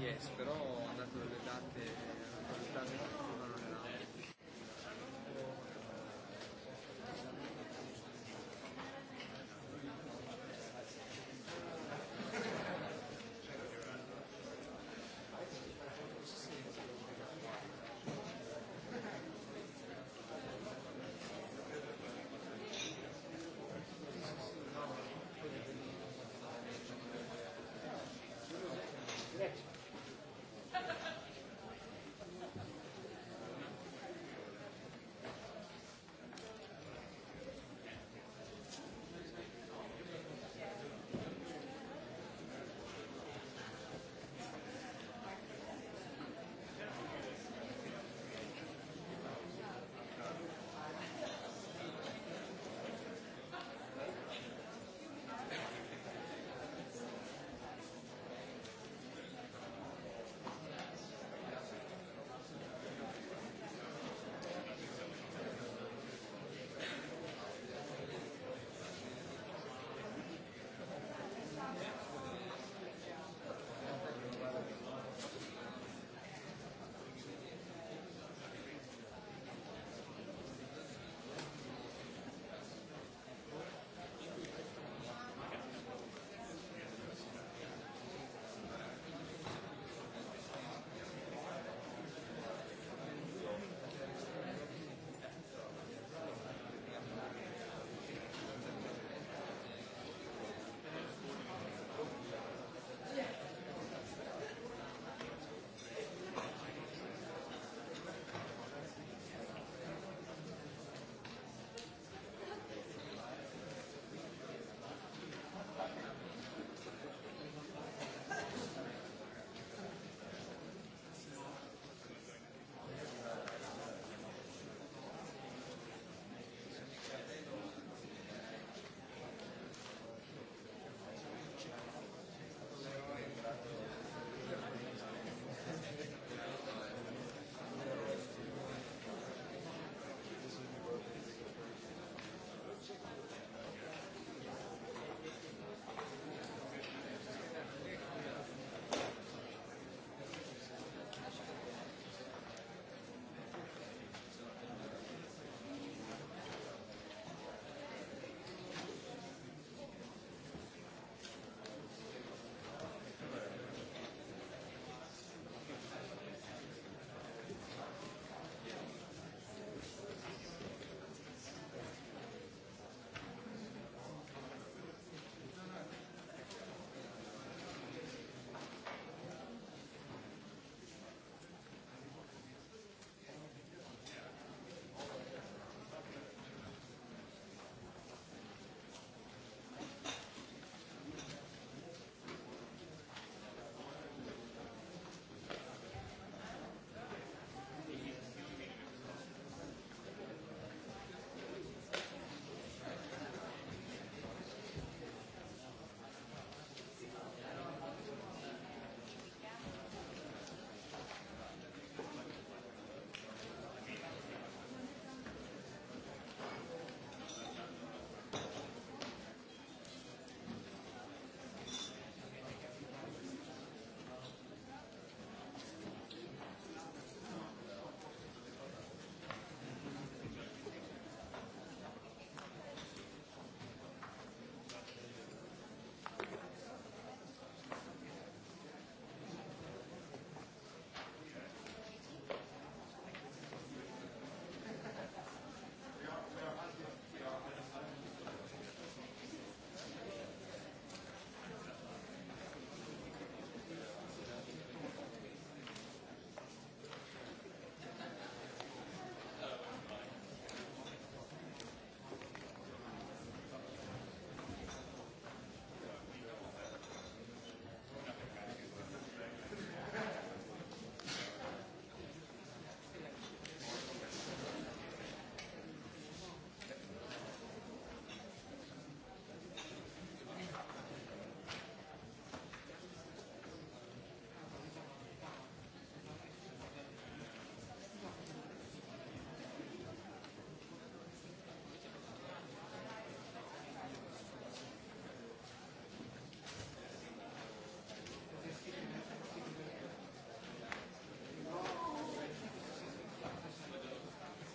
Yes, però ha dato delle date, risultati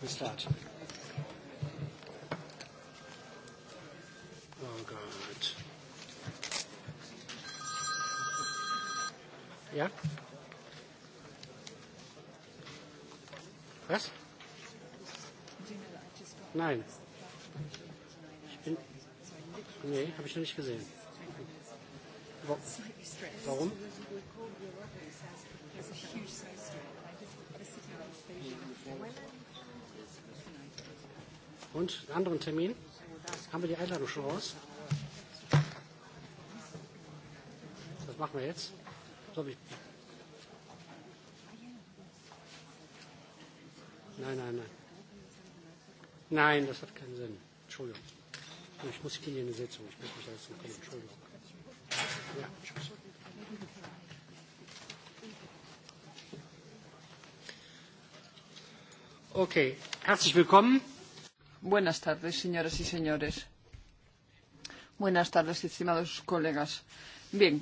we start? Oh, God. Yeah? Was? Nein. Ich bin, nee, habe ich noch nicht gesehen. Warum? When Und einen anderen Termin? Haben wir die Einladung schon raus? Das machen wir jetzt? Soll ich Nein, nein, nein. Nein, das hat keinen Sinn. Entschuldigung. Ich muss hier in die Sitzung. Ich muss mich jetzt kommen. Entschuldigung. Ja, tschüss. Okay, herzlich willkommen. Buenas tardes, señoras y señores. Buenas tardes, estimados colegas. Bien,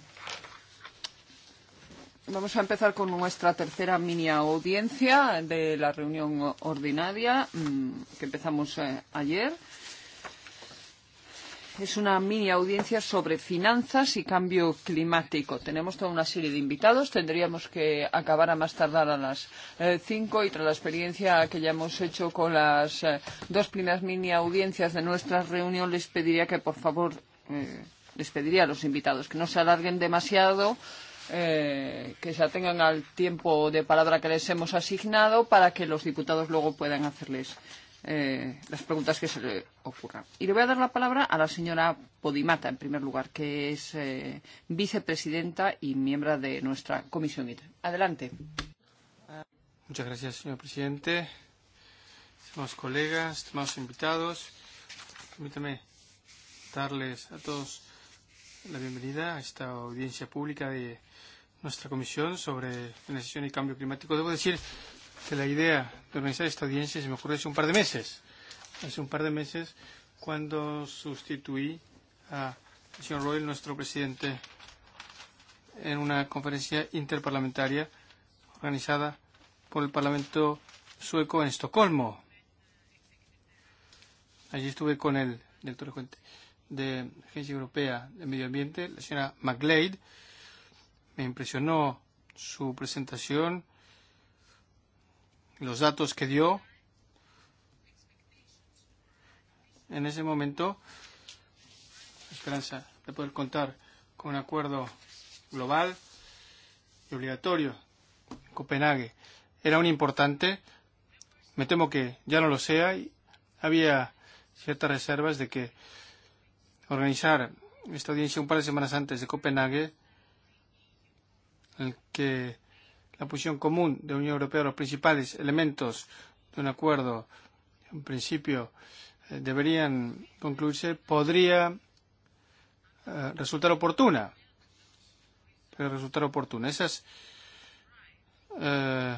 vamos a empezar con nuestra tercera mini audiencia de la reunión ordinaria mm, que empezamos eh, ayer es una mini audiencia sobre finanzas y cambio climático. Tenemos toda una serie de invitados. Tendríamos que acabar a más tardar a las eh, cinco y tras la experiencia que ya hemos hecho con las eh, dos primeras mini audiencias de nuestra reunión, les pediría que por favor, eh, les pediría a los invitados que no se alarguen demasiado eh, que se atengan al tiempo de palabra que les hemos asignado para que los diputados luego puedan hacerles eh, las preguntas que se le ocurran. Y le voy a dar la palabra a la señora Podimata, en primer lugar, que es eh, vicepresidenta y miembro de nuestra comisión. Adelante. Muchas gracias, señor presidente. Estimados colegas, estimados invitados, permítame darles a todos la bienvenida a esta audiencia pública de nuestra comisión sobre financiación y cambio climático. Debo decir que la idea de organizar esta audiencia se me ocurrió hace un par de meses. Hace un par de meses cuando sustituí a señor Royal, nuestro presidente, en una conferencia interparlamentaria organizada por el Parlamento sueco en Estocolmo. Allí estuve con el director de Agencia Europea de Medio Ambiente, la señora McGlade. Me impresionó su presentación los datos que dio en ese momento, esperanza de poder contar con un acuerdo global y obligatorio en Copenhague era un importante. Me temo que ya no lo sea y había ciertas reservas de que organizar esta audiencia un par de semanas antes de Copenhague, en el que la posición común de la Unión Europea, los principales elementos de un acuerdo, en principio, eh, deberían concluirse, podría eh, resultar oportuna. Puede resultar oportuna. Esas eh,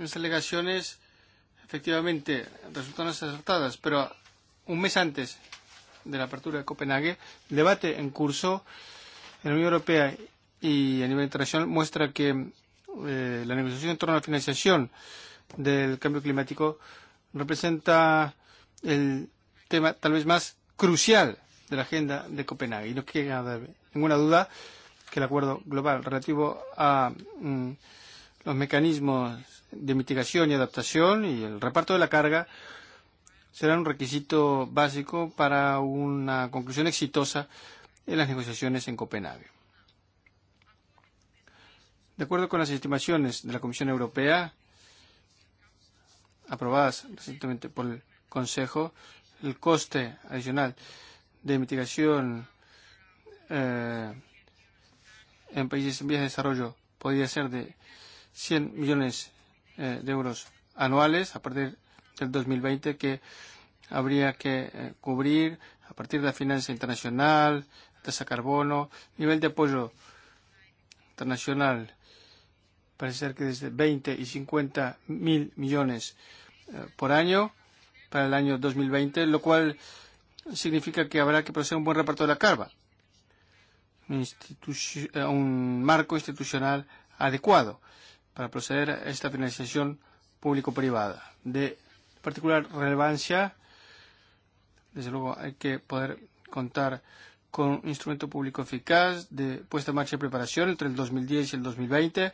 esas alegaciones efectivamente resultan acertadas, pero un mes antes de la apertura de Copenhague, el debate en curso en la Unión Europea y a nivel internacional muestra que eh, la negociación en torno a la financiación del cambio climático representa el tema tal vez más crucial de la agenda de Copenhague. Y no queda ninguna duda que el acuerdo global relativo a mm, los mecanismos de mitigación y adaptación y el reparto de la carga será un requisito básico para una conclusión exitosa en las negociaciones en Copenhague. De acuerdo con las estimaciones de la Comisión Europea, aprobadas recientemente por el Consejo, el coste adicional de mitigación eh, en países en vías de desarrollo podría ser de 100 millones eh, de euros anuales a partir del 2020 que habría que eh, cubrir a partir de la finanza internacional, tasa carbono, nivel de apoyo internacional parece ser que desde 20 y 50 mil millones eh, por año para el año 2020, lo cual significa que habrá que proceder un buen reparto de la carga, un, eh, un marco institucional adecuado para proceder a esta financiación público-privada. De particular relevancia, desde luego hay que poder contar con un instrumento público eficaz de puesta en marcha y preparación entre el 2010 y el 2020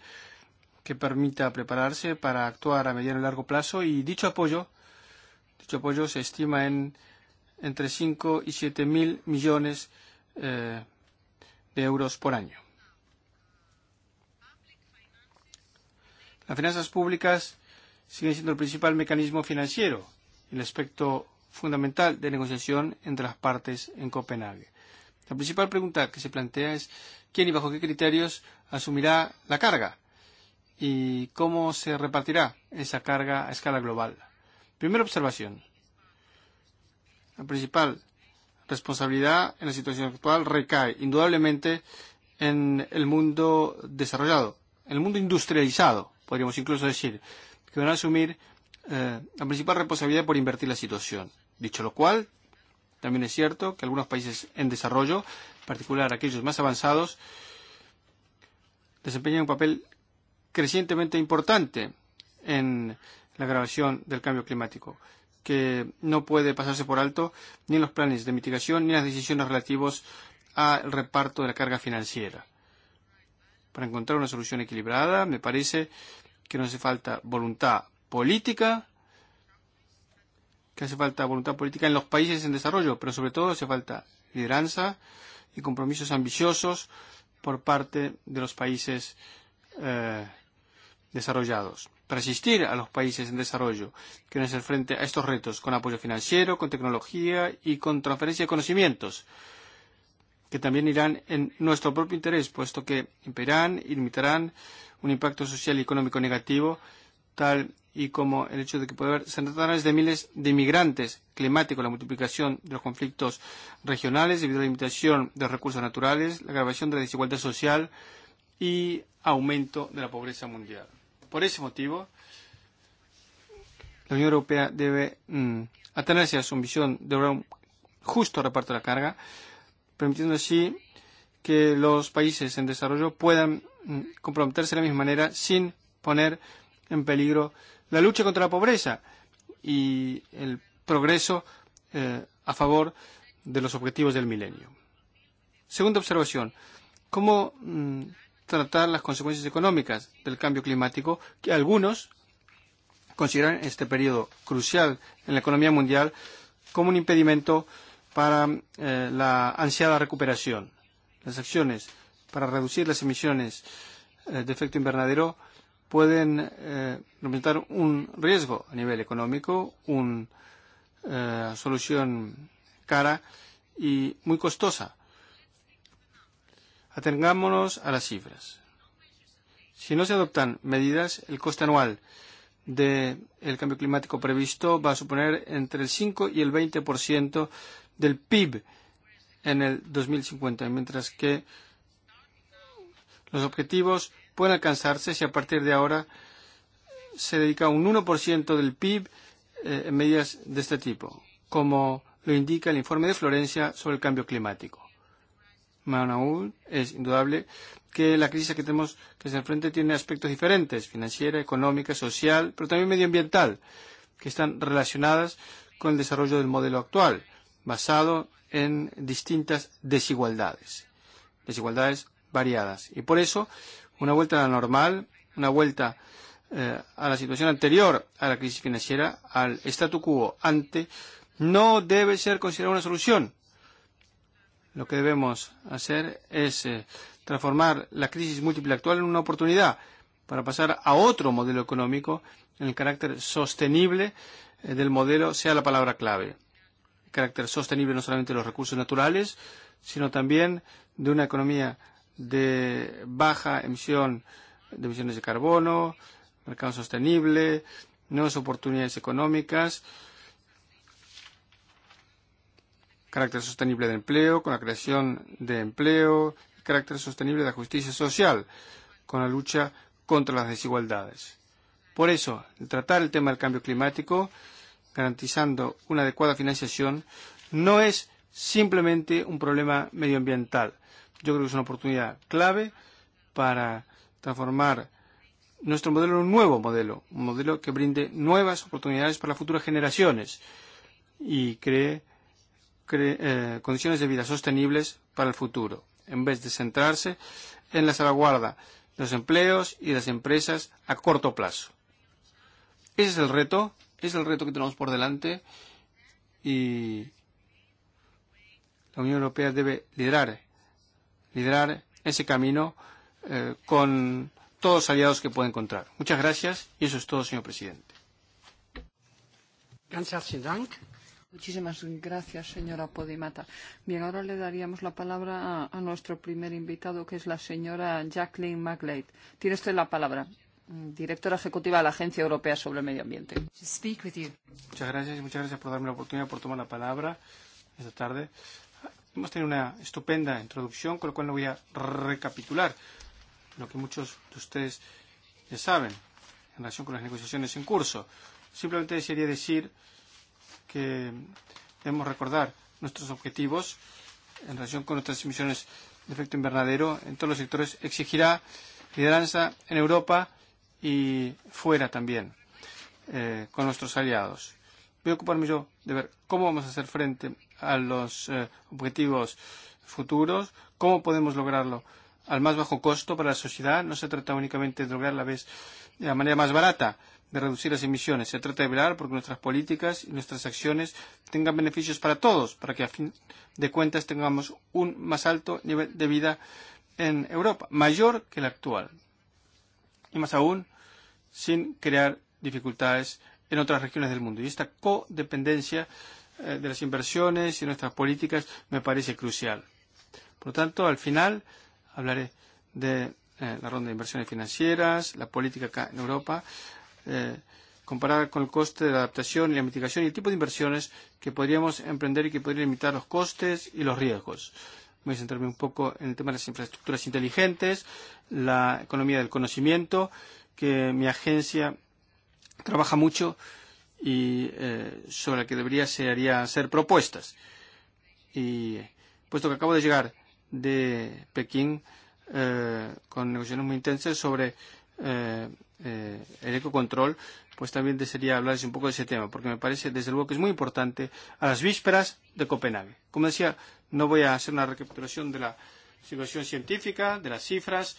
que permita prepararse para actuar a mediano y largo plazo y dicho apoyo, dicho apoyo se estima en entre 5 y 7 mil millones eh, de euros por año. Las finanzas públicas siguen siendo el principal mecanismo financiero y el aspecto fundamental de negociación entre las partes en Copenhague. La principal pregunta que se plantea es quién y bajo qué criterios asumirá la carga y cómo se repartirá esa carga a escala global. Primera observación. La principal responsabilidad en la situación actual recae indudablemente en el mundo desarrollado, en el mundo industrializado, podríamos incluso decir, que van a asumir eh, la principal responsabilidad por invertir la situación. Dicho lo cual, también es cierto que algunos países en desarrollo, en particular aquellos más avanzados, desempeñan un papel crecientemente importante en la grabación del cambio climático, que no puede pasarse por alto ni en los planes de mitigación ni en las decisiones relativos al reparto de la carga financiera. Para encontrar una solución equilibrada, me parece que no hace falta voluntad política, que hace falta voluntad política en los países en desarrollo, pero sobre todo hace falta lideranza y compromisos ambiciosos por parte de los países eh, desarrollados. Para asistir a los países en desarrollo que nos frente a estos retos con apoyo financiero, con tecnología y con transferencia de conocimientos, que también irán en nuestro propio interés, puesto que imperan y limitarán un impacto social y económico negativo, tal y como el hecho de que puede haber centenares de miles de inmigrantes climáticos, la multiplicación de los conflictos regionales debido a la limitación de los recursos naturales, la agravación de la desigualdad social y aumento de la pobreza mundial. Por ese motivo, la Unión Europea debe mmm, atenerse a su ambición de un justo reparto de la carga, permitiendo así que los países en desarrollo puedan mmm, comprometerse de la misma manera sin poner en peligro la lucha contra la pobreza y el progreso eh, a favor de los objetivos del milenio. Segunda observación. ¿Cómo mmm, tratar las consecuencias económicas del cambio climático que algunos consideran este periodo crucial en la economía mundial como un impedimento para eh, la ansiada recuperación. Las acciones para reducir las emisiones eh, de efecto invernadero pueden eh, representar un riesgo a nivel económico, una eh, solución cara y muy costosa Atengámonos a las cifras. Si no se adoptan medidas, el coste anual del de cambio climático previsto va a suponer entre el 5 y el 20% del PIB en el 2050, mientras que los objetivos pueden alcanzarse si a partir de ahora se dedica un 1% del PIB eh, en medidas de este tipo, como lo indica el informe de Florencia sobre el cambio climático. Más aún, es indudable que la crisis que tenemos que se enfrente tiene aspectos diferentes, financiera, económica, social, pero también medioambiental, que están relacionadas con el desarrollo del modelo actual, basado en distintas desigualdades, desigualdades variadas. Y por eso, una vuelta a la normal, una vuelta eh, a la situación anterior a la crisis financiera, al statu quo ante, no debe ser considerada una solución, Lo que debemos hacer es eh, transformar la crisis múltiple actual en una oportunidad para pasar a otro modelo económico en el carácter sostenible eh, del modelo sea la palabra clave. El carácter sostenible no solamente de los recursos naturales, sino también de una economía de baja emisión de emisiones de carbono, mercado sostenible, nuevas oportunidades económicas, eh, carácter sostenible de empleo, con la creación de empleo, y carácter sostenible de la justicia social, con la lucha contra las desigualdades. Por eso, el tratar el tema del cambio climático, garantizando una adecuada financiación, no es simplemente un problema medioambiental. Yo creo que es una oportunidad clave para transformar nuestro modelo en un nuevo modelo, un modelo que brinde nuevas oportunidades para las futuras generaciones y cree Eh, condiciones de vida sostenibles para el futuro, en vez de centrarse en la salvaguarda de los empleos y de las empresas a corto plazo. Ese es el reto, ese es el reto que tenemos por delante y la Unión Europea debe liderar, liderar ese camino eh, con todos los aliados que pueda encontrar. Muchas gracias y eso es todo, señor presidente. Ganz herzlichen Dank. Muchísimas gracias, señora Podimata. Bien, ahora le daríamos la palabra a, a nuestro primer invitado, que es la señora Jacqueline McLeod. Tiene usted la palabra, mm, directora ejecutiva de la Agencia Europea sobre el Medio Ambiente. Muchas gracias y muchas gracias por darme la oportunidad por tomar la palabra esta tarde. Hemos tenido una estupenda introducción, con lo cual no voy a recapitular lo que muchos de ustedes ya saben en relación con las negociaciones en curso. Simplemente desearía decir que debemos recordar nuestros objetivos en relación con nuestras emisiones de efecto invernadero en todos los sectores exigirá lideranza en Europa y fuera también eh, con nuestros aliados. Voy a ocuparme yo de ver cómo vamos a hacer frente a los eh, objetivos futuros, cómo podemos lograrlo al más bajo costo para la sociedad. No se trata únicamente de lograrla vez de la manera más barata, de reducir las emisiones. Se trata de velar porque nuestras políticas y nuestras acciones tengan beneficios para todos, para que a fin de cuentas tengamos un más alto nivel de vida en Europa, mayor que el actual. Y más aún, sin crear dificultades en otras regiones del mundo. Y esta codependencia eh, de las inversiones y nuestras políticas me parece crucial. Por lo tanto, al final hablaré de eh, la ronda de inversiones financieras, la política acá en Europa, Eh, comparar con el coste de la adaptación y la mitigación y el tipo de inversiones que podríamos emprender y que podrían limitar los costes y los riesgos. Voy a centrarme un poco en el tema de las infraestructuras inteligentes, la economía del conocimiento, que mi agencia trabaja mucho y eh, sobre la que debería se haría hacer propuestas. Y puesto que acabo de llegar de Pekín eh, con negociaciones muy intensas sobre eh, eh, el ecocontrol, pues también desearía hablarles un poco de ese tema, porque me parece desde luego que es muy importante a las vísperas de Copenhague. Como decía, no voy a hacer una recapitulación de la situación científica, de las cifras,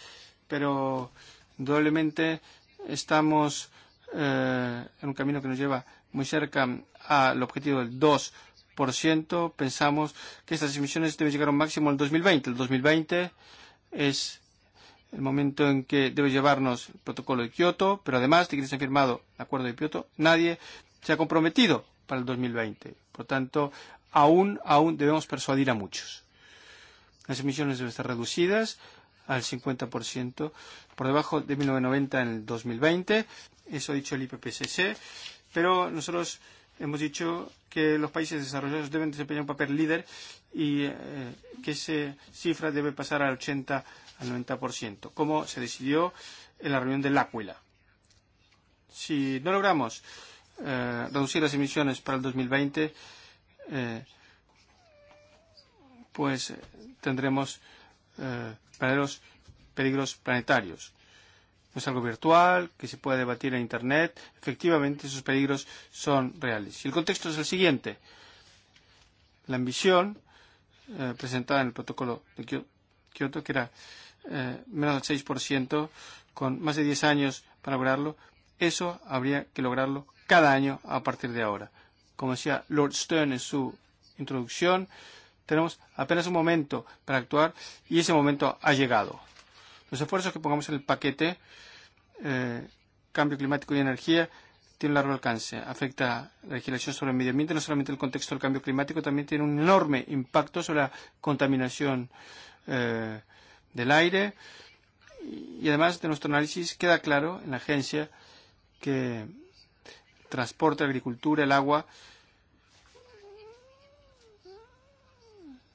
pero indudablemente estamos eh, en un camino que nos lleva muy cerca al objetivo del 2%. Pensamos que estas emisiones deben llegar a un máximo en el 2020. El 2020 es el momento en que debe llevarnos el protocolo de Kioto, pero además de que se ha firmado el acuerdo de Kioto, nadie se ha comprometido para el 2020. Por tanto, aún, aún debemos persuadir a muchos. Las emisiones deben estar reducidas al 50% por debajo de 1990 en el 2020. Eso ha dicho el IPPCC. Pero nosotros hemos dicho que los países desarrollados deben desempeñar un papel líder y eh, que esa cifra debe pasar al 80% al 90%, como se decidió en la reunión de L'Aquila. Si no logramos eh, reducir las emisiones para el 2020, eh, pues eh, tendremos eh, verdaderos peligros planetarios. No es algo virtual, que se puede debatir en Internet. Efectivamente, esos peligros son reales. Y el contexto es el siguiente. La ambición eh, presentada en el protocolo de Kioto, que era eh, menos del 6% con más de 10 años para lograrlo, eso habría que lograrlo cada año a partir de ahora. Como decía Lord Stern en su introducción, tenemos apenas un momento para actuar y ese momento ha llegado. Los esfuerzos que pongamos en el paquete eh, cambio climático y energía tiene un largo alcance. Afecta la legislación sobre el medio ambiente, no solamente el contexto del cambio climático, también tiene un enorme impacto sobre la contaminación eh, del aire. Y además de nuestro análisis queda claro en la agencia que el transporte, la agricultura, el agua.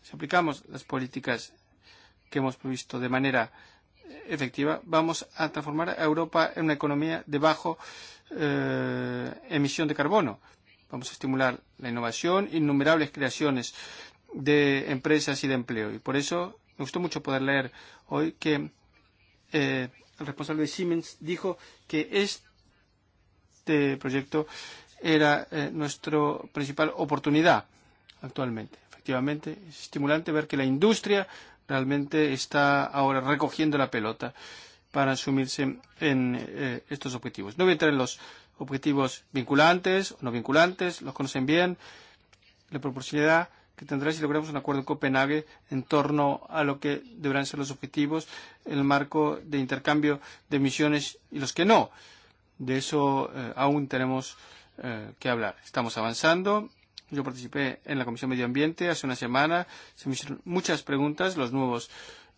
Si aplicamos las políticas que hemos previsto de manera eh, efectiva, vamos a transformar a Europa en una economía de bajo eh, emisión de carbono. Vamos a estimular la innovación, innumerables creaciones de empresas y de empleo. Y por eso me gustó mucho poder leer hoy que eh, el responsable de Siemens dijo que este proyecto era eh, nuestra principal oportunidad actualmente. Efectivamente, es estimulante ver que la industria realmente está ahora recogiendo la pelota para asumirse en eh, estos objetivos. No voy a entrar en los objetivos vinculantes o no vinculantes, los conocen bien, la proporcionalidad que tendrá si logramos un acuerdo en Copenhague en torno a lo que deberán ser los objetivos, el marco de intercambio de emisiones y los que no. De eso eh, aún tenemos eh, que hablar. Estamos avanzando. Yo participé en la Comisión de Medio Ambiente hace una semana. Se me hicieron muchas preguntas, los nuevos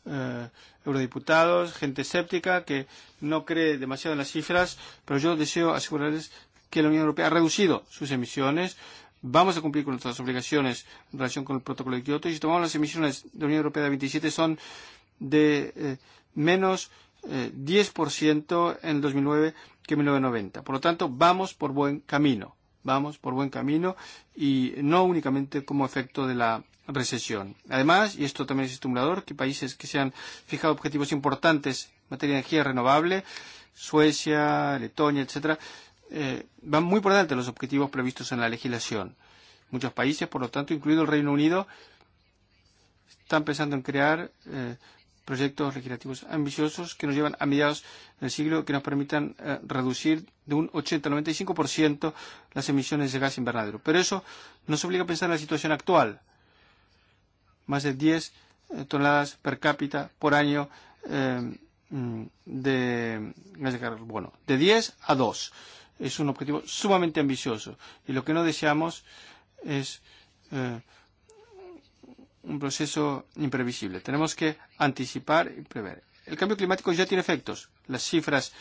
eh, eurodiputados, gente escéptica que no cree demasiado en las cifras, pero yo deseo asegurarles que la Unión Europea ha reducido sus emisiones vamos a cumplir con nuestras obligaciones en relación con el protocolo de Kioto y si tomamos las emisiones de la Unión Europea de 27 son de eh, menos eh, 10% en el 2009 que en 1990. Por lo tanto, vamos por buen camino. Vamos por buen camino y no únicamente como efecto de la recesión. Además, y esto también es estimulador, que países que se han fijado objetivos importantes en materia de energía renovable, Suecia, Letonia, etcétera, eh, van muy por delante los objetivos previstos en la legislación. Muchos países, por lo tanto, incluido el Reino Unido, están pensando en crear eh, proyectos legislativos ambiciosos que nos llevan a mediados del siglo que nos permitan eh, reducir de un 80 al 95% las emisiones de gas invernadero. Pero eso nos obliga a pensar en la situación actual. Más de 10 eh, toneladas per cápita por año eh, mm, de gas de carbono. De 10 a 2 es un objetivo sumamente ambicioso. Y lo que no deseamos es eh, un proceso imprevisible. Tenemos que anticipar y prever. El cambio climático ya tiene efectos. Las cifras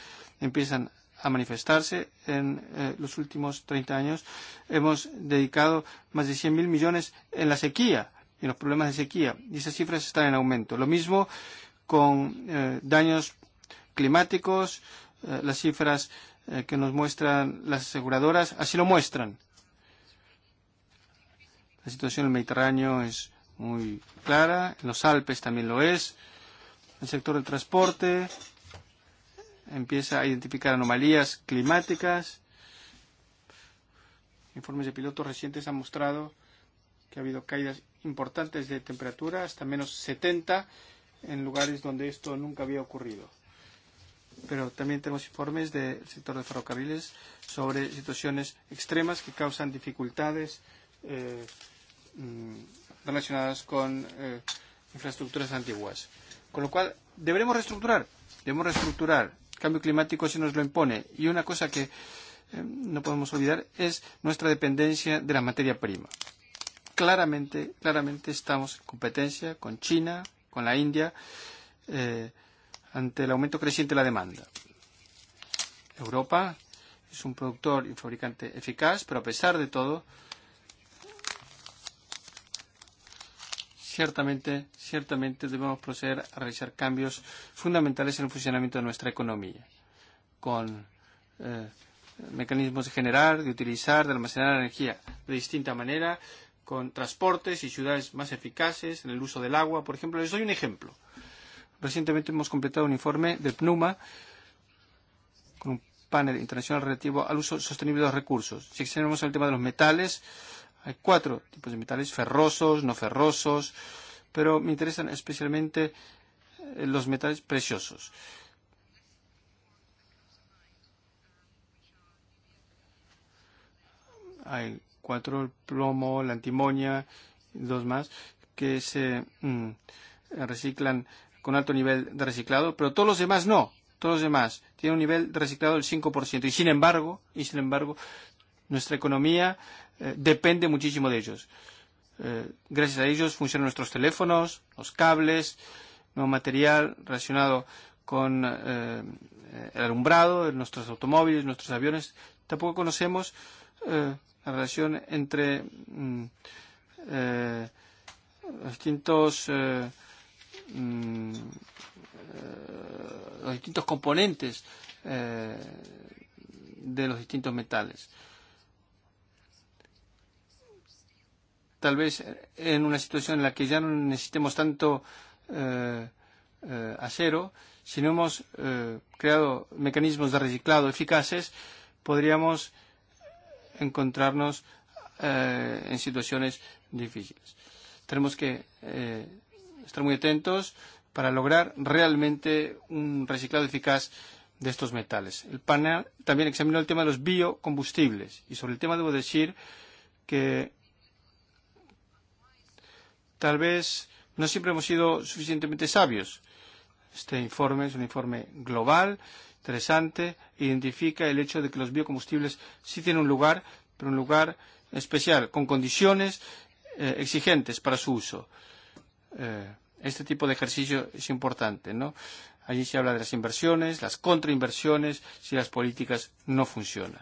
empiezan a manifestarse en eh, los últimos 30 años. Hemos dedicado más de 100.000 millones en la sequía, en los problemas de sequía. Y esas cifras están en aumento. Lo mismo con eh, daños climáticos, eh, las cifras eh, Eh, que nos muestran las aseguradoras, así lo muestran. La situación en el Mediterráneo es muy clara, en los Alpes también lo es. El sector del transporte empieza a identificar anomalías climáticas. Informes de pilotos recientes han mostrado que ha habido caídas importantes de temperatura, hasta menos 70, en lugares donde esto nunca había ocurrido pero también tenemos informes del sector de ferrocarriles sobre situaciones extremas que causan dificultades eh, mm, relacionadas con eh, infraestructuras antiguas. Con lo cual, deberemos reestructurar, debemos reestructurar. El cambio climático se nos lo impone. Y una cosa que eh, no podemos olvidar es nuestra dependencia de la materia prima. Claramente, claramente estamos en competencia con China, con la India. Eh, ante el aumento creciente de la demanda. Europa es un productor y fabricante eficaz, pero a pesar de todo, ciertamente, ciertamente debemos proceder a realizar cambios fundamentales en el funcionamiento de nuestra economía, con eh, mecanismos de generar, de utilizar, de almacenar energía de distinta manera, con transportes y ciudades más eficaces en el uso del agua, por ejemplo. Les doy un ejemplo. Eh, Recientemente hemos completado un informe de PNUMA con un panel internacional relativo al uso sostenible de los recursos. Si examinamos el tema de los metales, hay cuatro tipos de metales, ferrosos, no ferrosos, pero me interesan especialmente eh, los metales preciosos. Hay cuatro, el plomo, la antimonia, dos más, que se mm, reciclan con alto nivel de reciclado, pero todos los demás no. Todos los demás tienen un nivel de reciclado del 5%. Y sin embargo, y sin embargo nuestra economía eh, depende muchísimo de ellos. Eh, gracias a ellos funcionan nuestros teléfonos, los cables, nuevo material relacionado con eh, eh el alumbrado, nuestros automóviles, nuestros aviones. Tampoco conocemos eh, la relación entre mm, eh, distintos. Eh, Mm, eh, los distintos componentes eh, de los distintos metales. Tal vez en una situación en la que ya no necesitemos tanto eh, eh, acero, si no hemos eh, creado mecanismos de reciclado eficaces, podríamos encontrarnos eh, en situaciones difíciles. Tenemos que eh, estar muy atentos para lograr realmente un reciclado eficaz de estos metales. El panel también examinó el tema de los biocombustibles y sobre el tema debo decir que tal vez no siempre hemos sido suficientemente sabios. Este informe es un informe global, interesante, identifica el hecho de que los biocombustibles sí tienen un lugar, pero un lugar especial, con condiciones eh, exigentes para su uso. Eh, eh, este tipo de ejercicio es importante, ¿no? Allí se habla de las inversiones, las contrainversiones, si las políticas no funcionan.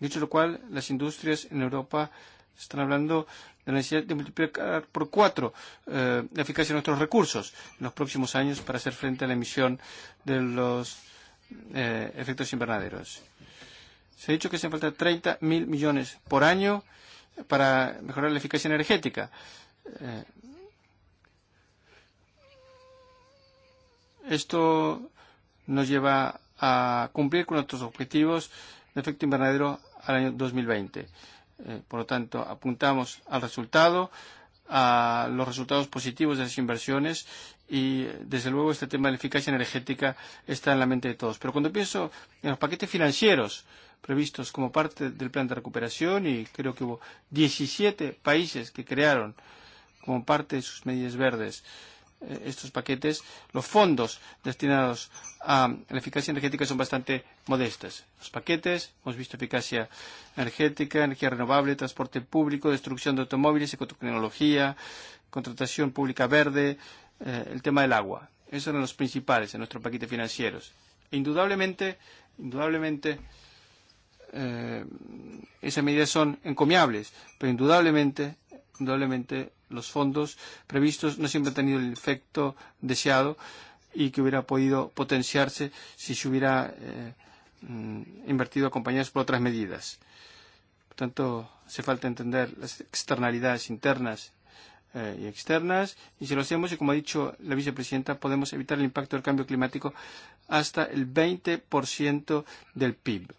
Dicho lo cual, las industrias en Europa están hablando de la necesidad de multiplicar por cuatro eh, la eficacia de nuestros recursos en los próximos años para hacer frente a la emisión de los eh, efectos invernaderos. Se ha dicho que hacen falta 30 mil millones por año para mejorar la eficacia energética. Eh, Esto nos lleva a cumplir con nuestros objetivos de efecto invernadero al año 2020. Eh, por lo tanto, apuntamos al resultado, a los resultados positivos de las inversiones y, desde luego, este tema de la eficacia energética está en la mente de todos. Pero cuando pienso en los paquetes financieros previstos como parte del plan de recuperación, y creo que hubo 17 países que crearon como parte de sus medidas verdes, eh, estos paquetes, los fondos destinados a la eficacia energética son bastante modestas. Los paquetes, hemos visto eficacia energética, energía renovable, transporte público, destrucción de automóviles, ecotecnología, contratación pública verde, eh, el tema del agua. Esos eran los principales en nuestros paquetes financieros. E indudablemente, indudablemente, eh, esas medidas son encomiables, pero indudablemente indudablemente los fondos previstos no siempre han tenido el efecto deseado y que hubiera podido potenciarse si se hubiera eh, mm, invertido acompañados por otras medidas. Por tanto, hace falta entender las externalidades internas eh, y externas y si lo hacemos, y como ha dicho la vicepresidenta, podemos evitar el impacto del cambio climático hasta el 20% del PIB.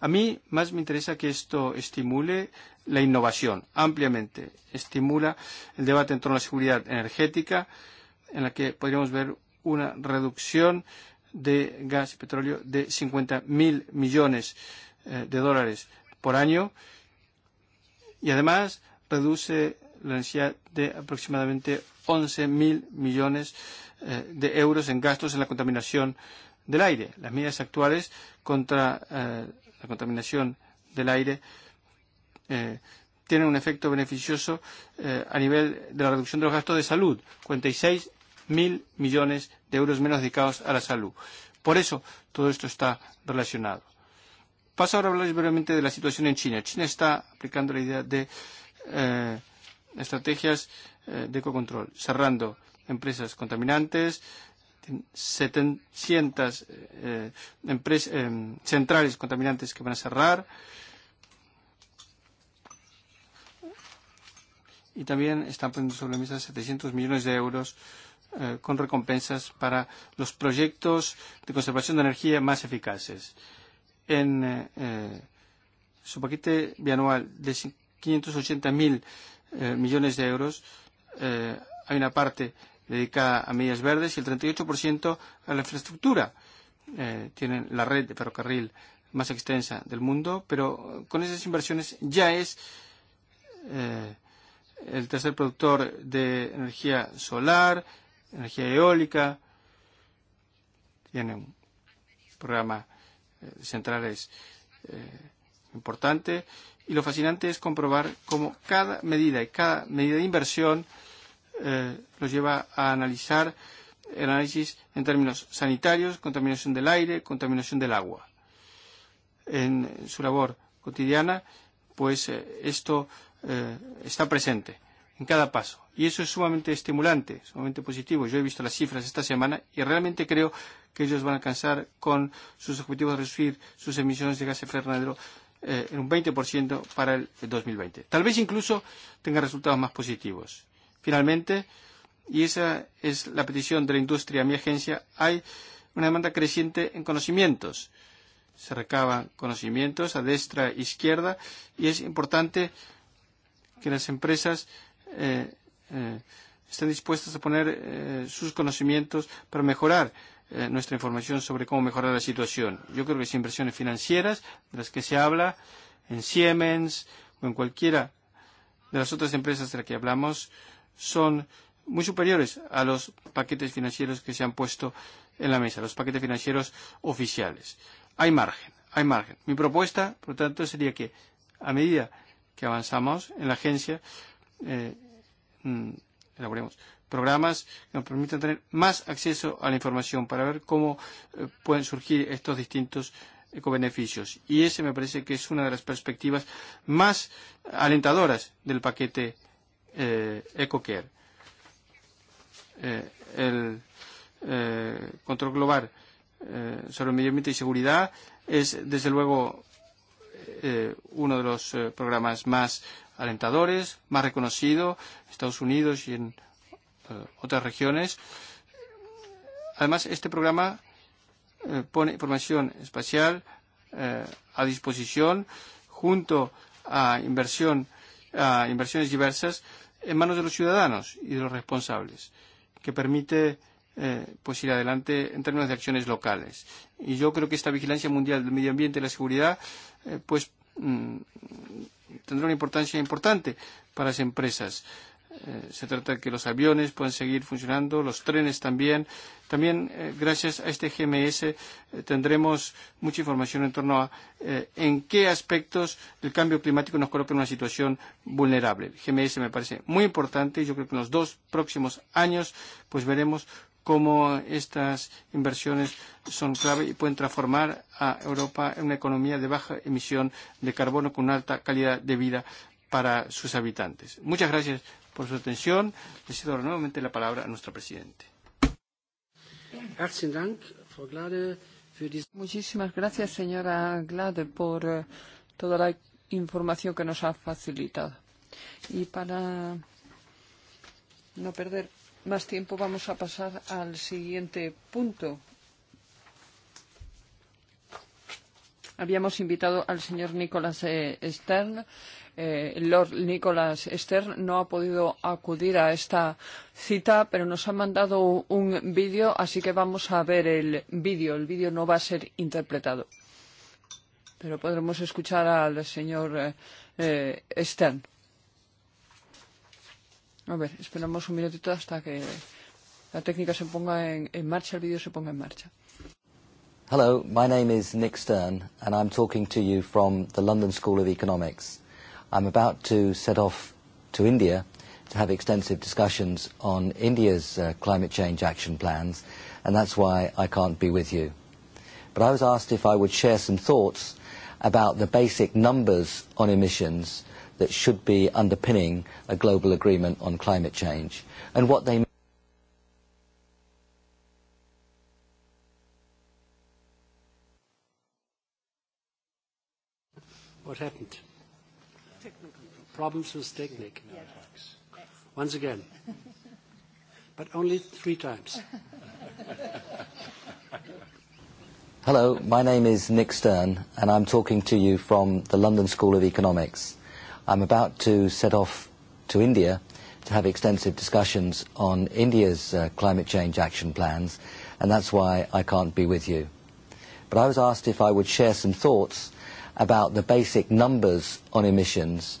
A mí más me interesa que esto estimule la innovación ampliamente, estimula el debate en torno a la seguridad energética, en la que podríamos ver una reducción de gas y petróleo de 50 mil millones eh, de dólares por año y además reduce la necesidad de aproximadamente 11 mil millones eh, de euros en gastos en la contaminación del aire. Las medidas actuales contra eh, la contaminación del aire, eh, tiene un efecto beneficioso eh, a nivel de la reducción de los gastos de salud, 46 mil millones de euros menos dedicados a la salud. Por eso todo esto está relacionado. Paso ahora a hablar brevemente de la situación en China. China está aplicando la idea de eh, estrategias eh, de ecocontrol, cerrando empresas contaminantes, eh, 700 eh, empresas, eh, centrales contaminantes que van a cerrar. Y también están poniendo sobre la mesa 700 millones de euros eh, con recompensas para los proyectos de conservación de energía más eficaces. En eh, eh su paquete bianual de 580.000 eh, millones de euros eh, hay una parte eh, dedica a medias verdes y el 38% a la infraestructura. Eh, tienen la red de ferrocarril más extensa del mundo, pero con esas inversiones ya es eh, el tercer productor de energía solar, energía eólica. Tiene un programa eh, de centrales eh, importante. Y lo fascinante es comprobar cómo cada medida y cada medida de inversión eh, eh, los lleva a analizar el análisis en términos sanitarios, contaminación del aire, contaminación del agua. En su labor cotidiana, pues eh, esto eh, está presente en cada paso. Y eso es sumamente estimulante, sumamente positivo. Yo he visto las cifras esta semana y realmente creo que ellos van a alcanzar con sus objetivos de reducir sus emisiones de gases invernadero eh, en un 20% para el 2020. Tal vez incluso tenga resultados más positivos. Finalmente, y esa es la petición de la industria a mi agencia, hay una demanda creciente en conocimientos. Se recaban conocimientos a destra e izquierda y es importante que las empresas eh, eh, estén dispuestas a poner eh, sus conocimientos para mejorar eh, nuestra información sobre cómo mejorar la situación. Yo creo que las inversiones financieras de las que se habla en Siemens o en cualquiera de las otras empresas de las que hablamos eh, son muy superiores a los paquetes financieros que se han puesto en la mesa, los paquetes financieros oficiales. Hay margen, hay margen. Mi propuesta, por lo tanto, sería que a medida que avanzamos en la agencia, eh, mm, elaboremos programas que nos permitan tener más acceso a la información para ver cómo eh, pueden surgir estos distintos ecobeneficios. Y ese me parece que es una de las perspectivas más alentadoras del paquete eh, EcoCare. Eh, el eh, control global eh, sobre el medio ambiente y seguridad es, desde luego, eh, uno de los eh, programas más alentadores, más reconocido en Estados Unidos y en eh, otras regiones. Además, este programa eh, pone información espacial eh, a disposición junto a inversión eh, a inversiones diversas en manos de los ciudadanos y de los responsables, que permite eh, pues ir adelante en términos de acciones locales. Y yo creo que esta vigilancia mundial del medio ambiente y la seguridad eh, pues mm, tendrá una importancia importante para las empresas. Eh, se trata de que los aviones puedan seguir funcionando, los trenes también. También, eh, gracias a este GMS, eh, tendremos mucha información en torno a eh, en qué aspectos el cambio climático nos coloca en una situación vulnerable. El GMS me parece muy importante y yo creo que en los dos próximos años pues veremos cómo estas inversiones son clave y pueden transformar a Europa en una economía de baja emisión de carbono con una alta calidad de vida para sus habitantes. Muchas gracias por su atención. Le cedo nuevamente la palabra a nuestro presidente. Muchísimas gracias, señora Glade, por eh, toda la información que nos ha facilitado. Y para no perder más tiempo, vamos a pasar al siguiente punto. Habíamos invitado al señor Nicolás eh, Stern eh, Lord Nicholas Stern no ha podido acudir a esta cita, pero nos ha mandado un vídeo, así que vamos a ver el vídeo. El vídeo no va a ser interpretado, pero podremos escuchar al señor eh, Stern. A ver, esperamos un minutito hasta que la técnica se ponga en, en marcha, el vídeo se ponga en marcha. Hello, my name is Nick Stern, and I'm talking to you from the London School of Economics. I'm about to set off to India to have extensive discussions on India's uh, climate change action plans, and that's why I can't be with you. But I was asked if I would share some thoughts about the basic numbers on emissions that should be underpinning a global agreement on climate change and what they What happened? problems with technique. Once again. But only three times. Hello, my name is Nick Stern, and I'm talking to you from the London School of Economics. I'm about to set off to India to have extensive discussions on India's uh, climate change action plans, and that's why I can't be with you. But I was asked if I would share some thoughts about the basic numbers on emissions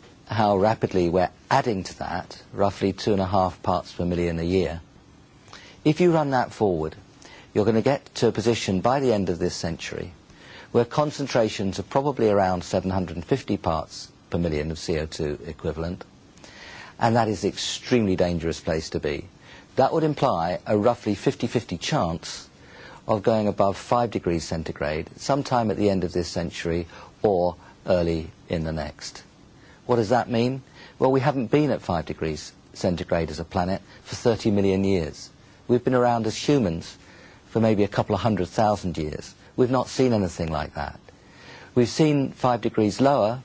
how rapidly we're adding to that, roughly two and a half parts per million a year. If you run that forward, you're going to get to a position by the end of this century where concentrations are probably around 750 parts per million of CO2 equivalent, and that is an extremely dangerous place to be. That would imply a roughly 50-50 chance of going above 5 degrees centigrade sometime at the end of this century or early in the next. What does that mean? Well, we haven't been at five degrees centigrade as a planet for 30 million years. We've been around as humans for maybe a couple of hundred thousand years. We've not seen anything like that. We've seen five degrees lower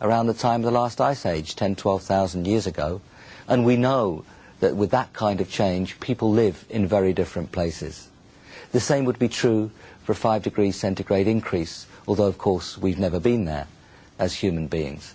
around the time of the last ice age, 10, 12,000 years ago, and we know that with that kind of change, people live in very different places. The same would be true for a five degrees centigrade increase, although of course we've never been there as human beings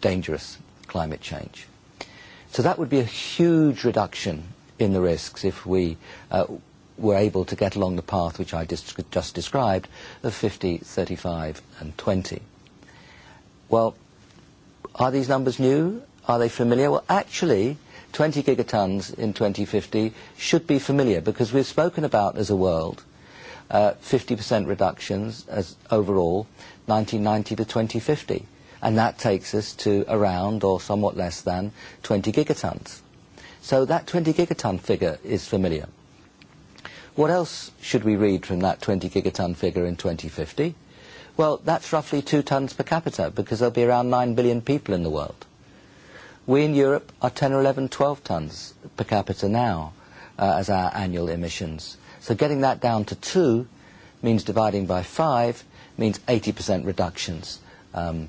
dangerous climate change. So that would be a huge reduction in the risks if we uh, were able to get along the path which I dis- just described of 50, 35 and 20. Well, are these numbers new? Are they familiar? Well, actually, 20 gigatons in 2050 should be familiar because we've spoken about as a world uh, 50% reductions as overall 1990 to 2050 and that takes us to around or somewhat less than 20 gigatons. So that 20 gigaton figure is familiar. What else should we read from that 20 gigaton figure in 2050? Well, that's roughly two tons per capita because there'll be around 9 billion people in the world. We in Europe are 10 or 11, 12 tons per capita now uh, as our annual emissions. So getting that down to two means dividing by five means 80% reductions. Um,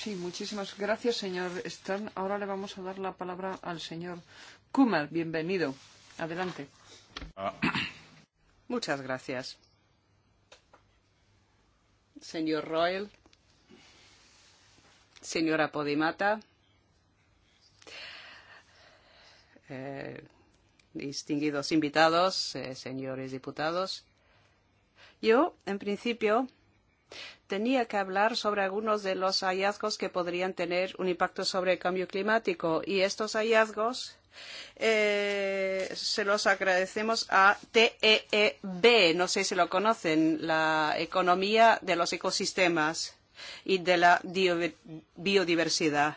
Sí, muchísimas gracias, señor Stern. Ahora le vamos a dar la palabra al señor Kummer. Bienvenido. Adelante. Ah. Muchas gracias. Señor Royal, señora Podimata, eh, distinguidos invitados, eh, señores diputados. Yo, en principio, tenía que hablar sobre algunos de los hallazgos que podrían tener un impacto sobre el cambio climático. Y estos hallazgos eh, se los agradecemos a TEEB, no sé si lo conocen, la economía de los ecosistemas y de la biodiversidad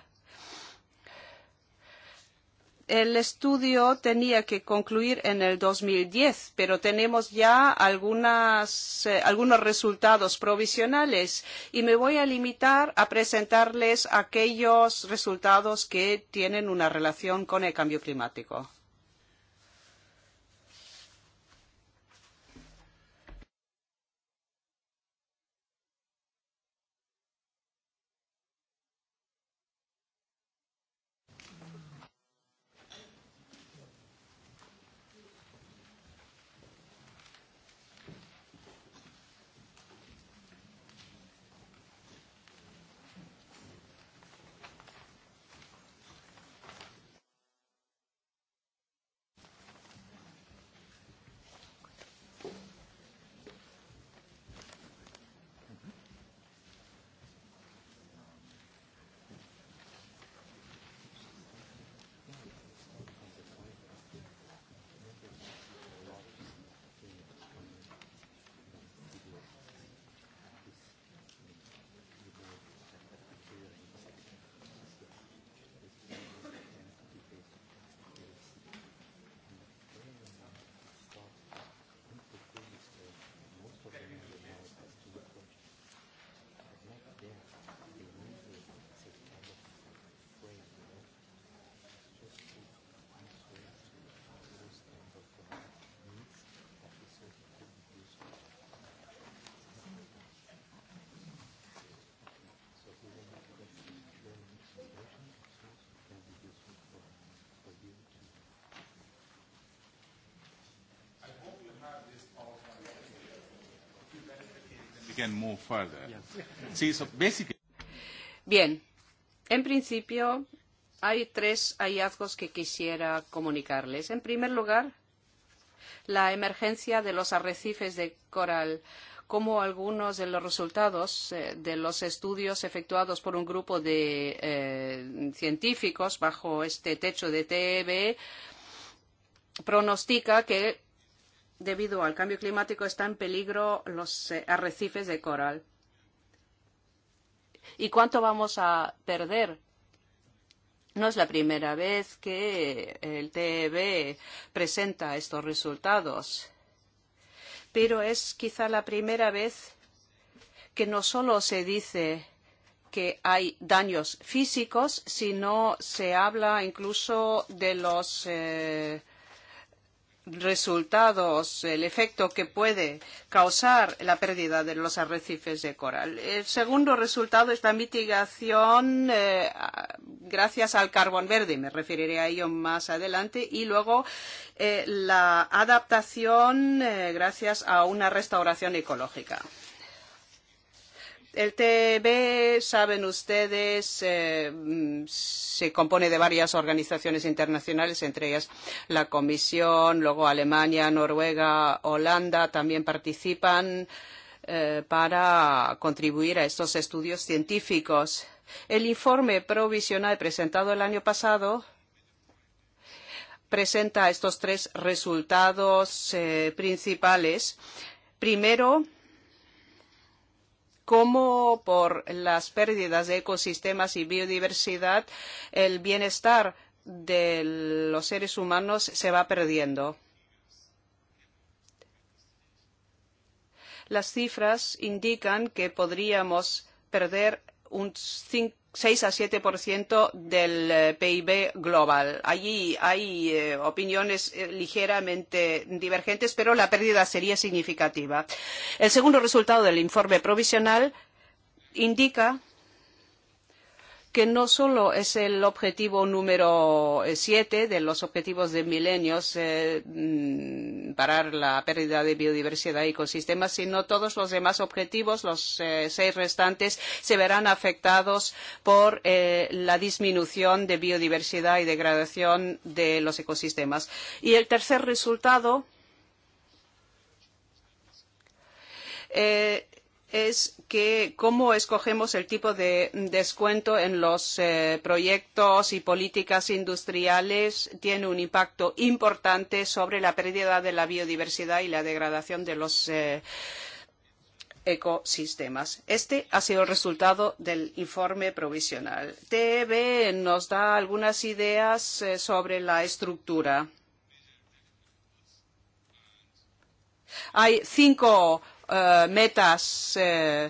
el estudio tenía que concluir en el 2010, pero tenemos ya algunas, eh, algunos resultados provisionales y me voy a limitar a presentarles aquellos resultados que tienen una relación con el cambio climático. Bien, en principio hay tres hallazgos que quisiera comunicarles. En primer lugar, la emergencia de los arrecifes de coral como algunos de los resultados eh, de los estudios efectuados por un grupo de eh, científicos bajo este techo de TEB pronostica que debido al cambio climático está en peligro los eh, arrecifes de coral. ¿Y cuánto vamos a perder? No es la primera vez que el TEB presenta estos resultados, pero es quizá la primera vez que no solo se dice que hay daños físicos, sino se habla incluso de los eh, resultados, el efecto que puede causar la pérdida de los arrecifes de coral. El segundo resultado es la mitigación eh, gracias al carbón verde, me referiré a ello más adelante, y luego eh, la adaptación eh, gracias a una restauración ecológica. El TB, saben ustedes, eh, mm, se compone de varias organizaciones internacionales, entre ellas la Comisión, luego Alemania, Noruega, Holanda también participan eh, para contribuir a estos estudios científicos. El informe provisional presentado el año pasado presenta estos tres resultados eh, principales. Primero, como por las pérdidas de ecosistemas y biodiversidad el bienestar de los seres humanos se va perdiendo. Las cifras indican que podríamos perder un 5 6 a 7% del eh, PIB global. Allí hay eh, opiniones eh, ligeramente divergentes, pero la pérdida sería significativa. El segundo resultado del informe provisional indica que no solo es el objetivo número eh, siete de los objetivos de milenios eh, mm, parar la pérdida de biodiversidad y ecosistemas, sino todos los demás objetivos, los eh, seis restantes, se verán afectados por eh, la disminución de biodiversidad y degradación de los ecosistemas. Y el tercer resultado eh, es que cómo escogemos el tipo de descuento en los eh, proyectos y políticas industriales tiene un impacto importante sobre la pérdida de la biodiversidad y la degradación de los eh, ecosistemas. Este ha sido el resultado del informe provisional. TEB nos da algunas ideas eh, sobre la estructura. Hay cinco Eh, metas eh,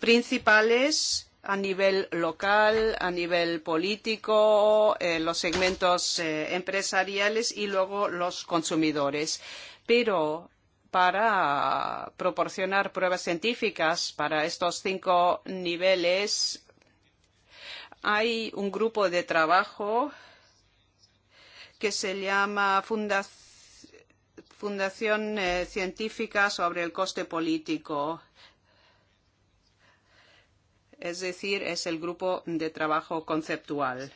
principales a nivel local, a nivel político, eh, los segmentos eh, empresariales y luego los consumidores. Pero para proporcionar pruebas científicas para estos cinco niveles hay un grupo de trabajo que se llama Fundación Fundación eh, Científica sobre el coste político. Es decir, es el grupo de trabajo conceptual.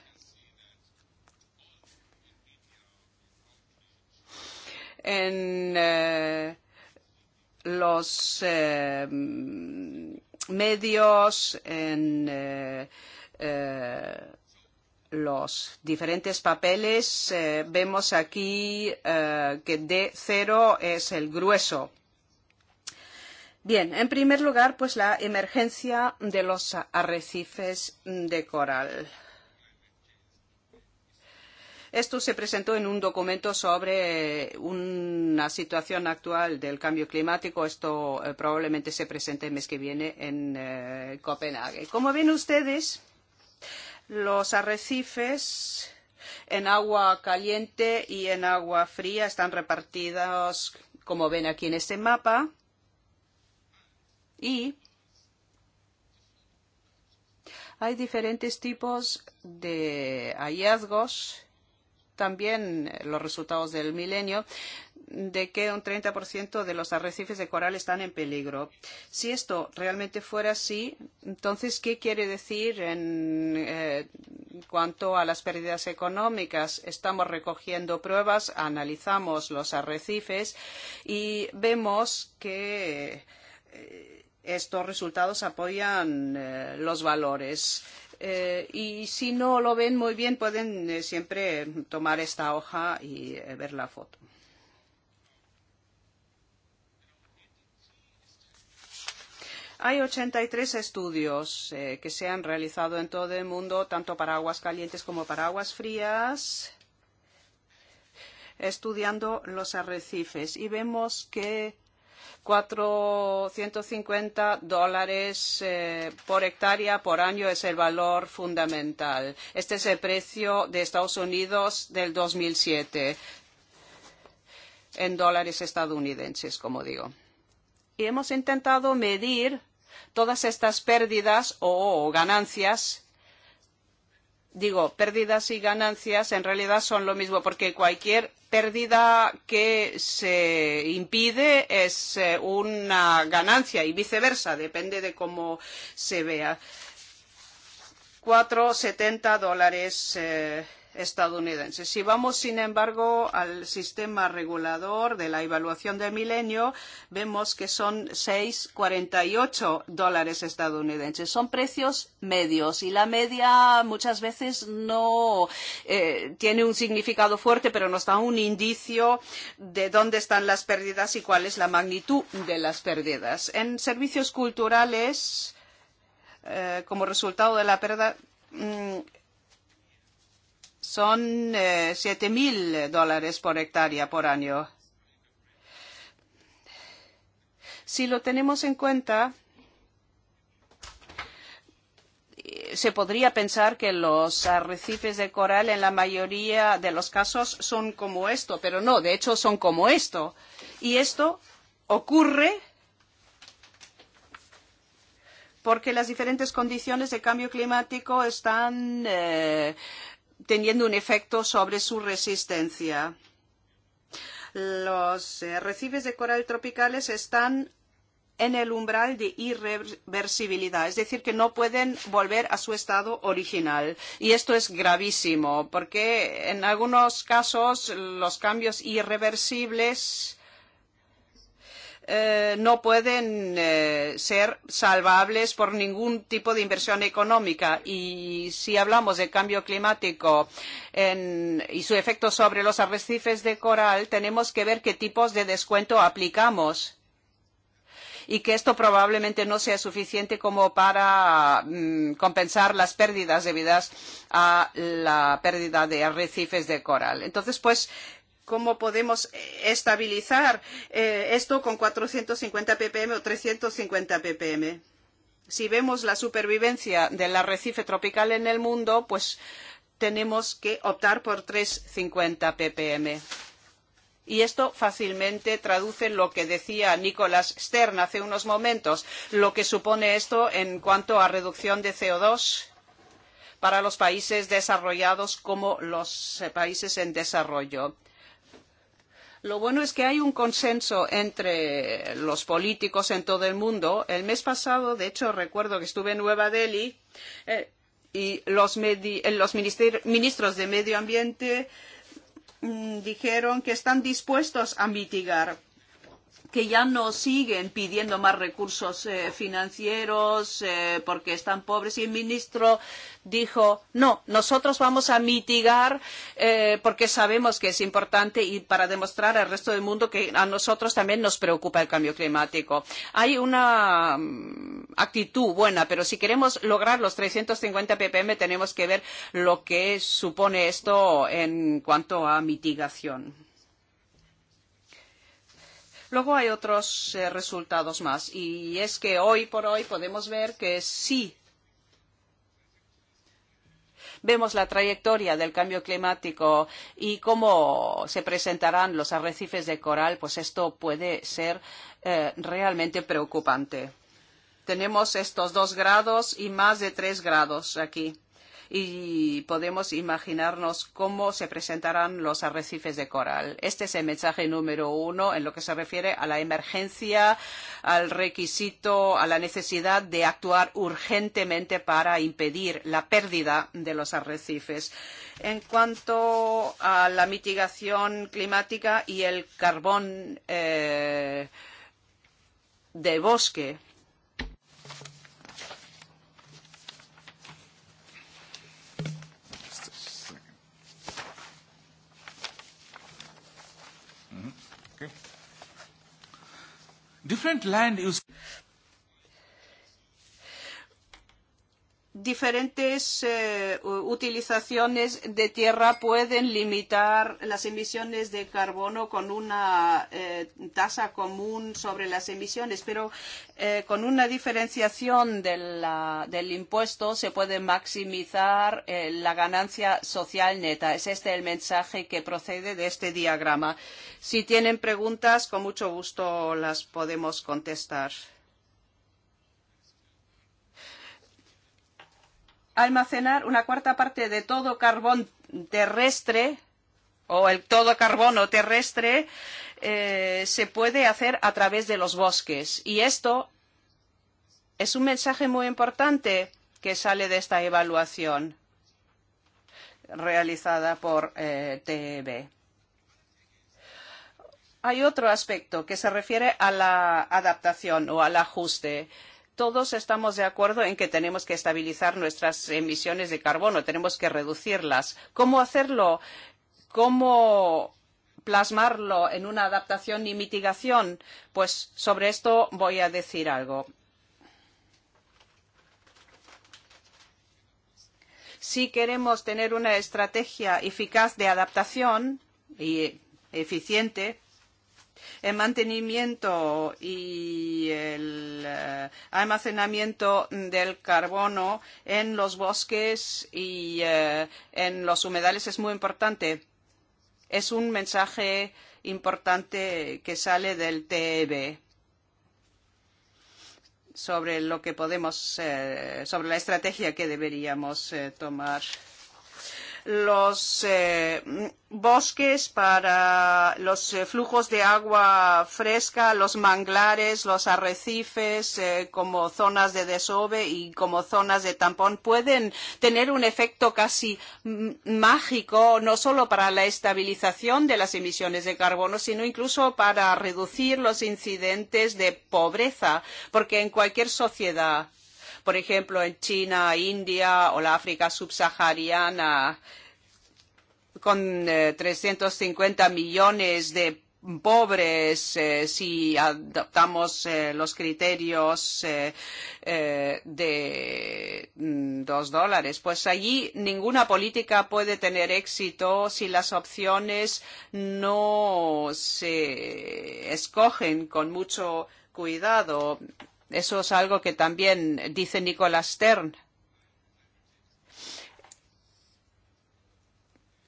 En eh, los eh, medios, en eh, eh, los diferentes papeles. Eh, vemos aquí eh, que D0 es el grueso. Bien, en primer lugar, pues la emergencia de los arrecifes de coral. Esto se presentó en un documento sobre eh, una situación actual del cambio climático. Esto eh, probablemente se presente el mes que viene en eh, Copenhague. Como ven ustedes, Los arrecifes en agua caliente y en agua fría están repartidos, como ven aquí en este mapa. Y hay diferentes tipos de hallazgos, también los resultados del milenio, de que un 30% de los arrecifes de coral están en peligro. Si esto realmente fuera así, entonces, ¿qué quiere decir en eh, cuanto a las pérdidas económicas? Estamos recogiendo pruebas, analizamos los arrecifes y vemos que eh, estos resultados apoyan eh, los valores eh, y si no lo ven muy bien pueden eh, siempre tomar esta hoja y eh, ver la foto. Hay 83 estudios eh, que se han realizado en todo el mundo, tanto para aguas calientes como para aguas frías, estudiando los arrecifes. Y vemos que 450 dólares eh, por hectárea por año es el valor fundamental. Este es el precio de Estados Unidos del 2007 en dólares estadounidenses, como digo. Y hemos intentado medir todas estas pérdidas o ganancias digo, pérdidas y ganancias en realidad son lo mismo, porque cualquier pérdida que se impide es eh, una ganancia y viceversa, depende de cómo se vea. 4,70 dólares. Eh, Estadounidenses. Si vamos, sin embargo, al sistema regulador de la evaluación del milenio, vemos que son 6,48 dólares estadounidenses. Son precios medios y la media muchas veces no eh, tiene un significado fuerte, pero nos da un indicio de dónde están las pérdidas y cuál es la magnitud de las pérdidas. En servicios culturales, eh, como resultado de la pérdida, mm, son eh, siete eh, mil dólares por hectárea por año. Si lo tenemos en cuenta, se podría pensar que los arrecifes de coral en la mayoría de los casos son como esto, pero no, de hecho son como esto. Y esto ocurre porque las diferentes condiciones de cambio climático están eh, teniendo un efecto sobre su resistencia. Los eh, recifes de coral tropicales están en el umbral de irreversibilidad, es decir, que no pueden volver a su estado original. Y esto es gravísimo, porque en algunos casos los cambios irreversibles eh, no pueden eh, ser salvables por ningún tipo de inversión económica. Y si hablamos de cambio climático en, y su efecto sobre los arrecifes de coral, tenemos que ver qué tipos de descuento aplicamos y que esto probablemente no sea suficiente como para mm, compensar las pérdidas debidas a la pérdida de arrecifes de coral. Entonces, pues, cómo podemos estabilizar eh, esto con 450 ppm o 350 ppm. Si vemos la supervivencia del arrecife tropical en el mundo, pues tenemos que optar por 350 ppm. Y esto fácilmente traduce lo que decía Nicolas Stern hace unos momentos, lo que supone esto en cuanto a reducción de CO2 para los países desarrollados como los eh, países en desarrollo. Lo bueno es que hay un consenso entre los políticos en todo el mundo. El mes pasado, de hecho, recuerdo que estuve en Nueva Delhi eh, y los, medi eh, los ministros de Medio Ambiente mm, dijeron que están dispuestos a mitigar que ya no siguen pidiendo más recursos eh, financieros eh, porque están pobres. Y el ministro dijo, no, nosotros vamos a mitigar eh, porque sabemos que es importante y para demostrar al resto del mundo que a nosotros también nos preocupa el cambio climático. Hay una mm, actitud buena, pero si queremos lograr los 350 ppm tenemos que ver lo que supone esto en cuanto a mitigación. Luego hay otros eh, resultados más y es que hoy por hoy podemos ver que sí vemos la trayectoria del cambio climático y cómo se presentarán los arrecifes de coral, pues esto puede ser eh, realmente preocupante. Tenemos estos dos grados y más de tres grados aquí y podemos imaginarnos cómo se presentarán los arrecifes de coral. Este es el mensaje número uno en lo que se refiere a la emergencia, al requisito, a la necesidad de actuar urgentemente para impedir la pérdida de los arrecifes. En cuanto a la mitigación climática y el carbón eh, de bosque, different land use. diferentes eh, utilizaciones de tierra pueden limitar las emisiones de carbono con una eh, tasa común sobre las emisiones, pero eh, con una diferenciación de la, del impuesto se puede maximizar eh, la ganancia social neta. Es este el mensaje que procede de este diagrama. Si tienen preguntas, con mucho gusto las podemos contestar. almacenar una cuarta parte de todo carbón terrestre o el todo carbono terrestre eh, se puede hacer a través de los bosques. Y esto es un mensaje muy importante que sale de esta evaluación realizada por eh, TEB. Hay otro aspecto que se refiere a la adaptación o al ajuste. Eh, todos estamos de acuerdo en que tenemos que estabilizar nuestras emisiones de carbono, tenemos que reducirlas. ¿Cómo hacerlo? ¿Cómo plasmarlo en una adaptación y mitigación? Pues sobre esto voy a decir algo. Si queremos tener una estrategia eficaz de adaptación y eficiente, el mantenimiento y el eh, almacenamiento del carbono en los bosques y eh, en los humedales es muy importante. Es un mensaje importante que sale del TEB sobre lo que podemos, eh, sobre la estrategia que deberíamos eh, tomar los eh, bosques, para los eh, flujos de agua fresca, los manglares, los arrecifes eh, como zonas de desove y como zonas de tampón pueden tener un efecto casi mágico, no solo para la estabilización de las emisiones de carbono, sino incluso para reducir los incidentes de pobreza, porque en cualquier sociedad por ejemplo, en China, India o la África subsahariana, con 350 eh, millones de pobres eh, si adoptamos eh, los criterios eh, eh, de mm, dos dólares. Pues allí ninguna política puede tener éxito si las opciones no se escogen con mucho cuidado. Eso es algo que también dice Nicolás Stern.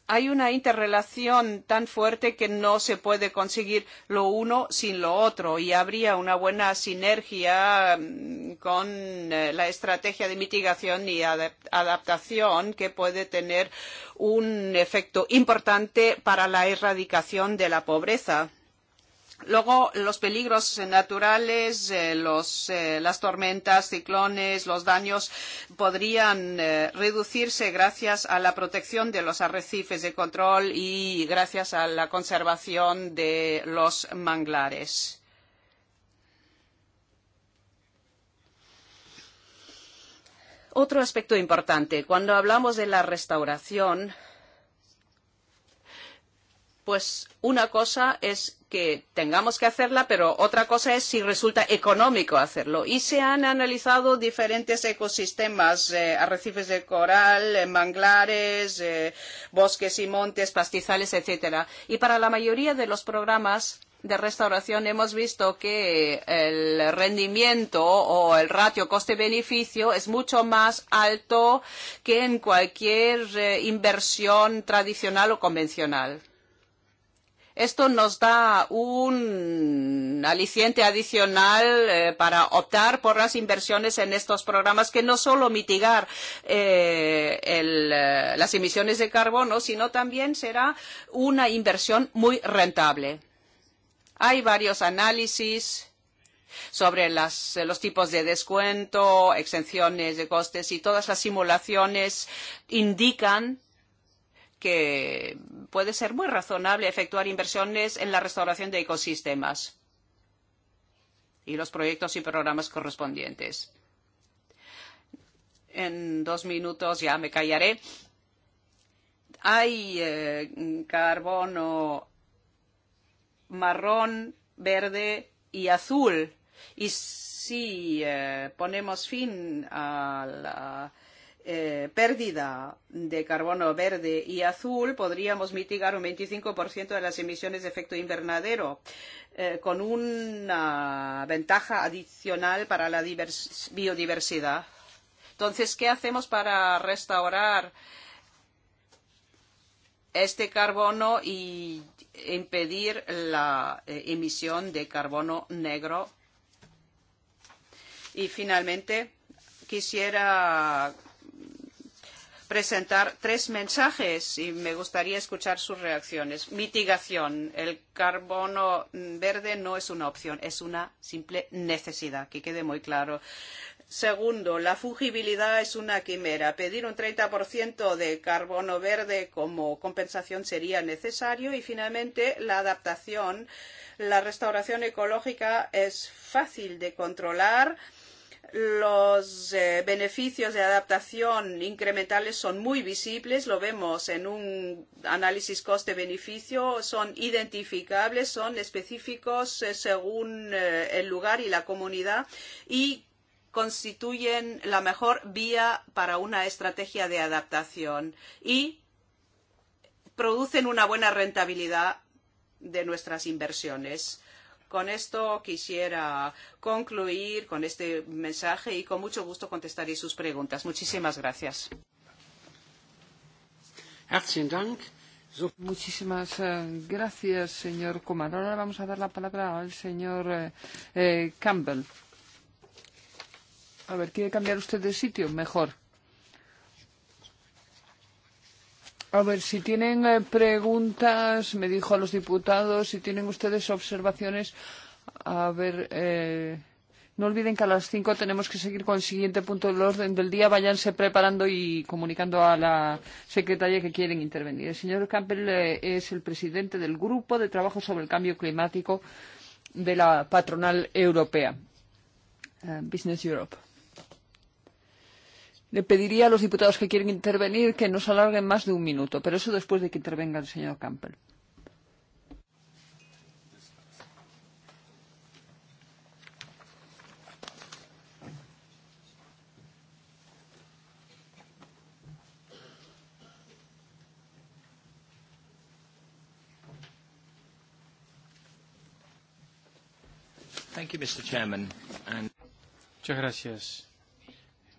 Hay una interrelación tan fuerte que no se puede conseguir lo uno sin lo otro y habría una buena sinergia mm, con eh, la estrategia de mitigación y adaptación que puede tener un efecto importante para la erradicación de la pobreza Luego, los peligros naturales, eh, los, eh, las tormentas, ciclones, los daños podrían eh, reducirse gracias a la protección de los arrecifes de control y gracias a la conservación de los manglares. Otro aspecto importante, cuando hablamos de la restauración, pues una cosa es que tengamos que hacerla, pero otra cosa es si resulta económico hacerlo. Y se han analizado diferentes ecosistemas, eh, arrecifes de coral, eh, manglares, eh, bosques y montes, pastizales, etcétera. Y para la mayoría de los programas de restauración hemos visto que el rendimiento o el ratio coste-beneficio es mucho más alto que en cualquier eh, inversión tradicional o convencional. Esto nos da un aliciente adicional eh, para optar por las inversiones en estos programas que no solo mitigar eh, el, eh, las emisiones de carbono, sino también será una inversión muy rentable. Hay varios análisis sobre las, eh, los tipos de descuento, exenciones de costes y todas las simulaciones indican que puede ser muy razonable efectuar inversiones en la restauración de ecosistemas y los proyectos y programas correspondientes. En dos minutos ya me callaré. Hay eh, carbono marrón, verde y azul. Y si eh, ponemos fin a la eh, eh, pérdida de carbono verde y azul, podríamos mitigar un 25% de las emisiones de efecto invernadero, eh, con una ventaja adicional para la biodiversidad. Entonces, ¿qué hacemos para restaurar este carbono y impedir la eh, emisión de carbono negro? Y finalmente, quisiera presentar tres mensajes y me gustaría escuchar sus reacciones. Mitigación. El carbono verde no es una opción, es una simple necesidad, que quede muy claro. Segundo, la fugibilidad es una quimera. Pedir un 30% de carbono verde como compensación sería necesario. Y finalmente, la adaptación. La restauración ecológica es fácil de controlar. Eh, Los eh, beneficios de adaptación incrementales son muy visibles, lo vemos en un análisis coste-beneficio, son identificables, son específicos eh, según eh, el lugar y la comunidad y constituyen la mejor vía para una estrategia de adaptación y producen una buena rentabilidad de nuestras inversiones. Con esto quisiera concluir con este mensaje y con mucho gusto contestaré sus preguntas. Muchísimas gracias. Muchísimas eh, gracias, señor Kuman. Ahora vamos a dar la palabra al señor eh, eh, Campbell. A ver, ¿quiere cambiar usted de sitio? Mejor. A ver, si tienen eh, preguntas, me dijo a los diputados, si tienen ustedes observaciones, a ver, eh, no olviden que a las 5 tenemos que seguir con el siguiente punto del orden del día. Váyanse preparando y comunicando a la secretaria que quieren intervenir. El señor Campbell eh, es el presidente del Grupo de Trabajo sobre el Cambio Climático de la Patronal Europea, eh, Business Europe. Le pediría a los diputados que quieren intervenir que no se alarguen más de un minuto, pero eso después de que intervenga el señor Campbell. Thank you, Mr. Chairman. And... Muchas gracias,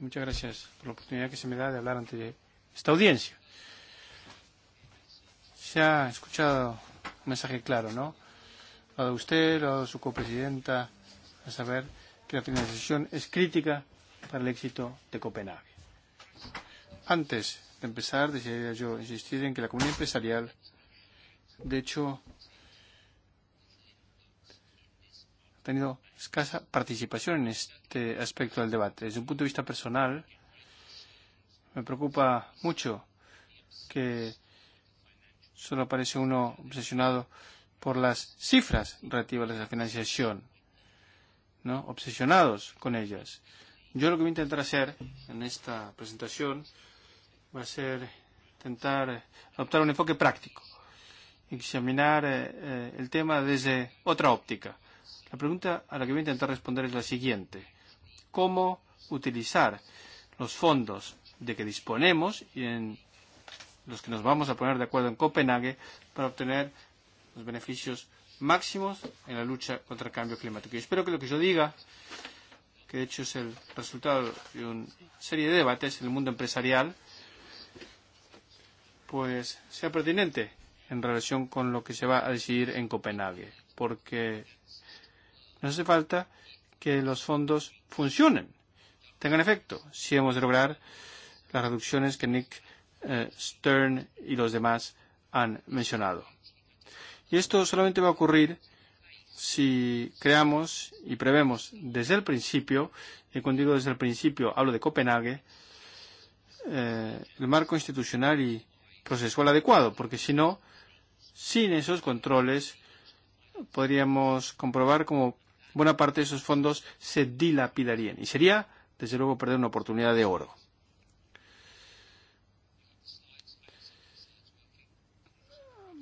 Muchas gracias por la oportunidad que se me da de hablar ante esta audiencia. Se ha escuchado un mensaje claro, ¿no? Lo de usted, lo de su copresidenta, a saber que la financiación es crítica para el éxito de Copenhague. Antes de empezar, desearía yo insistir en que la comunidad empresarial, de hecho, tenido escasa participación en este aspecto del debate. Desde un punto de vista personal, me preocupa mucho que solo aparece uno obsesionado por las cifras relativas a la financiación, ¿no? obsesionados con ellas. Yo lo que voy a intentar hacer en esta presentación va a ser intentar adoptar un enfoque práctico, examinar eh, eh el tema desde otra óptica La pregunta a la que voy a intentar responder es la siguiente. ¿Cómo utilizar los fondos de que disponemos y en los que nos vamos a poner de acuerdo en Copenhague para obtener los beneficios máximos en la lucha contra el cambio climático? Y espero que lo que yo diga, que de hecho es el resultado de una serie de debates en el mundo empresarial, pues sea pertinente en relación con lo que se va a decidir en Copenhague, porque Nos hace falta que los fondos funcionen, tengan efecto, si hemos de lograr las reducciones que Nick eh, Stern y los demás han mencionado. Y esto solamente va a ocurrir si creamos y prevemos desde el principio, y cuando digo desde el principio hablo de Copenhague, eh, el marco institucional y procesual adecuado, porque si no, sin esos controles podríamos comprobar como buena parte de esos fondos se dilapidarían y sería, desde luego, perder una oportunidad de oro.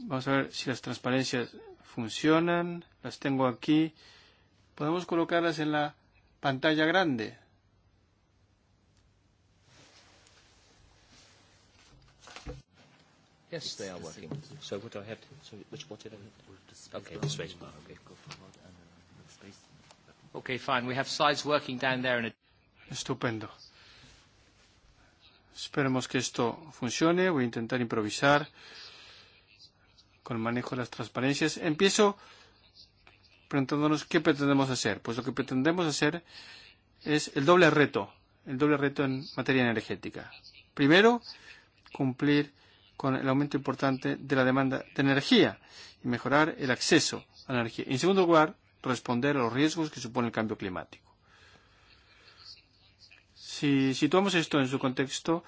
Vamos a ver si las transparencias funcionan. Las tengo aquí. Podemos colocarlas en la pantalla grande. Yes, they are working. So what do I have to, so which button? Okay, I have? Okay, go for it. Okay, fine. We have slides working down there in a... Estupendo. Esperemos que esto funcione. Voy a intentar improvisar con el manejo de las transparencias. Empiezo preguntándonos qué pretendemos hacer. Pues lo que pretendemos hacer es el doble reto, el doble reto en materia energética. Primero, cumplir con el aumento importante de la demanda de energía y mejorar el acceso a la energía. En segundo lugar, responder a los riesgos que supone el cambio climático. Si situamos esto en su contexto,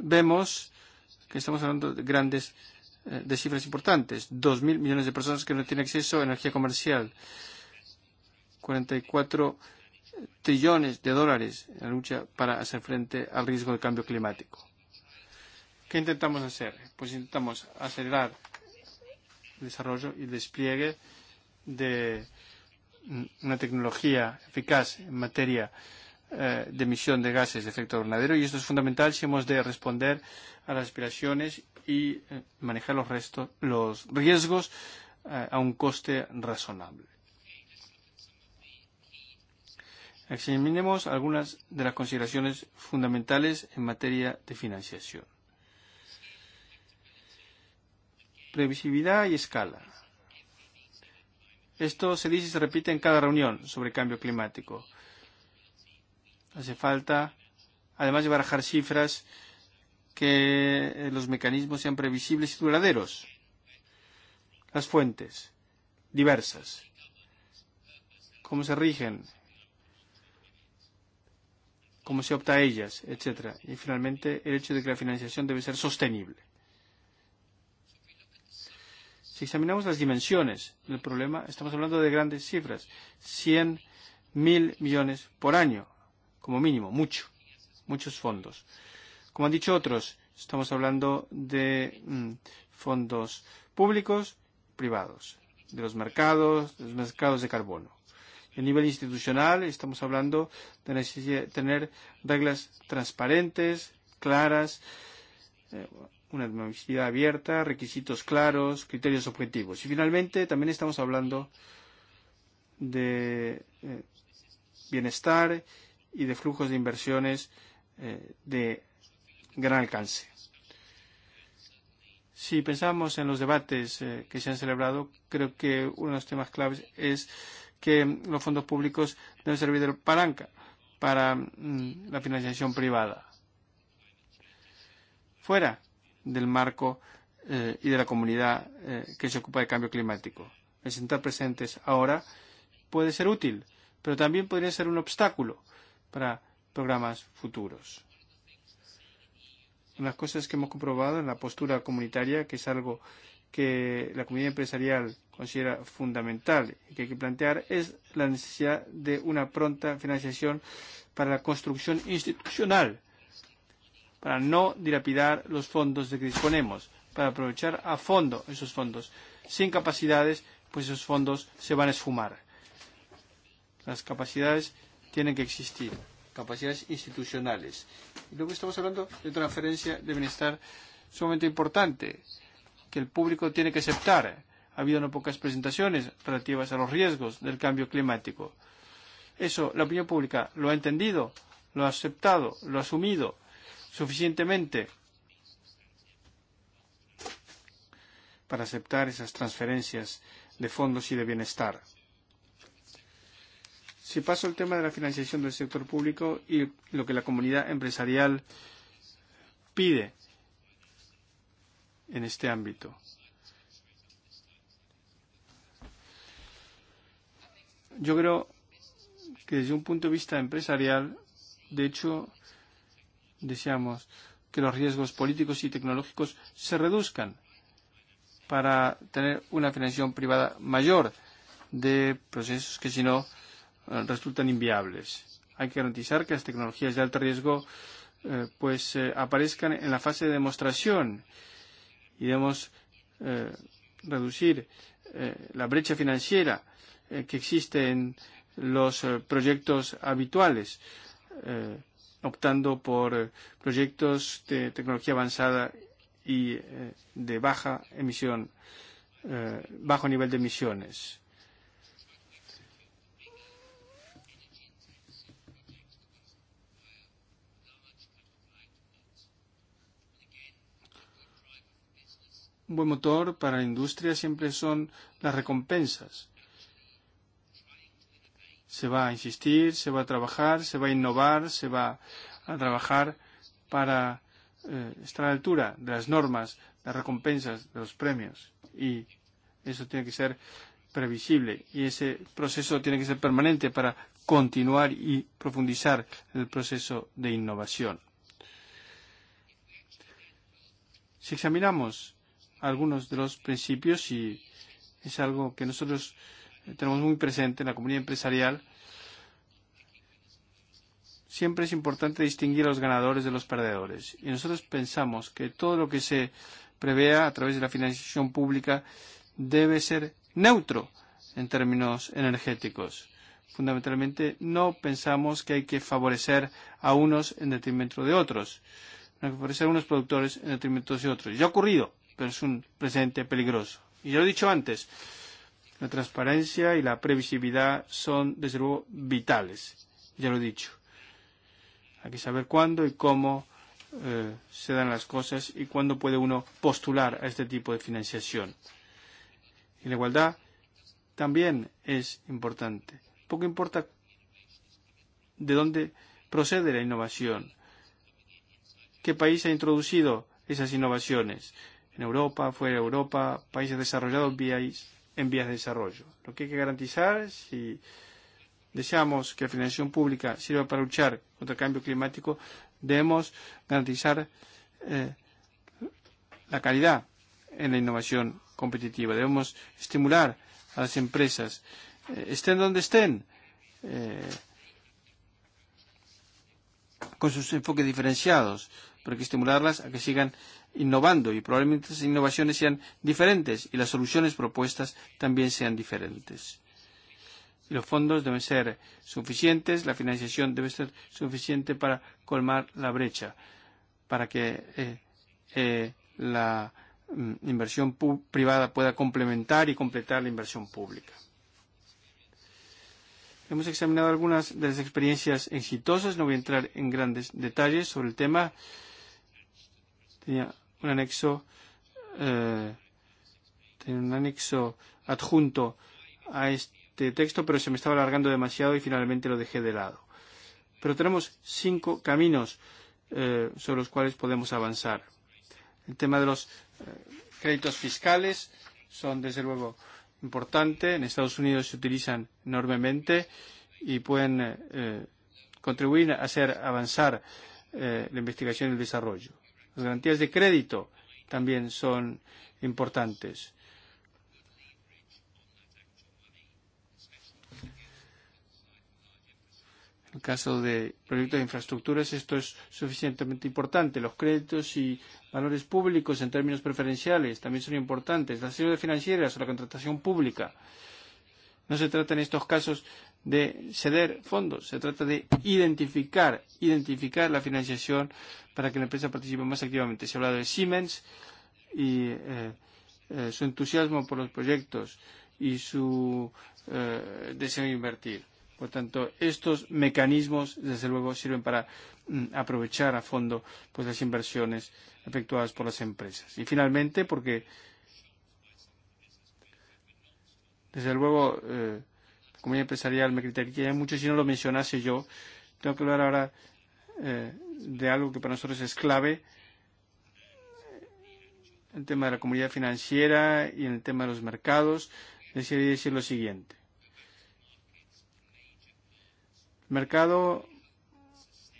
vemos que estamos hablando de grandes eh, de cifras importantes. 2.000 millones de personas que no tienen acceso a energía comercial. 44 trillones de dólares en la lucha para hacer frente al riesgo del cambio climático. ¿Qué intentamos hacer? Pues intentamos acelerar el desarrollo y el despliegue de una tecnología eficaz en materia eh, de emisión de gases de efecto invernadero y esto es fundamental si hemos de responder a las aspiraciones y eh, manejar los, restos, los riesgos eh, a un coste razonable. Examinemos algunas de las consideraciones fundamentales en materia de financiación. Previsibilidad y escala. Esto se dice y se repite en cada reunión sobre cambio climático. Hace falta, además de barajar cifras, que los mecanismos sean previsibles y duraderos. Las fuentes, diversas. Cómo se rigen, cómo se opta a ellas, etc. Y finalmente, el hecho de que la financiación debe ser sostenible. Si examinamos las dimensiones del problema, estamos hablando de grandes cifras. 100 mil millones por año, como mínimo, mucho, muchos fondos. Como han dicho otros, estamos hablando de mm, fondos públicos, privados, de los mercados, de los mercados de carbono. A nivel institucional estamos hablando de necesidad de tener reglas transparentes, claras, eh, una universidad abierta, requisitos claros, criterios objetivos. Y finalmente también estamos hablando de eh, bienestar y de flujos de inversiones eh, de gran alcance. Si pensamos en los debates eh, que se han celebrado, creo que uno de los temas claves es que los fondos públicos deben servir de palanca para mm, la financiación privada. Fuera del marco eh, y de la comunidad eh, que se ocupa de cambio climático. Presentar presentes ahora puede ser útil, pero también podría ser un obstáculo para programas futuros. las cosas que hemos comprobado en la postura comunitaria, que es algo que la comunidad empresarial considera fundamental y que hay que plantear, es la necesidad de una pronta financiación para la construcción institucional para no dilapidar los fondos de que disponemos, para aprovechar a fondo esos fondos. Sin capacidades, pues esos fondos se van a esfumar. Las capacidades tienen que existir, capacidades institucionales. Y luego estamos hablando de transferencia de bienestar sumamente importante, que el público tiene que aceptar. Ha habido no pocas presentaciones relativas a los riesgos del cambio climático. Eso la opinión pública lo ha entendido, lo ha aceptado, lo ha asumido suficientemente para aceptar esas transferencias de fondos y de bienestar. Si paso al tema de la financiación del sector público y lo que la comunidad empresarial pide en este ámbito. Yo creo que desde un punto de vista empresarial, de hecho, deseamos que los riesgos políticos y tecnológicos se reduzcan para tener una financiación privada mayor de procesos que si no eh, resultan inviables. Hay que garantizar que las tecnologías de alto riesgo eh, pues eh, aparezcan en la fase de demostración y debemos eh, reducir eh, la brecha financiera eh, que existe en los eh, proyectos habituales. Eh, optando por eh, proyectos de tecnología avanzada y eh, de baja emisión, eh, bajo nivel de emisiones. Un buen motor para la industria siempre son las recompensas se va a insistir, se va a trabajar, se va a innovar, se va a trabajar para eh, estar a la altura de las normas, de las recompensas, de los premios. Y eso tiene que ser previsible y ese proceso tiene que ser permanente para continuar y profundizar el proceso de innovación. Si examinamos algunos de los principios, y es algo que nosotros eh, tenemos muy presente en la comunidad empresarial, siempre es importante distinguir a los ganadores de los perdedores. Y nosotros pensamos que todo lo que se prevea a través de la financiación pública debe ser neutro en términos energéticos. Fundamentalmente, no pensamos que hay que favorecer a unos en detrimento de otros, no hay que favorecer a unos productores en detrimento de otros. Ya ha ocurrido, pero es un presente peligroso. Y ya lo he dicho antes, La transparencia y la previsibilidad son, desde luego, vitales, ya lo he dicho. Hay que saber cuándo y cómo eh, se dan las cosas y cuándo puede uno postular a este tipo de financiación. Y la igualdad también es importante. Poco importa de dónde procede la innovación, qué país ha introducido esas innovaciones. En Europa, fuera de Europa, países desarrollados, en vías de desarrollo. Lo que hay que garantizar, si deseamos que la financiación pública sirva para luchar contra el cambio climático, debemos garantizar eh, la calidad en la innovación competitiva. Debemos estimular a las empresas, eh, estén donde estén, eh, con sus enfoques diferenciados, pero hay que estimularlas a que sigan innovando y probablemente esas innovaciones sean diferentes y las soluciones propuestas también sean diferentes. Y los fondos deben ser suficientes, la financiación debe ser suficiente para colmar la brecha, para que eh, eh, la mm, inversión privada pueda complementar y completar la inversión pública. Hemos examinado algunas de las experiencias exitosas, no voy a entrar en grandes detalles sobre el tema tenía un anexo, eh, tenía un anexo adjunto a este texto, pero se me estaba alargando demasiado y finalmente lo dejé de lado. Pero tenemos cinco caminos eh, sobre los cuales podemos avanzar. El tema de los eh, créditos fiscales son, desde luego, importante. En Estados Unidos se utilizan enormemente y pueden eh, eh contribuir a hacer avanzar eh, la investigación y el desarrollo. Las garantías de crédito también son importantes. En el caso de proyectos de infraestructuras, esto es suficientemente importante. Los créditos y valores públicos en términos preferenciales también son importantes. Las ayudas financieras o la contratación pública. No se trata en estos casos de ceder fondos, se trata de identificar, identificar la financiación para que la empresa participe más activamente. Se ha hablado de Siemens y eh, eh, su entusiasmo por los proyectos y su eh, deseo de invertir. Por tanto, estos mecanismos, desde luego, sirven para mm, aprovechar a fondo pues, las inversiones efectuadas por las empresas. Y finalmente, porque, desde luego, eh, comunidad empresarial me criticaría mucho si no lo mencionase yo. Tengo que hablar ahora eh, de algo que para nosotros es clave, el tema de la comunidad financiera y en el tema de los mercados. Decidí decir lo siguiente. El mercado,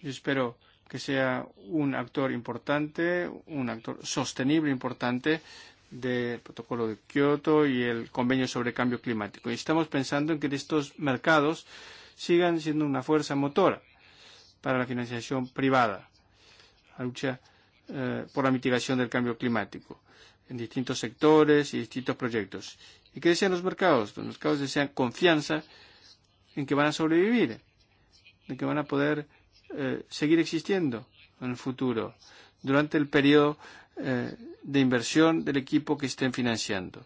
yo espero que sea un actor importante, un actor sostenible importante de protocolo de Kioto y el convenio sobre cambio climático. Y estamos pensando en que estos mercados sigan siendo una fuerza motora para la financiación privada, la lucha eh, por la mitigación del cambio climático en distintos sectores y distintos proyectos. ¿Y qué desean los mercados? Los mercados desean confianza en que van a sobrevivir, en que van a poder eh, seguir existiendo en el futuro durante el periodo eh, de inversión del equipo que estén financiando.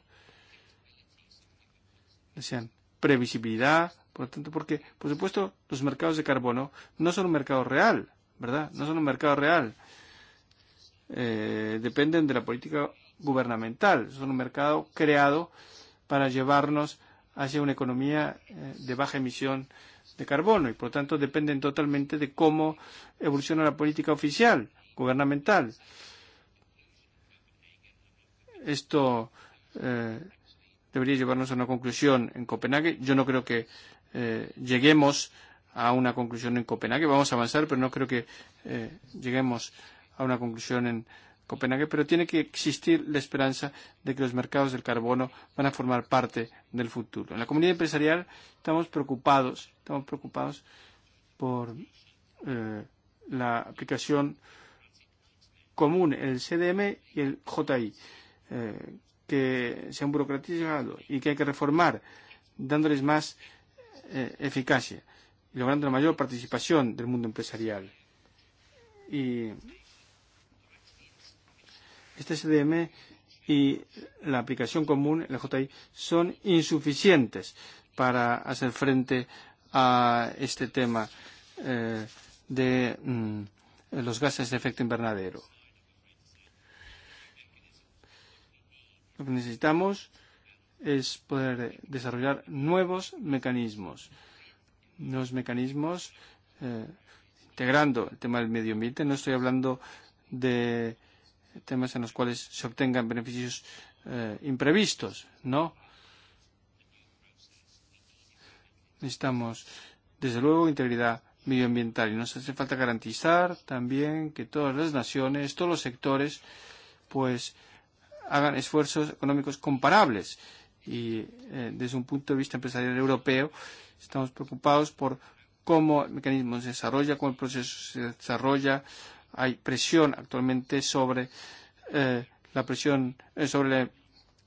Decían previsibilidad, por lo tanto, porque, por supuesto, los mercados de carbono no son un mercado real, ¿verdad? No son un mercado real. Eh, dependen de la política gubernamental. Son un mercado creado para llevarnos hacia una economía eh, de baja emisión de carbono y por lo tanto dependen totalmente de cómo evoluciona la política oficial gubernamental. Esto eh, debería llevarnos a una conclusión en Copenhague. Yo no creo que eh, lleguemos a una conclusión en Copenhague. Vamos a avanzar, pero no creo que eh, lleguemos a una conclusión en Copenhague. Pero tiene que existir la esperanza de que los mercados del carbono van a formar parte del futuro. En la comunidad empresarial estamos preocupados, estamos preocupados por eh, la aplicación eh, común el CDM y el JI, eh, que se han burocratizado y que hay que reformar, dándoles más eh, eficacia y logrando la mayor participación del mundo empresarial. Y este CDM y la aplicación común, el JI, son insuficientes para hacer frente a este tema eh, de mm, los gases de efecto invernadero. Lo que necesitamos es poder desarrollar nuevos mecanismos. Nuevos mecanismos eh, integrando el tema del medio ambiente. No estoy hablando de temas en los cuales se obtengan beneficios eh, imprevistos, ¿no? Necesitamos, desde luego, integridad medioambiental y nos hace falta garantizar también que todas las naciones, todos los sectores, pues eh, hagan esfuerzos económicos comparables. Y eh, desde un punto de vista empresarial europeo, estamos preocupados por cómo el mecanismo se desarrolla, cómo el proceso se desarrolla. Hay presión actualmente sobre eh, la presión eh, sobre la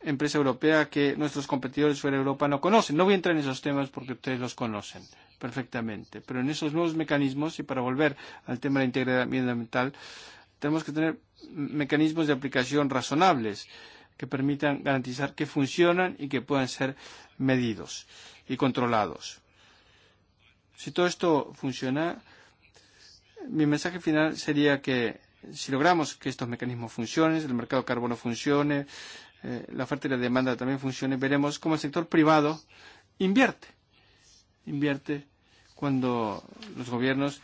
empresa europea que nuestros competidores fuera de Europa no conocen. No voy a entrar en esos temas porque ustedes los conocen perfectamente. Pero en esos nuevos mecanismos, y para volver al tema de la integridad medioambiental, tenemos que tener mecanismos de aplicación razonables que permitan garantizar que funcionan y que puedan ser medidos y controlados. Si todo esto funciona, mi mensaje final sería que si logramos que estos mecanismos funcionen, el mercado de carbono funcione, eh, la oferta y la demanda también funcione, veremos cómo el sector privado invierte. Invierte cuando los gobiernos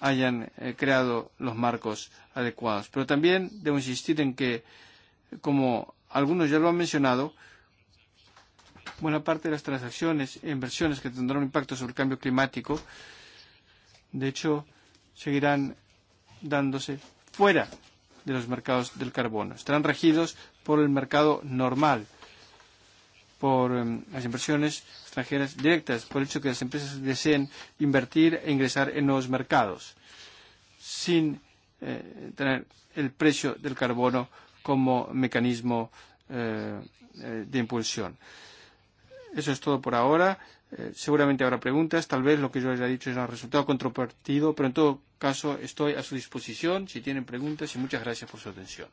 hayan eh, creado los marcos adecuados. Pero también debo insistir en que, como algunos ya lo han mencionado, buena parte de las transacciones e inversiones que tendrán un impacto sobre el cambio climático, de hecho, seguirán dándose fuera de los mercados del carbono. Estarán regidos por el mercado normal por las inversiones extranjeras directas, por el hecho que las empresas deseen invertir e ingresar en nuevos mercados, sin eh, tener el precio del carbono como mecanismo eh, eh, de impulsión. Eso es todo por ahora. Eh, seguramente habrá preguntas. Tal vez lo que yo haya dicho es un no resultado controvertido, pero en todo caso estoy a su disposición si tienen preguntas y muchas gracias por su atención.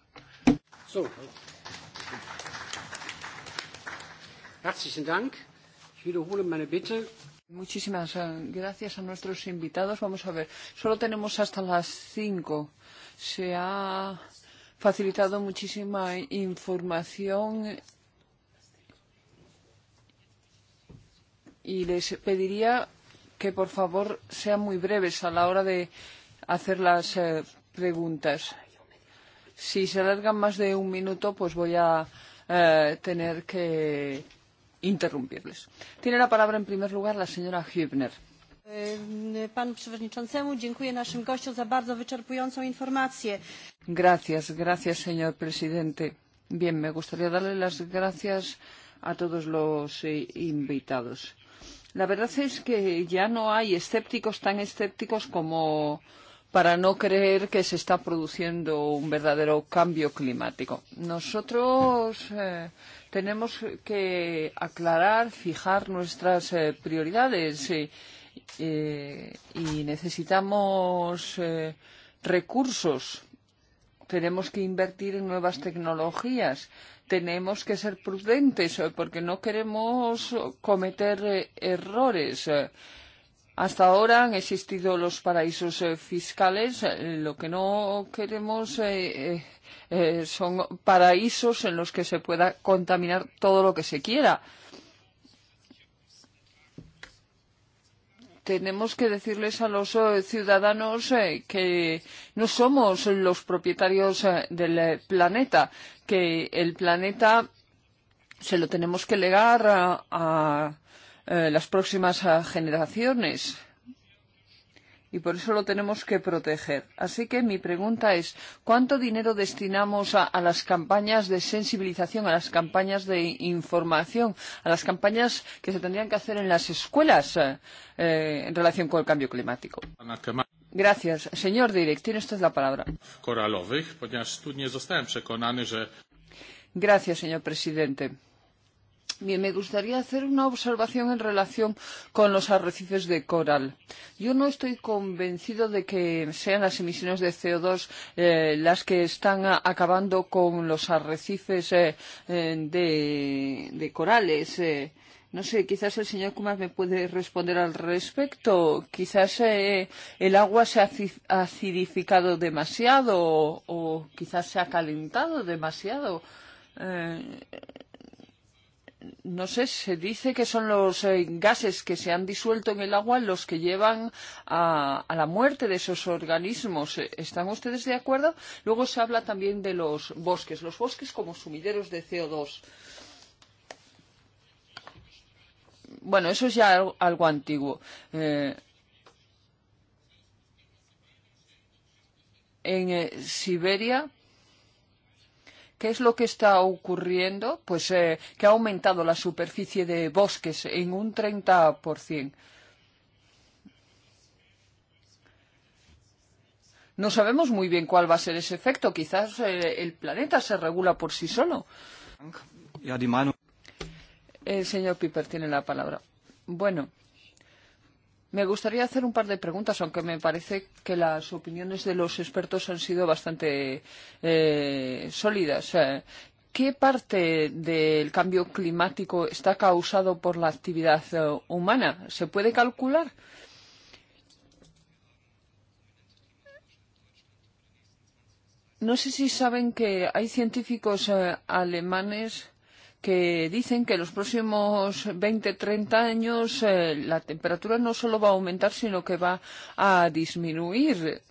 So, Herzlichen Dank. Ich wiederhole meine Bitte. Muchísimas eh, gracias a nuestros invitados. Vamos a ver, solo tenemos hasta las cinco. Se ha facilitado muchísima información y les pediría que por favor sean muy breves a la hora de hacer las eh, preguntas. Si se alargan más de un minuto, pues voy a eh, tener que interrumpirles. Tiene la palabra en primer lugar la señora Hübner. Eh, panu przewodniczącemu dziękuję naszym gościom za bardzo wyczerpującą informację. Gracias, gracias, señor presidente. Bien, me gustaría darle las gracias a todos los eh, invitados. La verdad es que ya no hay escépticos tan escépticos como para no creer que se está produciendo un verdadero cambio climático. Nosotros eh, tenemos que aclarar, fijar nuestras eh, prioridades eh, eh, y necesitamos eh, recursos. Tenemos que invertir en nuevas tecnologías. Tenemos que ser prudentes eh, porque no queremos cometer eh, errores. Eh, Hasta ahora han existido los paraísos eh, fiscales. Lo que no queremos eh, eh eh, son paraísos en los que se pueda contaminar todo lo que se quiera. tenemos que decirles a los eh, ciudadanos eh, que no somos los propietarios eh, del planeta, que el planeta se lo tenemos que legar a, a las próximas generaciones y por eso lo tenemos que proteger. Así que mi pregunta es, ¿cuánto dinero destinamos a, a las campañas de sensibilización, a las campañas de información, a las campañas que se tendrían que hacer en las escuelas eh, eh en relación con el cambio climático? Gracias. Señor Direct, tiene usted la palabra. Gracias, señor presidente. Bien, me gustaría hacer una observación en relación con los arrecifes de coral. Yo no estoy convencido de que sean las emisiones de CO2 eh, las que están a, acabando con los arrecifes eh, de, de corales. Eh. No sé, quizás el señor Kumar me puede responder al respecto. Quizás eh, el agua se ha acidificado demasiado o, o quizás se ha calentado demasiado. Eh, no sé, se dice que son los eh, gases que se han disuelto en el agua los que llevan a, a la muerte de esos organismos. Eh, ¿Están ustedes de acuerdo? Luego se habla también de los bosques, los bosques como sumideros de CO2. Bueno, eso es ya algo, algo antiguo. Eh, en eh, Siberia ¿Qué es lo que está ocurriendo? Pues eh, que ha aumentado la superficie de bosques en un 30%. No sabemos muy bien cuál va a ser ese efecto. Quizás eh, el planeta se regula por sí solo. El señor Piper tiene la palabra. Bueno. Me gustaría hacer un par de preguntas, aunque me parece que las opiniones de los expertos han sido bastante eh, sólidas. Eh, ¿Qué parte del cambio climático está causado por la actividad eh, humana? ¿Se puede calcular? No sé si saben que hay científicos eh, alemanes que dicen que en los próximos 20, 30 años eh, la temperatura no solo va a aumentar, sino que va a disminuir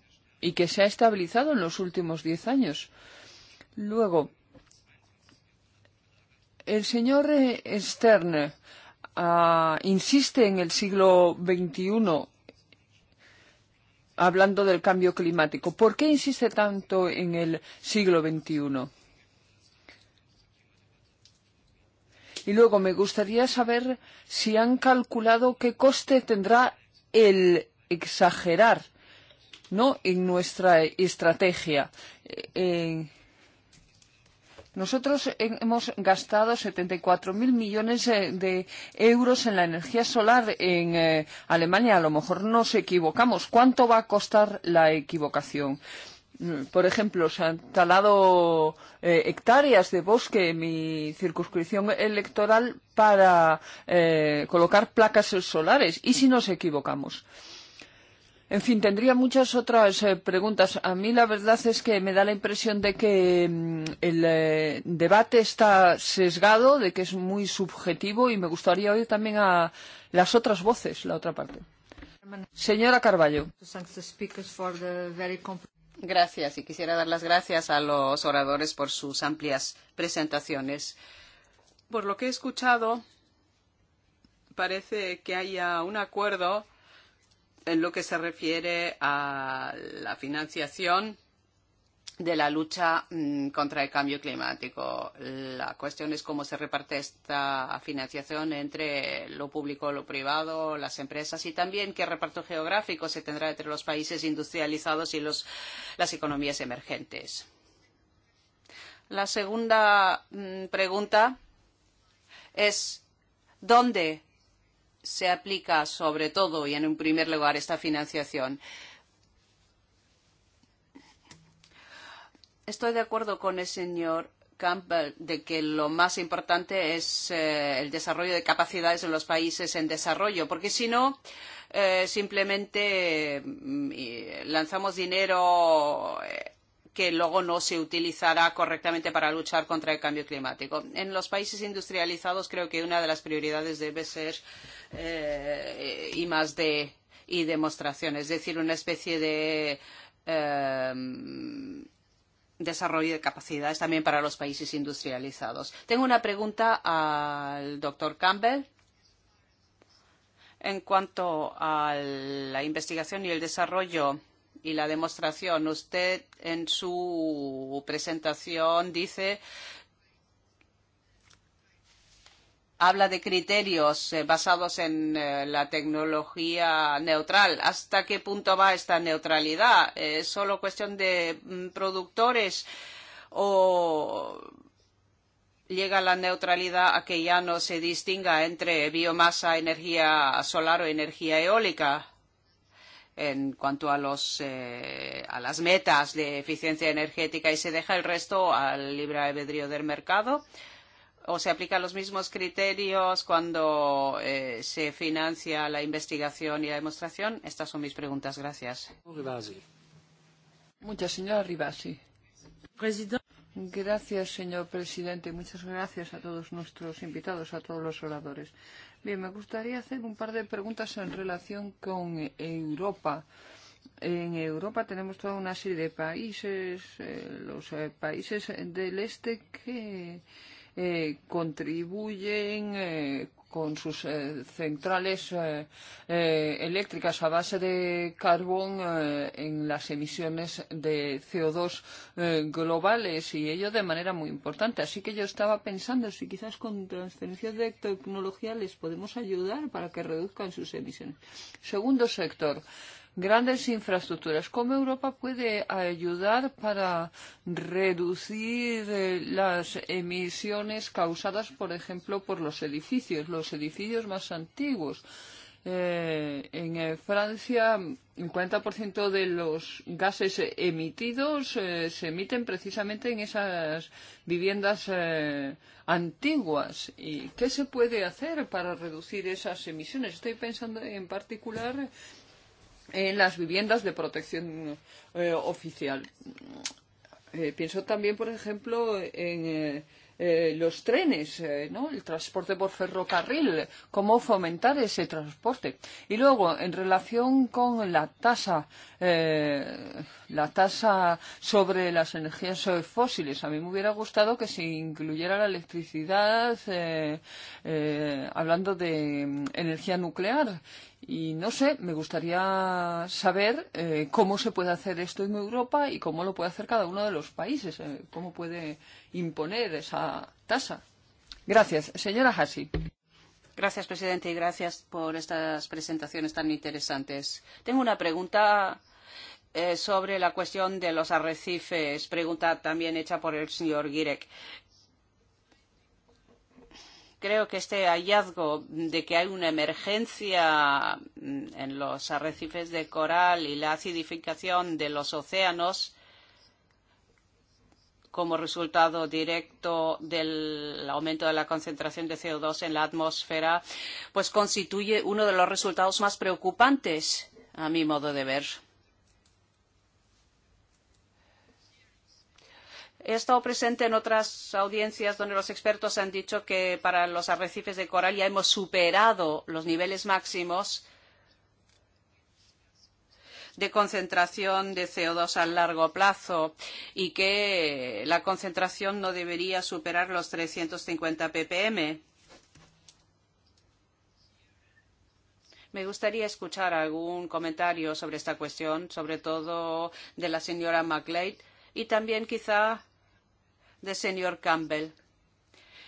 y que se ha estabilizado en los últimos 10 años. Luego, el señor eh, Stern eh, insiste en el siglo XXI hablando del cambio climático. ¿Por qué insiste tanto en el siglo XXI? Y luego me gustaría saber si han calculado qué coste tendrá el exagerar ¿no? en nuestra estrategia. Eh, eh nosotros hemos gastado 74.000 millones eh, de euros en la energía solar en eh, Alemania. A lo mejor nos equivocamos. ¿Cuánto va a costar la equivocación? Mm, por ejemplo, se han talado eh, hectáreas de bosque en mi circunscripción electoral para eh, colocar placas solares. ¿Y si nos equivocamos? En fin, tendría muchas otras eh, preguntas. A mí la verdad es que me da la impresión de que mmm, el eh, debate está sesgado, de que es muy subjetivo y me gustaría oír también a las otras voces, la otra parte. Señora Carballo. Gracias y quisiera dar las gracias a los oradores por sus amplias presentaciones. Por lo que he escuchado, parece que haya un acuerdo en lo que se refiere a la financiación de la lucha mm, contra el cambio climático. La cuestión es cómo se reparte esta financiación entre lo público, lo privado, las empresas y también qué reparto geográfico se tendrá entre los países industrializados y los, las economías emergentes. La segunda mm, pregunta es dónde se aplica sobre todo y en un primer lugar esta financiación. Eh, Estoy de acuerdo con el señor Campbell de que lo más importante es eh, el desarrollo de capacidades en los países en desarrollo, porque si no, eh, simplemente eh, lanzamos dinero. Eh, que luego no se utilizará correctamente para luchar contra el cambio climático. En los países industrializados creo que una de las prioridades debe ser eh, y más de y demostración, es decir, una especie de eh, desarrollo de capacidades también para los países industrializados. Tengo una pregunta al doctor Campbell. En cuanto a la investigación y el desarrollo y la demostración, usted en su presentación dice habla de criterios eh, basados en eh, la tecnología neutral. ¿Hasta qué punto va esta neutralidad? Eh, ¿Es solo cuestión de mm, productores o llega la neutralidad a que ya no se distinga entre biomasa, energía solar o energía eólica? en cuanto a, los, eh, a las metas de eficiencia energética y se deja el resto al libre albedrío del mercado. Eh, o se aplican los mismos criterios cuando eh, se financia la investigación y la demostración? Estas son mis preguntas. Gracias. Muchas, señora Rivasi. Gracias, señor presidente. Muchas gracias a todos nuestros invitados, a todos los oradores. Bien, me gustaría hacer un par de preguntas en relación con Europa. En Europa tenemos toda una serie de países, eh, los eh, países del este que. Eh, eh, contribuyen eh, con sus eh, centrales eh, eh, eléctricas a base de carbón eh, en las emisiones de CO2 eh, globales y ello de manera muy importante. Así que yo estaba pensando si quizás con transferencias de tecnología les podemos ayudar para que reduzcan sus emisiones. Segundo sector. Eh, grandes infraestructuras. ¿Cómo Europa puede ayudar para reducir eh, las emisiones causadas, por ejemplo, por los edificios, los edificios más antiguos? Eh, en eh, Francia, un 40% de los gases emitidos eh, se emiten precisamente en esas viviendas eh, antiguas. ¿Y qué se puede hacer para reducir esas emisiones? Estoy pensando en particular en las viviendas de protección eh, oficial. Eh, pienso también, por ejemplo, en. Eh, eh, los trenes, eh, ¿no? el transporte por ferrocarril, cómo fomentar ese transporte. Y luego, en relación con la tasa, eh, la tasa sobre las energías eh, fósiles, a mí me hubiera gustado que se incluyera la electricidad, eh, eh, hablando de mm, energía nuclear, Y no sé, me gustaría saber eh, cómo se puede hacer esto en Europa y cómo lo puede hacer cada uno de los países, eh, cómo puede imponer esa tasa. Gracias. Señora Hassi. Gracias, presidente, y gracias por estas presentaciones tan interesantes. Tengo una pregunta eh, sobre la cuestión de los arrecifes, pregunta también hecha por el señor Girek. Creo que este hallazgo de que hay una emergencia en los arrecifes de coral y la acidificación de los océanos como resultado directo del aumento de la concentración de CO2 en la atmósfera, pues constituye uno de los resultados más preocupantes, a mi modo de ver He estado presente en otras audiencias donde los expertos han dicho que para los arrecifes de coral ya hemos superado los niveles máximos de concentración de CO2 a largo plazo y que la concentración no debería superar los 350 ppm. Me gustaría escuchar algún comentario sobre esta cuestión, sobre todo de la señora McLeod, y también quizá del señor Campbell.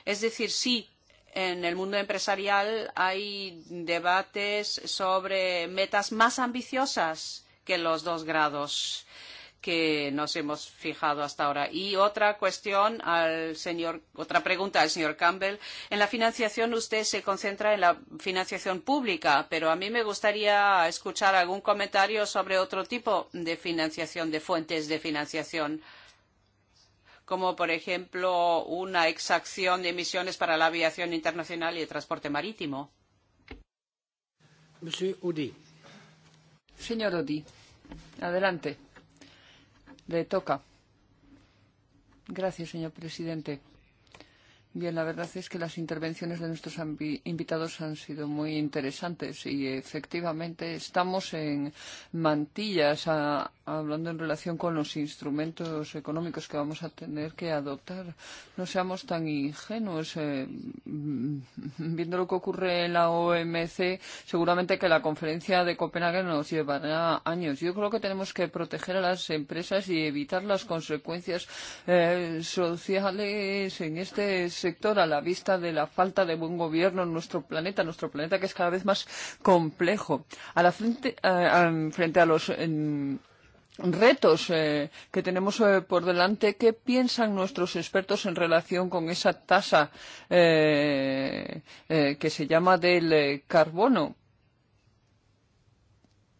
Es decir, sí, en el mundo empresarial hay debates sobre metas más ambiciosas que los dos grados que nos hemos fijado hasta ahora. Y otra cuestión al señor, otra pregunta al señor Campbell. En la financiación usted se concentra en la financiación pública, pero a mí me gustaría escuchar algún comentario sobre otro tipo de financiación, de fuentes de financiación. Uh, como por ejemplo una exacción de emisiones para la aviación internacional y el transporte marítimo. Monsieur Udi. Señor Odi, adelante. Le toca. Gracias, señor presidente. Bien, la verdad es que las intervenciones de nuestros invitados han sido muy interesantes y efectivamente estamos en mantillas a, hablando en relación con los instrumentos económicos que vamos a tener que adoptar. No seamos tan ingenuos. Eh, viendo lo que ocurre en la OMC, seguramente que la conferencia de Copenhague nos llevará años. Yo creo que tenemos que proteger a las empresas y evitar las consecuencias eh, sociales en este sector a la vista de la falta de buen gobierno en nuestro planeta, nuestro planeta que es cada vez más complejo. A la frente, eh, frente a los. En, retos eh, que tenemos eh, por delante. ¿Qué piensan nuestros expertos en relación con esa tasa eh, eh, que se llama del eh, carbono?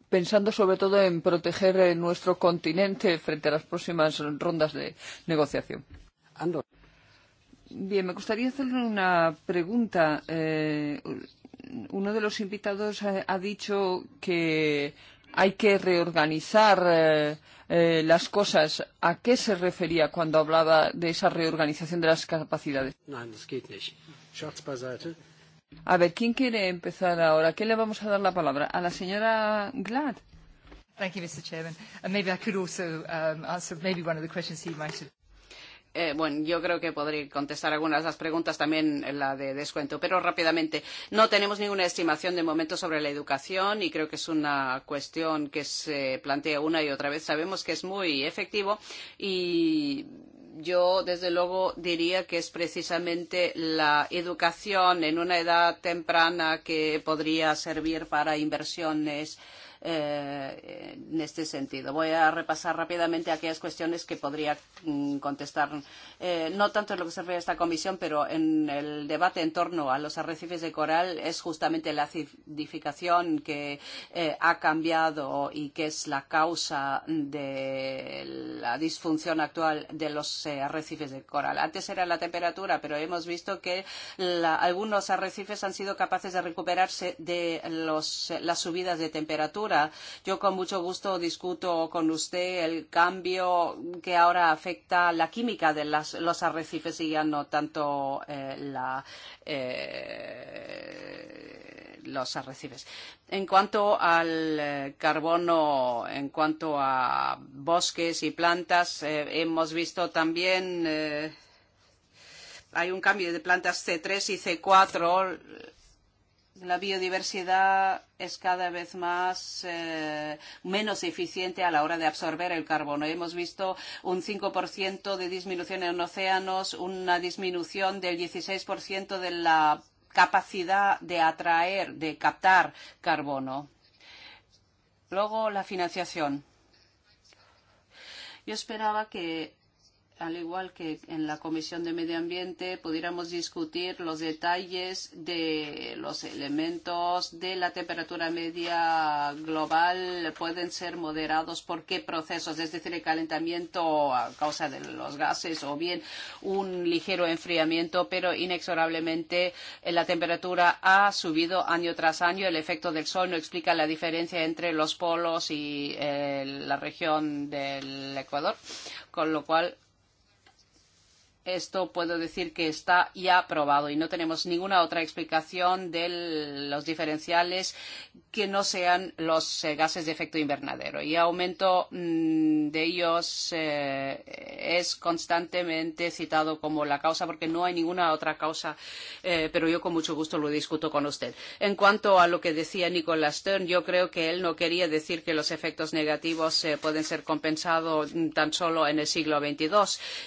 Pensando sobre todo en proteger eh, nuestro continente frente a las próximas rondas de negociación. Andor. Bien, me gustaría hacerle una pregunta. Eh, uno de los invitados ha, eh, ha dicho que hay que reorganizar eh, eh, las cosas. ¿A qué se refería cuando hablaba de esa reorganización de las capacidades? A ver, ¿quién quiere empezar ahora? ¿Quién le vamos a dar la palabra? ¿A la señora Glad? Thank you, Mr. Chairman. And maybe I could also um, answer maybe one of the questions he might have eh, bueno, yo creo que podré contestar algunas de las preguntas, también en la de descuento, pero rápidamente. No tenemos ninguna estimación de momento sobre la educación y creo que es una cuestión que se plantea una y otra vez. Sabemos que es muy efectivo y yo desde luego diría que es precisamente la educación en una edad temprana que podría servir para inversiones eh, eh, en este sentido. Voy a repasar rápidamente aquellas cuestiones que podría mm, contestar, eh, no tanto en lo que se refiere a esta comisión, pero en el debate en torno a los arrecifes de coral es justamente la acidificación que eh, ha cambiado y que es la causa de la disfunción actual de los eh, arrecifes de coral. Antes era la temperatura, pero hemos visto que la, algunos arrecifes han sido capaces de recuperarse de los, eh, las subidas de temperatura agricultura. Yo con mucho gusto discuto con usted el cambio que ahora afecta la química de las, los arrecifes y ya no tanto eh, la, eh, los arrecifes. En cuanto al eh, carbono, en cuanto a bosques y plantas, eh, hemos visto también. Eh, hay un cambio de plantas C3 y C4 la biodiversidad es cada vez más eh, menos eficiente a la hora de absorber el carbono. Hemos visto un 5% de disminución en océanos, una disminución del 16% de la capacidad de atraer, de captar carbono. Luego, la financiación. Yo esperaba que al igual que en la Comisión de Medio Ambiente, pudiéramos discutir los detalles de los elementos de la temperatura media global pueden ser moderados por qué procesos, es decir, el calentamiento a causa de los gases o bien un ligero enfriamiento, pero inexorablemente eh, la temperatura ha subido año tras año. El efecto del sol no explica la diferencia entre los polos y eh, la región del Ecuador, con lo cual Esto puedo decir que está ya aprobado y no tenemos ninguna otra explicación de los diferenciales que no sean los eh, gases de efecto invernadero. Y aumento mmm, de ellos eh, es constantemente citado como la causa porque no hay ninguna otra causa, eh, pero yo con mucho gusto lo discuto con usted. En cuanto a lo que decía Nicolas Stern, yo creo que él no quería decir que los efectos negativos eh, pueden ser compensados mm, tan solo en el siglo XXII,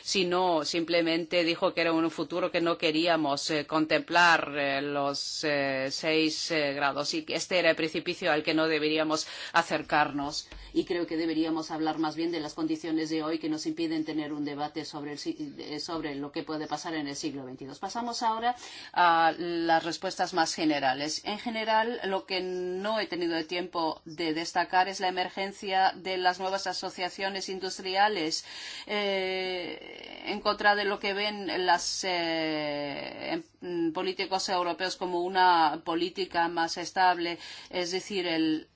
sino simplemente dijo que era un futuro que no queríamos eh, contemplar eh, los eh, seis eh, grados y que este era el precipicio al que no deberíamos acercarnos. Y creo que deberíamos hablar más bien de las condiciones de hoy que nos impiden tener un debate sobre, el, eh, sobre lo que puede pasar en el siglo XXII. Pasamos ahora a las respuestas más generales. En general, lo que no he tenido el tiempo de destacar es la emergencia de las nuevas asociaciones industriales eh, en contra de lo que ven las eh, políticos europeos como una política más estable, es decir, el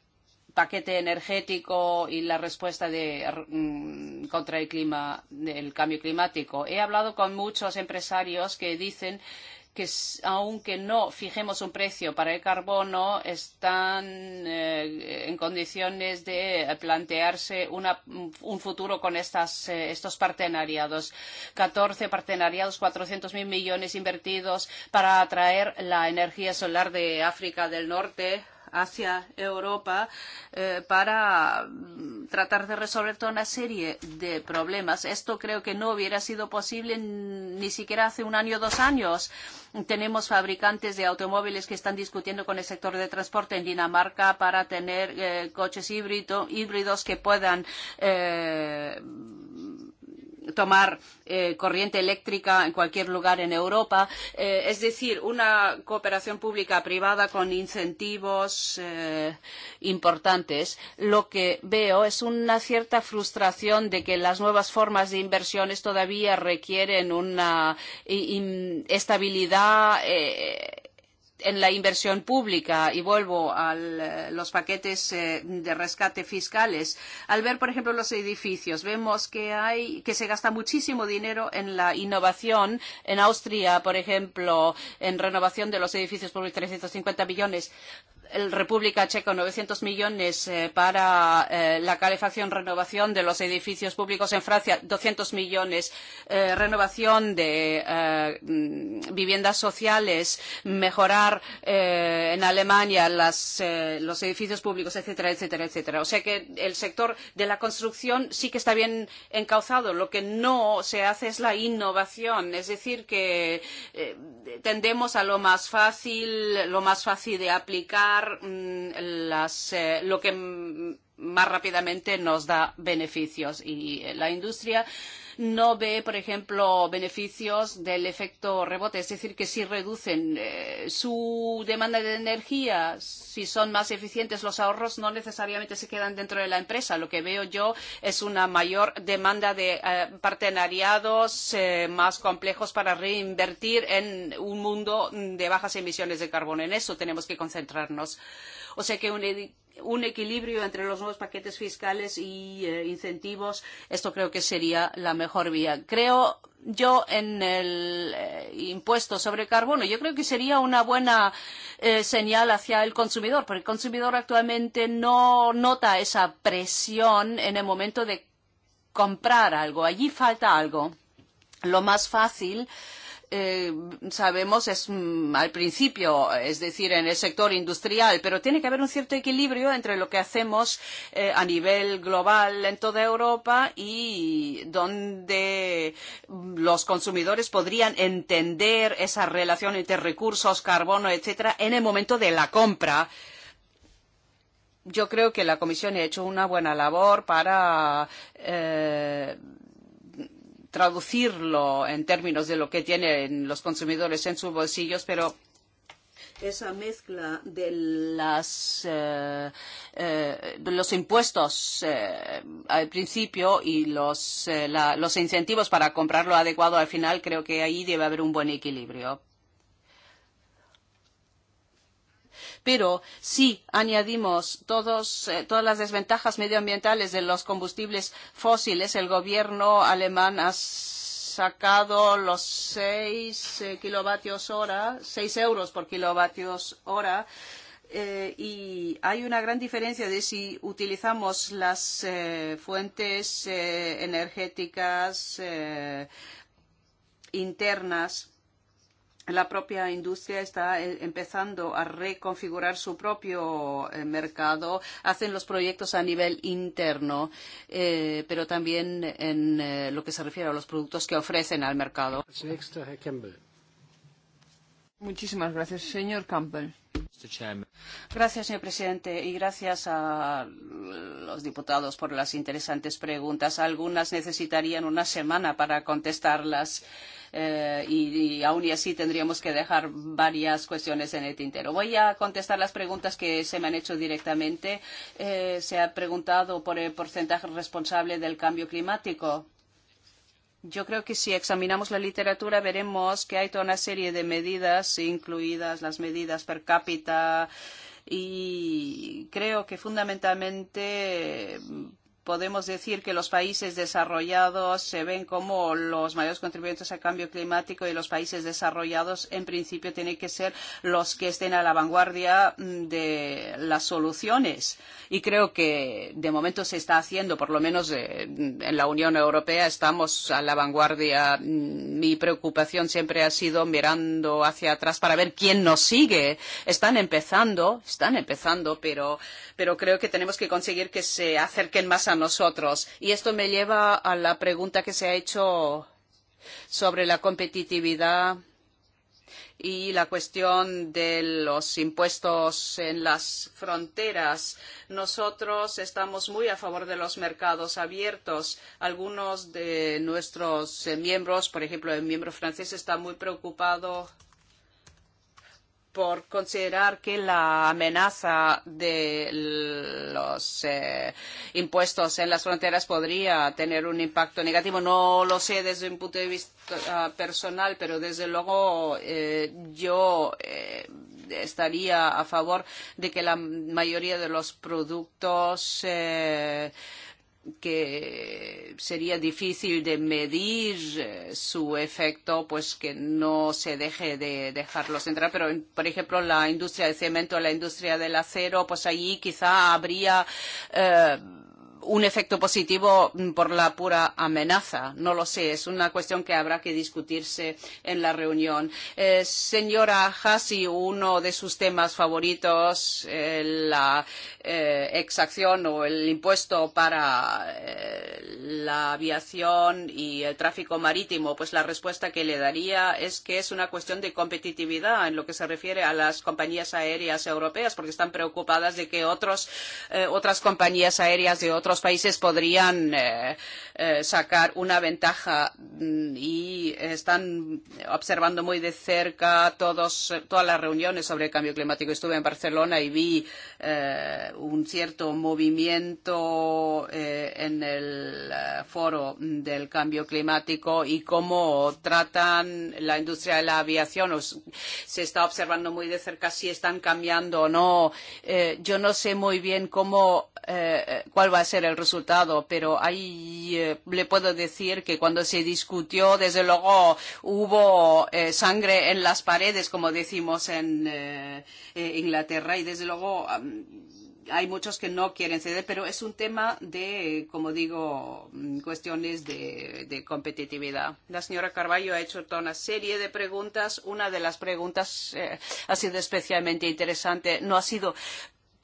paquete energético y la respuesta de, mm, contra el, clima, el cambio climático. He hablado con muchos empresarios que dicen que aunque no fijemos un precio para el carbono, están eh, en condiciones de plantearse una, un futuro con estas, eh, estos partenariados. 14 partenariados, 400.000 millones invertidos para atraer la energía solar de África del Norte hacia Europa eh, para mm, tratar de resolver toda una serie de problemas. Esto creo que no hubiera sido posible ni siquiera hace un año o dos años. Tenemos fabricantes de automóviles que están discutiendo con el sector de transporte en Dinamarca para tener eh, coches híbrido, híbridos que puedan eh, tomar eh, corriente eléctrica en cualquier lugar en Europa. Eh, es decir, una cooperación pública-privada con incentivos eh, importantes. Lo que veo es una cierta frustración de que las nuevas formas de inversiones todavía requieren una estabilidad. Eh, en la inversión pública. Y vuelvo a los paquetes eh, de rescate fiscales. Al ver, por ejemplo, los edificios, vemos que, hay, que se gasta muchísimo dinero en la innovación. En Austria, por ejemplo, en renovación de los edificios por 350 millones República Checa 900 millones eh, para eh, la calefacción, renovación de los edificios públicos en Francia, 200 millones, eh, renovación de eh, viviendas sociales, mejorar eh, en Alemania las, eh, los edificios públicos, etcétera, etcétera, etcétera. O sea que el sector de la construcción sí que está bien encauzado. Lo que no se hace es la innovación, es decir, que eh, tendemos a lo más fácil, lo más fácil de aplicar, tomar mm, las, eh, lo que más rápidamente nos da beneficios. Y eh, la industria eh, no ve, por ejemplo, beneficios del efecto rebote. Es decir, que si reducen eh, su demanda de energía, si son más eficientes los ahorros, no necesariamente se quedan dentro de la empresa. Lo que veo yo es una mayor demanda de eh, partenariados eh, más complejos para reinvertir en un mundo de bajas emisiones de carbono. En eso tenemos que concentrarnos. O sea que un un equilibrio entre los nuevos paquetes fiscales y eh, incentivos, esto creo que sería la mejor vía. Creo yo en el eh, impuesto sobre carbono. Yo creo que sería una buena eh, señal hacia el consumidor, porque el consumidor actualmente no nota esa presión en el momento de comprar algo. Allí falta algo. Lo más fácil eh, eh, sabemos, es mm, al principio, es decir, en el sector industrial, pero tiene que haber un cierto equilibrio entre lo que hacemos eh, a nivel global en toda Europa y donde mm, los consumidores podrían entender esa relación entre recursos, carbono, etcétera, en el momento de la compra yo creo que la Comisión ha hecho una buena labor para eh, traducirlo en términos de lo que tienen los consumidores en sus bolsillos, pero esa mezcla de las eh, eh, de los impuestos eh, al principio y los eh, la, los incentivos para comprar lo adecuado al final creo que ahí debe haber un buen equilibrio pero si añadimos todos, eh, todas las desventajas medioambientales de los combustibles fósiles, el gobierno alemán ha sacado los 6 eh, kilovatios hora, 6 euros por kilovatios hora, eh, y hay una gran diferencia de si utilizamos las eh, fuentes eh, energéticas eh, internas la propia industria está e, empezando a reconfigurar su propio eh, mercado, hacen los proyectos a nivel interno, eh, pero también en eh, lo que se refiere a los productos que ofrecen al mercado. Muchísimas gracias, señor Campbell. Gracias, señor presidente, y gracias a los diputados por las interesantes preguntas. Algunas necesitarían una semana para contestarlas. Eh, eh, y, y, aún y así tendríamos que dejar varias cuestiones en el tintero. Voy a contestar las preguntas que se me han hecho directamente. Eh, se ha preguntado por el porcentaje responsable del cambio climático. Yo creo que si examinamos la literatura veremos que hay toda una serie de medidas, incluidas las medidas per cápita, y creo que fundamentalmente podemos decir que los países desarrollados se ven como los mayores contribuyentes al cambio climático y los países desarrollados en principio tienen que ser los que estén a la vanguardia mm, de las soluciones. Y creo que de momento se está haciendo, por lo menos eh, en la Unión Europea estamos a la vanguardia. Mm, mi preocupación siempre ha sido mirando hacia atrás para ver quién nos sigue. Están empezando, están empezando, pero, pero creo que tenemos que conseguir que se acerquen más a nosotros. Y esto me lleva a la pregunta que se ha hecho sobre la competitividad y la cuestión de los impuestos en las fronteras. Nosotros estamos muy a favor de los mercados abiertos. Algunos de nuestros eh, miembros, por ejemplo, el miembro francés está muy preocupado por considerar que la amenaza de los eh, impuestos en las fronteras podría tener un impacto negativo. No lo sé desde un punto de vista uh, personal, pero desde luego eh, yo eh, estaría a favor de que la mayoría de los productos eh, que sería difícil de medir eh, su efecto, pues que no se deje de dejarlos entrar. Pero, por ejemplo, la industria del cemento, la industria del acero, pues allí quizá habría. Eh, un efecto positivo mm, por la pura amenaza. No lo sé, es una cuestión que habrá que discutirse en la reunión. Eh, señora Hassi, uno de sus temas favoritos, eh, la eh, exacción o el impuesto para eh, la aviación y el tráfico marítimo, pues la respuesta que le daría es que es una cuestión de competitividad en lo que se refiere a las compañías aéreas europeas, porque están preocupadas de que otros, eh, otras compañías aéreas de otros los países podrían eh, Eh, sacar una ventaja mm, y están observando muy de cerca todos, todas las reuniones sobre el cambio climático. Estuve en Barcelona y vi eh, un cierto movimiento eh, en el eh, foro del cambio climático y cómo tratan la industria de la aviación. O Se está observando muy de cerca si están cambiando o no. Eh, yo no sé muy bien cómo, eh, eh cuál va a ser el resultado, pero hay Eh, le puedo decir que cuando se discutió, desde luego hubo eh, sangre en las paredes, como decimos en eh, eh Inglaterra, y desde luego. Um, hay muchos que no quieren ceder, pero es un tema de, como digo, mm, cuestiones de, de competitividad. La señora Carballo ha hecho toda una serie de preguntas. Una de las preguntas eh, ha sido especialmente interesante. No ha sido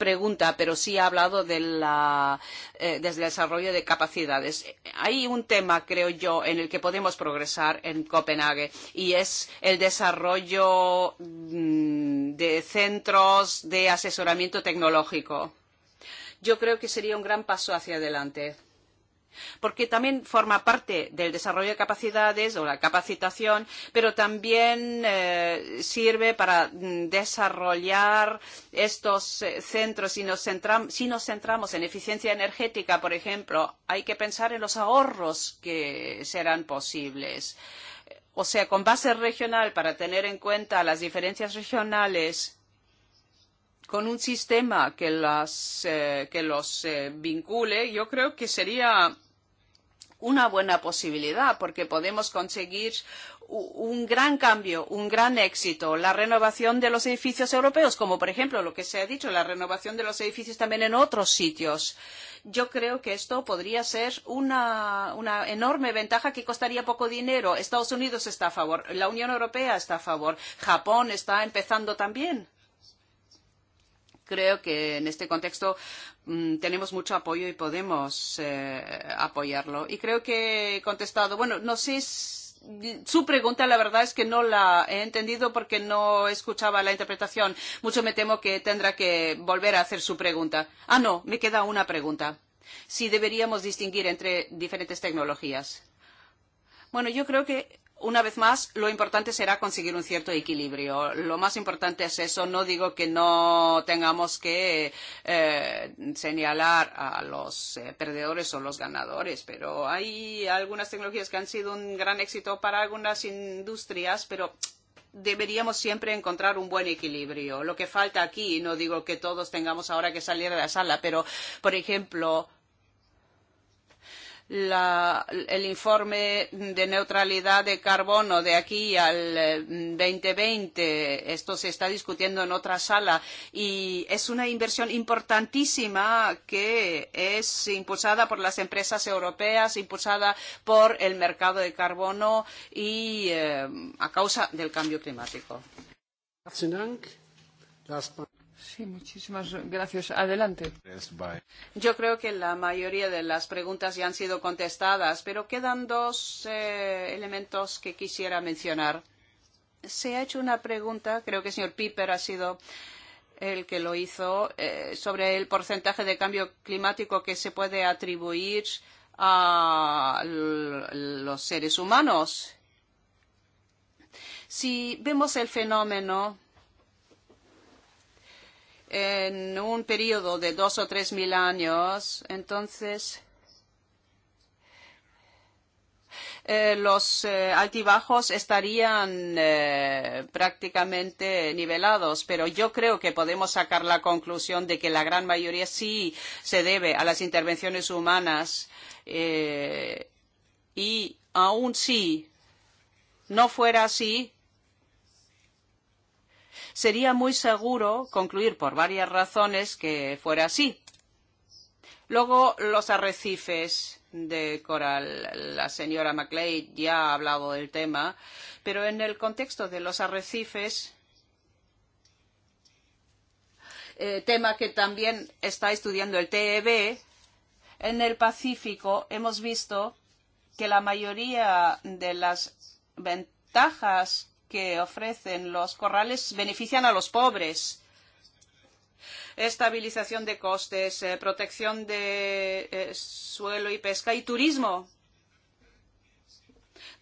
pregunta, pero sí ha hablado de la, eh, desde el desarrollo de capacidades. Hay un tema, creo yo, en el que podemos progresar en Copenhague y es el desarrollo mm, de centros de asesoramiento tecnológico. Yo creo que sería un gran paso hacia adelante porque también forma parte del desarrollo de capacidades o la capacitación, pero también eh, sirve para mm, desarrollar estos eh, centros. Si nos, si nos centramos en eficiencia energética, por ejemplo, hay que pensar en los ahorros que serán posibles. O sea, con base regional, para tener en cuenta las diferencias regionales, con un sistema que, las, eh, que los eh, vincule, yo creo que sería una buena posibilidad porque podemos conseguir un gran cambio, un gran éxito, la renovación de los edificios europeos, como por ejemplo lo que se ha dicho, la renovación de los edificios también en otros sitios. Yo creo que esto podría ser una, una enorme ventaja que costaría poco dinero. Estados Unidos está a favor, la Unión Europea está a favor, Japón está empezando también creo que en este contexto mmm, tenemos mucho apoyo y podemos eh, apoyarlo. Y creo que he contestado, bueno, no sé. Si su pregunta la verdad es que no la he entendido porque no escuchaba la interpretación. Mucho me temo que tendrá que volver a hacer su pregunta. Ah, no, me queda una pregunta. Si deberíamos distinguir entre diferentes tecnologías. Bueno, yo creo que una vez más, lo importante será conseguir un cierto equilibrio. Lo más importante es eso. No digo que no tengamos que eh, señalar a los eh, perdedores o los ganadores, pero hay algunas tecnologías que han sido un gran éxito para algunas industrias, pero deberíamos siempre encontrar un buen equilibrio. Lo que falta aquí, no digo que todos tengamos ahora que salir de la sala, pero, por ejemplo, la, el informe de neutralidad de carbono de aquí al 2020. Eh, Esto se está discutiendo en otra sala y es una inversión importantísima que es impulsada por las empresas europeas, impulsada por el mercado de carbono y eh, a causa del cambio climático. Sí, muchísimas gracias. Adelante. Yo creo que la mayoría de las preguntas ya han sido contestadas, pero quedan dos eh, elementos que quisiera mencionar. Se ha hecho una pregunta, creo que el señor Piper ha sido el que lo hizo, eh, sobre el porcentaje de cambio climático que se puede atribuir a los seres humanos. Si vemos el fenómeno en un periodo de dos o tres mil años, entonces eh, los eh, altibajos estarían eh, prácticamente nivelados, pero yo creo que podemos sacar la conclusión de que la gran mayoría sí se debe a las intervenciones humanas eh, y aún si no fuera así, Sería muy seguro concluir por varias razones que fuera así. Luego, los arrecifes de coral. La señora Macleay ya ha hablado del tema, pero en el contexto de los arrecifes, eh, tema que también está estudiando el TEB, en el Pacífico hemos visto que la mayoría de las ventajas que ofrecen los corrales benefician a los pobres. Estabilización de costes, eh, protección de eh, suelo y pesca y turismo.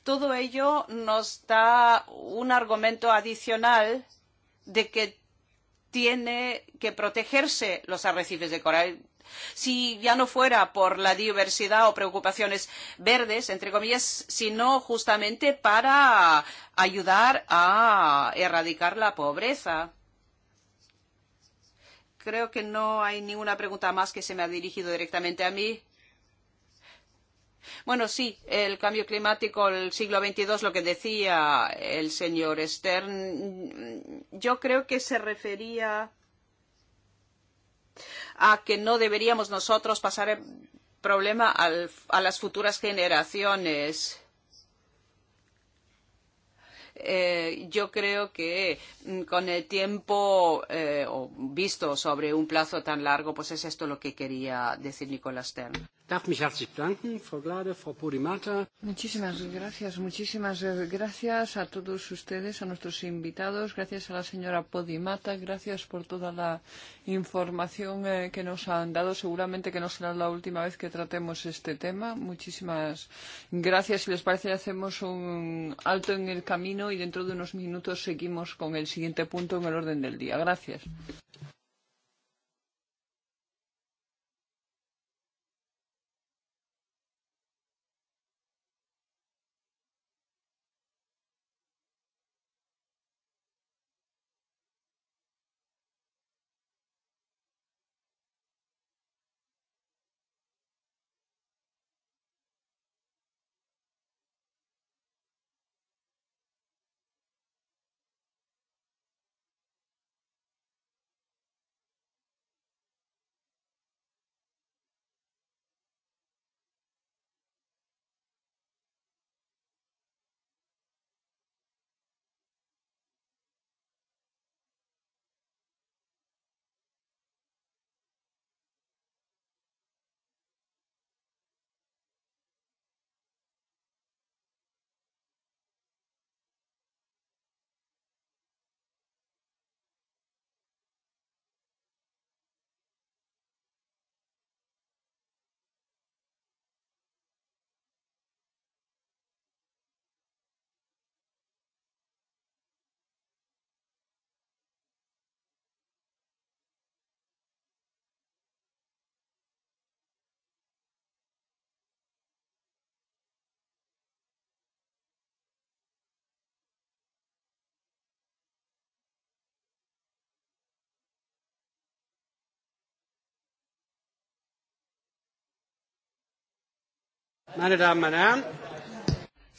Todo ello nos da un argumento adicional de que tiene que protegerse los arrecifes de coral si ya no fuera por la diversidad o preocupaciones verdes, entre comillas, sino justamente para ayudar a erradicar la pobreza. Creo que no hay ninguna pregunta más que se me ha dirigido directamente a mí. Bueno, sí, el cambio climático, el siglo XXII, lo que decía el señor Stern, yo creo que se refería a que no deberíamos nosotros pasar el problema al, a las futuras generaciones. Eh, yo creo que mm, con el tiempo eh, visto sobre un plazo tan largo, pues es esto lo que quería decir Nicolás Stern. Darf mich herzlich bedanken, Frau Glade, Frau Podimata. Muchísimas gracias, muchísimas gracias a todos ustedes, a nuestros invitados, gracias a la señora Podimata, gracias por toda la información eh, que nos han dado. Seguramente que no será la última vez que tratemos este tema. Muchísimas gracias. Si les parece, hacemos un alto en el camino y dentro de unos minutos seguimos con el siguiente punto en el orden del día. Gracias.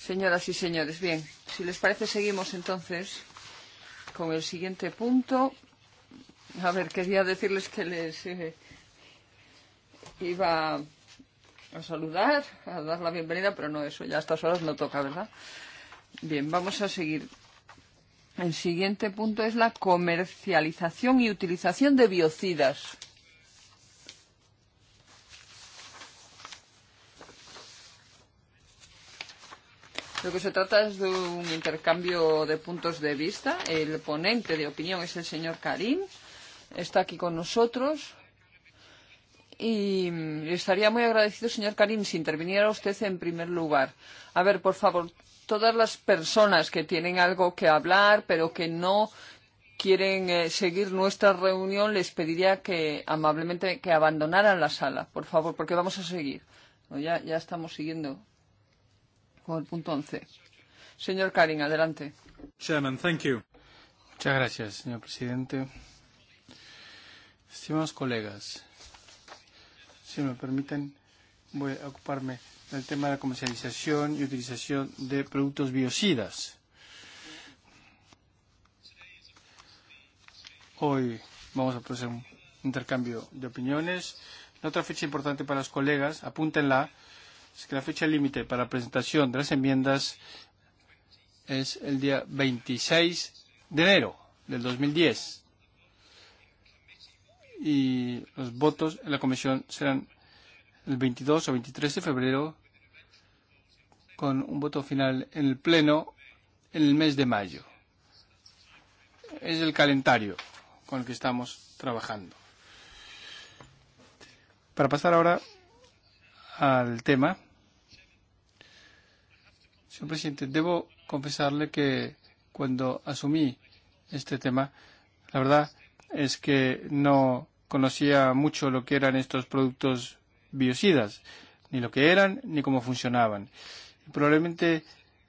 Señoras y señores, bien, si les parece seguimos entonces con el siguiente punto. A ver, quería decirles que les eh, iba a saludar, a dar la bienvenida, pero no, eso ya a estas horas no toca, ¿verdad? Bien, vamos a seguir. El siguiente punto es la comercialización y utilización de biocidas. Lo que se trata es de un intercambio de puntos de vista. El ponente de opinión es el señor Karim. Está aquí con nosotros. Y estaría muy agradecido, señor Karim, si interviniera usted en primer lugar. A ver, por favor, todas las personas que tienen algo que hablar, pero que no quieren eh, seguir nuestra reunión, les pediría que amablemente que abandonaran la sala, por favor, porque vamos a seguir. ¿No? Ya, ya estamos siguiendo punto 11. Señor Karin, adelante. Chairman, thank you. Muchas gracias, señor presidente. Estimados colegas, si me permiten, voy a ocuparme del tema de la comercialización y utilización de productos biocidas. Hoy vamos a hacer un intercambio de opiniones. La otra fecha importante para los colegas, apúntenla, es que la fecha límite para presentación de las enmiendas es el día 26 de enero del 2010 y los votos en la comisión serán el 22 o 23 de febrero con un voto final en el pleno en el mes de mayo. Es el calendario con el que estamos trabajando. Para pasar ahora al tema. Señor presidente, debo confesarle que cuando asumí este tema, la verdad es que no conocía mucho lo que eran estos productos biocidas, ni lo que eran, ni cómo funcionaban. Y probablemente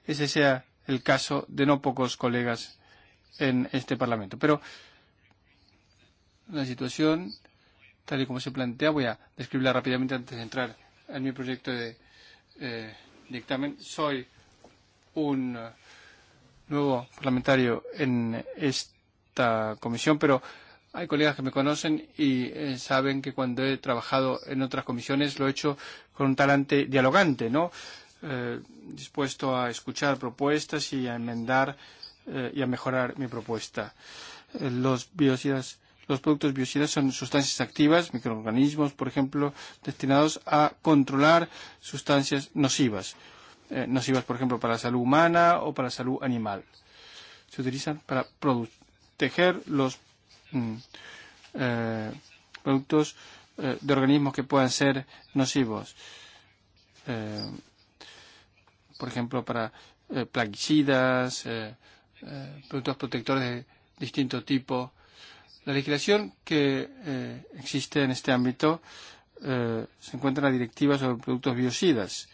ese sea el caso de no pocos colegas en este Parlamento. Pero la situación, tal y como se plantea, voy a describirla rápidamente antes de entrar en mi proyecto de eh, dictamen. Soy un e, nuevo parlamentario en esta comisión, pero hay colegas que me conocen y eh, saben que cuando he trabajado en otras comisiones lo he hecho con un talante dialogante, ¿no? Eh, dispuesto a escuchar propuestas y a enmendar eh, y a mejorar mi propuesta. Eh, los biocidas Los productos biocidas son sustancias activas, microorganismos, por ejemplo, destinados a controlar sustancias nocivas. Eh, nocivas, por ejemplo, para la salud humana o para la salud animal. Se utilizan para proteger los mm, eh, productos eh, de organismos que puedan ser nocivos. Eh, por ejemplo, para eh, plaguicidas, eh, eh, productos protectores de distinto tipo. Eh, La legislación que eh, existe en este ámbito eh, se encuentra en la Directiva sobre Productos Biocidas,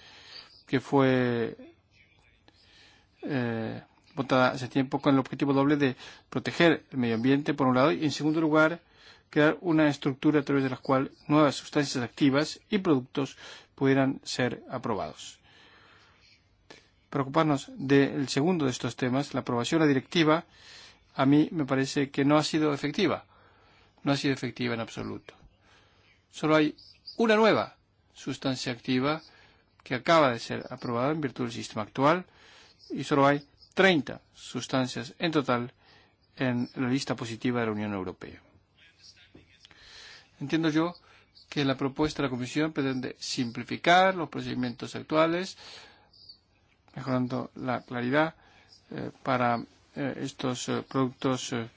que fue eh, votada hace tiempo con el objetivo doble de proteger el medio ambiente, por un lado, y en segundo lugar, crear una estructura a través de la cual nuevas sustancias activas y productos pudieran ser aprobados. Preocuparnos del segundo de estos temas, la aprobación de la directiva, eh, a mí me parece que no ha sido efectiva. No ha sido efectiva en absoluto. Solo hay una nueva sustancia activa que acaba de ser aprobada en virtud del sistema actual y solo hay 30 sustancias en total en la lista positiva de la Unión Europea. Entiendo yo que la propuesta de la Comisión pretende simplificar los procedimientos actuales, mejorando la claridad eh, para Eh, estos eh, productos eh,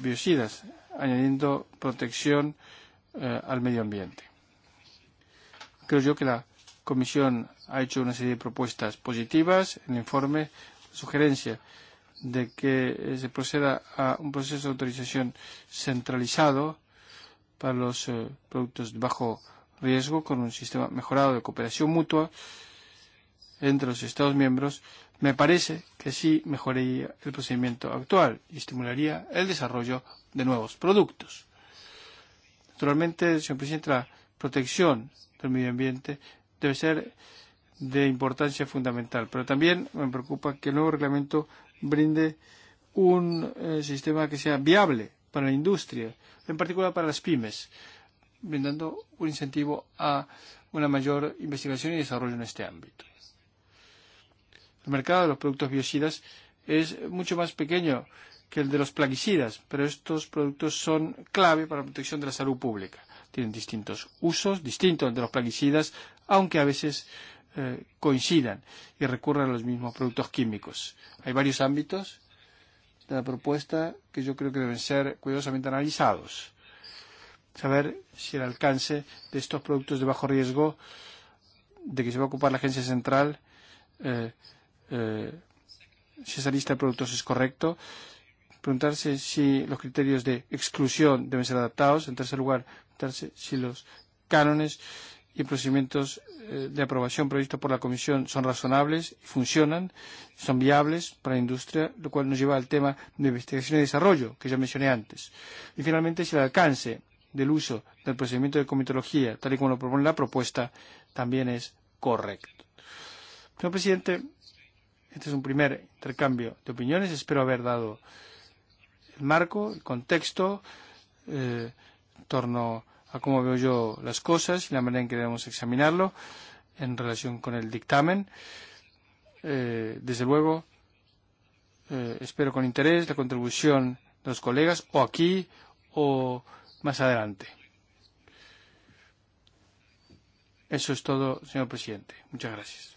biocidas, añadiendo protección al medio ambiente. Creo yo que la Comisión ha hecho una serie de propuestas positivas. En el informe, sugerencia de que se proceda a un proceso de autorización centralizado para los eh, productos de bajo riesgo con un sistema mejorado de cooperación mutua entre los Estados miembros, me parece que sí mejoraría el procedimiento actual y estimularía el desarrollo de nuevos productos. Naturalmente, señor presidente, la protección del medio ambiente debe ser de importancia fundamental, pero también me preocupa que el nuevo reglamento brinde un eh, sistema que sea viable para la industria, en particular para las pymes, brindando un incentivo a una mayor investigación y desarrollo en este ámbito. El mercado de los productos biocidas es mucho más pequeño que el de los plaguicidas, pero estos productos son clave para la protección de la salud pública. Tienen distintos usos, distintos de los plaguicidas, aunque a veces eh, coincidan y recurren a los mismos productos químicos. Hay varios ámbitos de la propuesta que yo creo que deben ser cuidadosamente analizados. Saber si el alcance de estos productos de bajo riesgo de que se va a ocupar la Agencia Central eh, eh, si esa lista de productos es correcto, preguntarse si los criterios de exclusión deben ser adaptados, en tercer lugar, preguntarse si los cánones y procedimientos eh, de aprobación previstos por la Comisión son razonables y funcionan, son viables para la industria, lo cual nos lleva al tema de investigación y desarrollo que ya mencioné antes. Y finalmente, si el alcance del uso del procedimiento de comitología, tal y como lo propone la propuesta, también es correcto. Señor presidente, Este es un primer intercambio de opiniones. Espero haber dado el marco, el contexto, eh, en torno a cómo veo yo las cosas y la manera en que debemos examinarlo en relación con el dictamen. Eh, desde luego, eh, espero con interés la contribución de los colegas o aquí o más adelante. Eso es todo, señor presidente. Muchas gracias.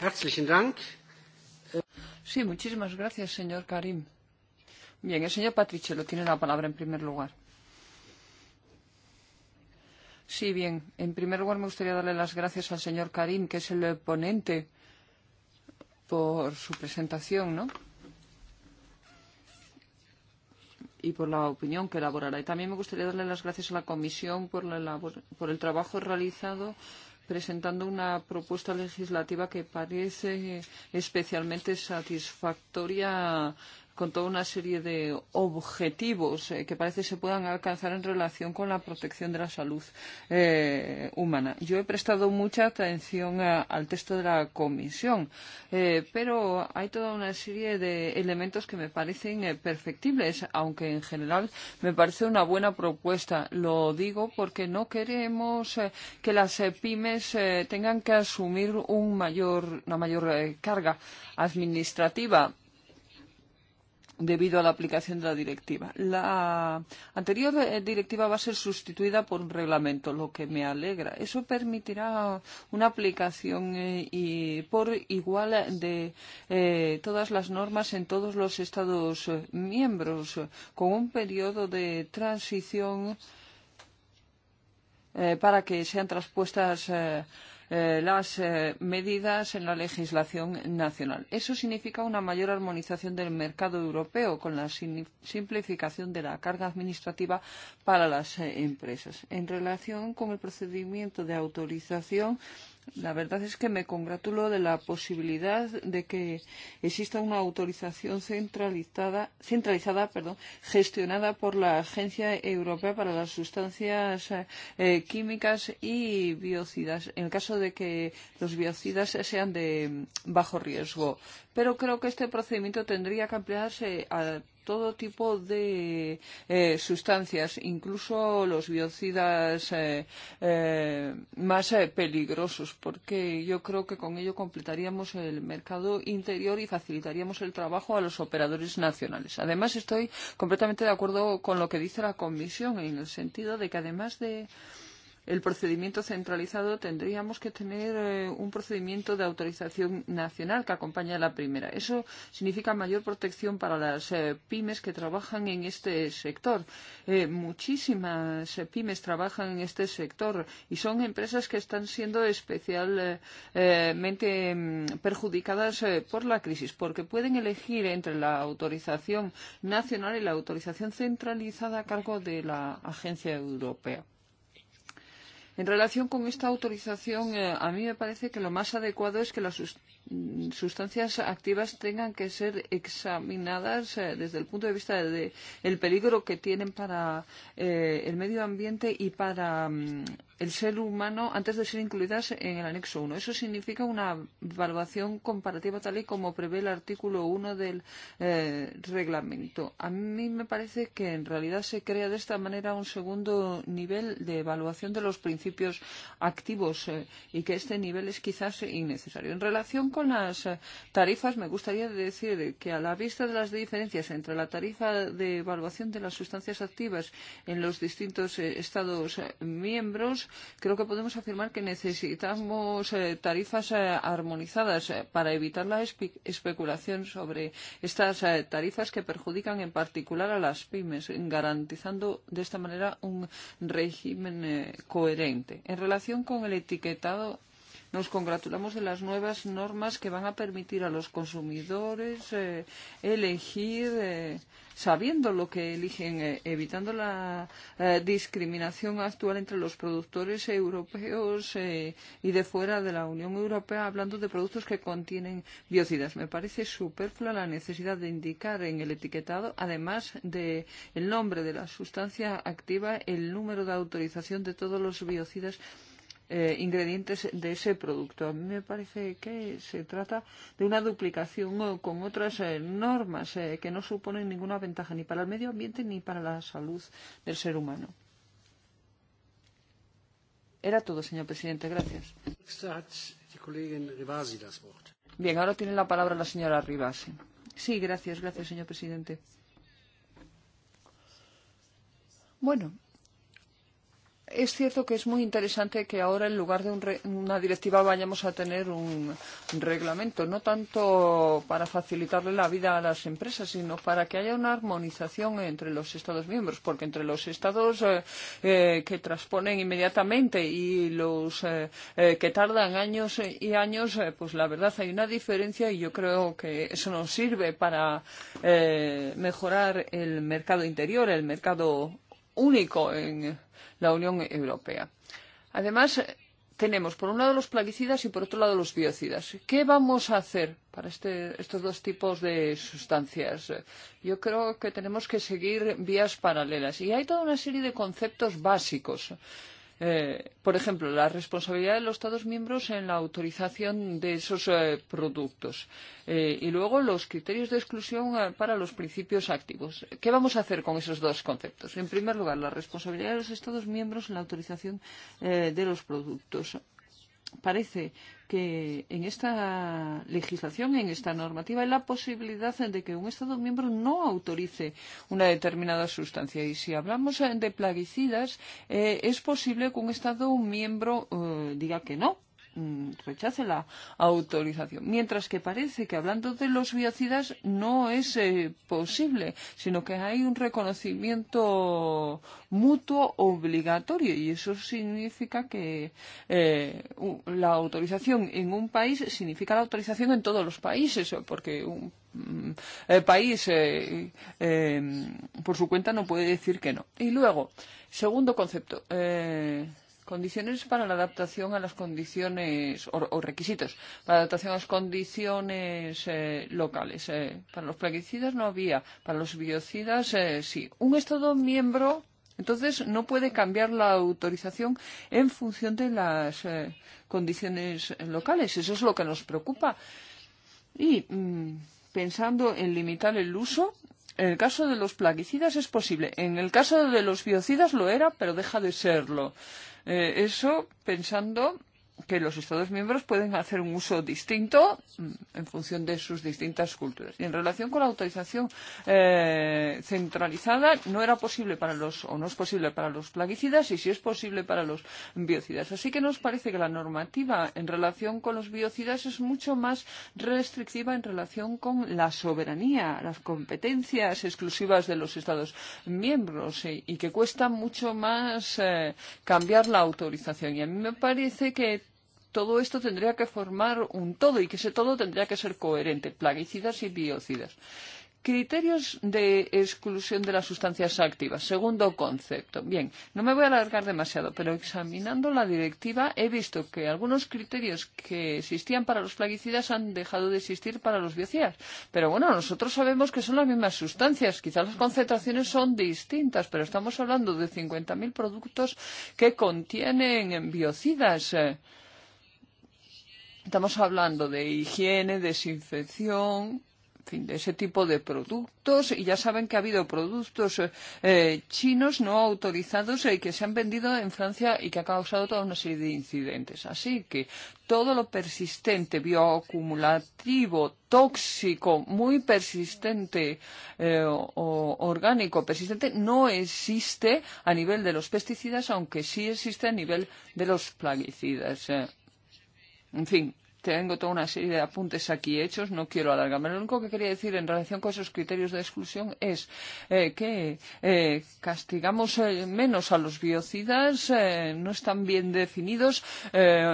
Herzlichen Dank. Sí, muchísimas gracias, señor Karim. Bien, el señor Patriciello tiene la palabra en primer lugar. Sí, bien. En primer lugar, me gustaría darle las gracias al señor Karim, que es el ponente, por su presentación, ¿no? y por la opinión que elaborará. Y también me gustaría darle las gracias a la comisión por, la labor, por el trabajo realizado presentando una propuesta legislativa que parece especialmente satisfactoria con toda una serie de objetivos eh, que parece se puedan alcanzar en relación con la protección de la salud eh, humana. Yo he prestado mucha atención a, al texto de la Comisión, eh, pero hay toda una serie de elementos que me parecen eh, perfectibles, aunque en general me parece una buena propuesta. Lo digo porque no queremos eh, que las eh, pymes eh, tengan que asumir un mayor, una mayor eh, carga administrativa debido a la aplicación de la directiva. La anterior eh, directiva va a ser sustituida por un reglamento, lo que me alegra. Eso permitirá una aplicación eh, y por igual de eh, todas las normas en todos los Estados eh, miembros, con un periodo de transición eh, para que sean traspuestas. Eh, Eh, las eh, medidas en la legislación nacional. Eso significa una mayor armonización del mercado europeo con la simplificación de la carga administrativa para las eh, empresas. En relación con el procedimiento de autorización, La verdad es que me congratulo de la posibilidad de que exista una autorización centralizada, centralizada perdón, gestionada por la Agencia Europea para las Sustancias eh, Químicas y Biocidas, en el caso de que los biocidas sean de bajo riesgo pero creo que este procedimiento tendría que ampliarse a todo tipo de eh, sustancias, incluso los biocidas eh, eh, más eh, peligrosos, porque yo creo que con ello completaríamos el mercado interior y facilitaríamos el trabajo a los operadores nacionales. Además, estoy completamente de acuerdo con lo que dice la Comisión, en el sentido de que además de. Eh, el procedimiento centralizado, tendríamos que tener eh, un procedimiento de autorización nacional que acompañe a la primera. Eso significa mayor protección para las eh, pymes que trabajan en este sector. Eh, muchísimas eh, pymes trabajan en este sector y son empresas que están siendo especialmente eh, perjudicadas eh, por la crisis, porque pueden elegir entre la autorización nacional y la autorización centralizada a cargo de la Agencia Europea. En relación con esta autorización, eh, a mí me parece que lo más adecuado es que las sustancias activas tengan que ser examinadas eh, desde el punto de vista del de, de peligro que tienen para eh, el medio ambiente y para mm, el ser humano antes de ser incluidas en el anexo 1. Eso significa una evaluación comparativa tal y como prevé el artículo 1 del eh, reglamento. A mí me parece que en realidad se crea de esta manera un segundo nivel de evaluación de los principios activos eh, y que este nivel es quizás innecesario. En relación con las eh, tarifas, me gustaría decir que a la vista de las diferencias entre la tarifa de evaluación de las sustancias activas en los distintos eh, Estados eh, miembros, creo que podemos afirmar que necesitamos eh, tarifas eh, armonizadas eh, para evitar la espe especulación sobre estas eh, tarifas que perjudican en particular a las pymes, garantizando de esta manera un régimen eh, coherente. En relación con el etiquetado Nos congratulamos de las nuevas normas que van a permitir a los consumidores eh, elegir eh, sabiendo lo que eligen, eh, evitando la eh, discriminación actual entre los productores europeos eh, y de fuera de la Unión Europea, hablando de productos que contienen biocidas. Me parece superflua la necesidad de indicar en el etiquetado, además del de nombre de la sustancia activa, el número de autorización de todos los biocidas eh, ingredientes de ese producto. A mí me parece que se trata de una duplicación eh, con otras eh, normas eh, que no suponen ninguna ventaja ni para el medio ambiente ni para la salud del ser humano. Era todo, señor presidente. Gracias. Bien, ahora tiene la palabra la señora Rivasi. Sí, gracias, gracias, señor presidente. Bueno, es cierto que es muy interesante que ahora en lugar de un re una directiva vayamos a tener un reglamento, no tanto para facilitarle la vida a las empresas, sino para que haya una armonización entre los Estados miembros, porque entre los Estados eh, eh, que transponen inmediatamente y los eh, eh, que tardan años eh, y años, eh, pues la verdad hay una diferencia y yo creo que eso nos sirve para eh, mejorar el mercado interior, el mercado único en la Unión Europea. Además, tenemos por un lado los plaguicidas y por otro lado los biocidas. ¿Qué vamos a hacer para este, estos dos tipos de sustancias? Yo creo que tenemos que seguir vías paralelas y hay toda una serie de conceptos básicos. Eh, eh, por ejemplo, la responsabilidad de los Estados miembros en la autorización de esos eh, productos eh, y luego los criterios de exclusión eh, para los principios activos. ¿Qué vamos a hacer con esos dos conceptos? En primer lugar, la responsabilidad de los Estados miembros en la autorización eh, de los productos parece que en esta legislación, en esta normativa, hay la posibilidad de que un Estado miembro no autorice una determinada sustancia. Y si hablamos eh, de plaguicidas, eh, es posible que un Estado miembro eh, diga que no, Mm, rechace la autorización. Mientras que parece que hablando de los biocidas no es eh, posible, sino que hay un reconocimiento mutuo obligatorio y eso significa que eh, la autorización en un país significa la autorización en todos los países, porque un mm, el eh, país eh, eh, por su cuenta no puede decir que no. Y luego, segundo concepto, eh, Condiciones para la adaptación a las condiciones o, o requisitos para la adaptación a las condiciones eh, locales. Eh, para los plaguicidas no había, para los biocidas eh, sí. Un Estado miembro Entonces, no puede cambiar la autorización en función de las eh, condiciones locales. Eso es lo que nos preocupa. Y mm, pensando en limitar el uso, En el caso de los plaguicidas es posible. En el caso de los biocidas lo era, pero deja de serlo. Eh, eso pensando que los Estados miembros pueden hacer un uso distinto mm, en función de sus distintas culturas. Y en relación con la autorización eh, centralizada, no era posible para los, o no es posible para los plaguicidas y sí es posible para los biocidas. Así que nos parece que la normativa en relación con los biocidas es mucho más restrictiva en relación con la soberanía, las competencias exclusivas de los Estados miembros y, y que cuesta mucho más eh, cambiar la autorización. Y a mí me parece que todo esto tendría que formar un todo y que ese todo tendría que ser coherente, plaguicidas y biocidas. Criterios de exclusión de las sustancias activas. Segundo concepto. Bien, no me voy a alargar demasiado, pero examinando la directiva he visto que algunos criterios que existían para los plaguicidas han dejado de existir para los biocidas. Pero bueno, nosotros sabemos que son las mismas sustancias. Quizás las concentraciones son distintas, pero estamos hablando de 50.000 productos que contienen biocidas. Eh, Estamos hablando de higiene, desinfección, fin, de ese tipo de productos. Y ya saben que ha habido productos eh, eh, chinos no autorizados eh, que se han vendido en Francia y que ha causado toda una serie de incidentes. Así que todo lo persistente, bioacumulativo, tóxico, muy persistente eh, o orgánico, persistente, no existe a nivel de los pesticidas, aunque sí existe a nivel de los plaguicidas. Eh En fin, tengo toda una serie de apuntes aquí hechos, no quiero alargarme. Lo único que quería decir en relación con esos criterios de exclusión es eh, que eh, castigamos eh, menos a los biocidas, eh, no están bien definidos, eh,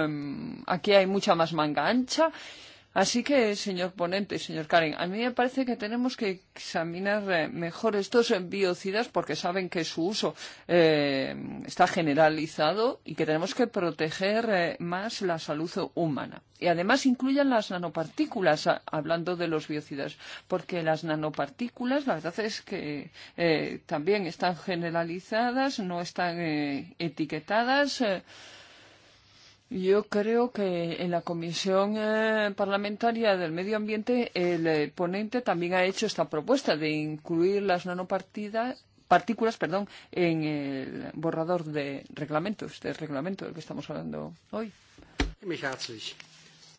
aquí hay mucha más manga ancha. Eh, Así que, señor ponente, y señor Karen, a mí me parece que tenemos que examinar eh, mejor estos biocidas porque saben que su uso eh, está generalizado y que tenemos que proteger eh, más la salud humana. Y además incluyan las nanopartículas, a, hablando de los biocidas, porque las nanopartículas, la verdad es que eh, también están generalizadas, no están eh, etiquetadas. Eh, Yo creo que en la Comisión eh, Parlamentaria del Medio Ambiente el eh, ponente también ha hecho esta propuesta de incluir las nanopartidas partículas perdón, en el borrador de reglamento, este reglamento del que estamos hablando hoy.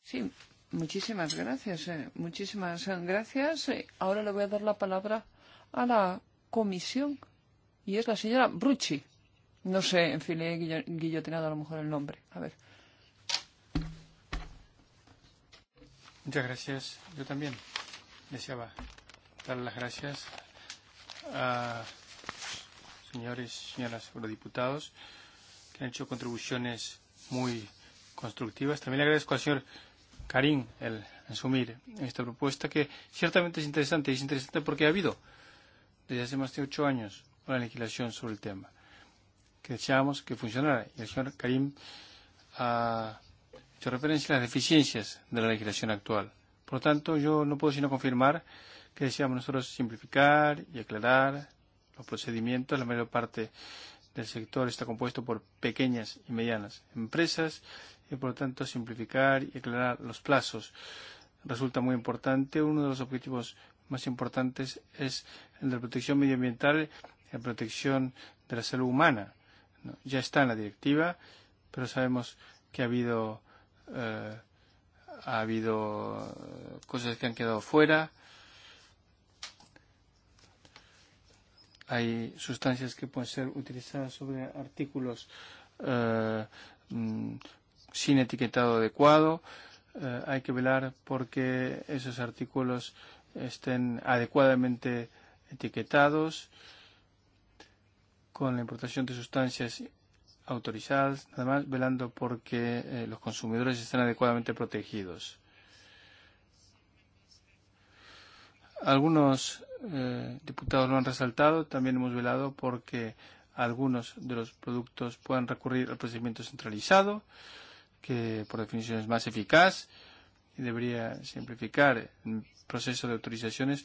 Sí, muchísimas gracias. Eh, muchísimas gracias. ahora le voy a dar la palabra a la comisión y es la señora Brucci. No sé, en fin, he guillotinado a lo mejor el nombre. A ver. Muchas gracias. Yo también deseaba dar las gracias a señores y señoras eurodiputados que han hecho contribuciones muy constructivas. También le agradezco al señor Karim el asumir esta propuesta que ciertamente es interesante y es interesante porque ha habido desde hace más de ocho años una legislación sobre el tema que deseábamos que funcionara y el señor Karim ha hecho referencia a las deficiencias de la legislación actual. Por lo tanto, yo no puedo sino confirmar que deseamos nosotros simplificar y aclarar los procedimientos. La mayor parte del sector está compuesto por pequeñas y medianas empresas y, por lo tanto, simplificar y aclarar los plazos resulta muy importante. Uno de los objetivos más importantes es el de la protección medioambiental y la protección de la salud humana. ¿no? Ya está en la directiva, pero sabemos que ha habido eh, ha habido eh, cosas que han quedado fuera, hay sustancias que pueden ser utilizadas sobre artículos eh, mm, sin etiquetado adecuado. Eh, hay que velar porque esos artículos estén adecuadamente etiquetados con la importación de sustancias autorizadas, además velando porque eh, los consumidores estén adecuadamente protegidos. Algunos eh, diputados lo han resaltado, también hemos velado porque algunos de los productos puedan recurrir al procedimiento centralizado, que por definición es más eficaz y debería simplificar el proceso de autorizaciones.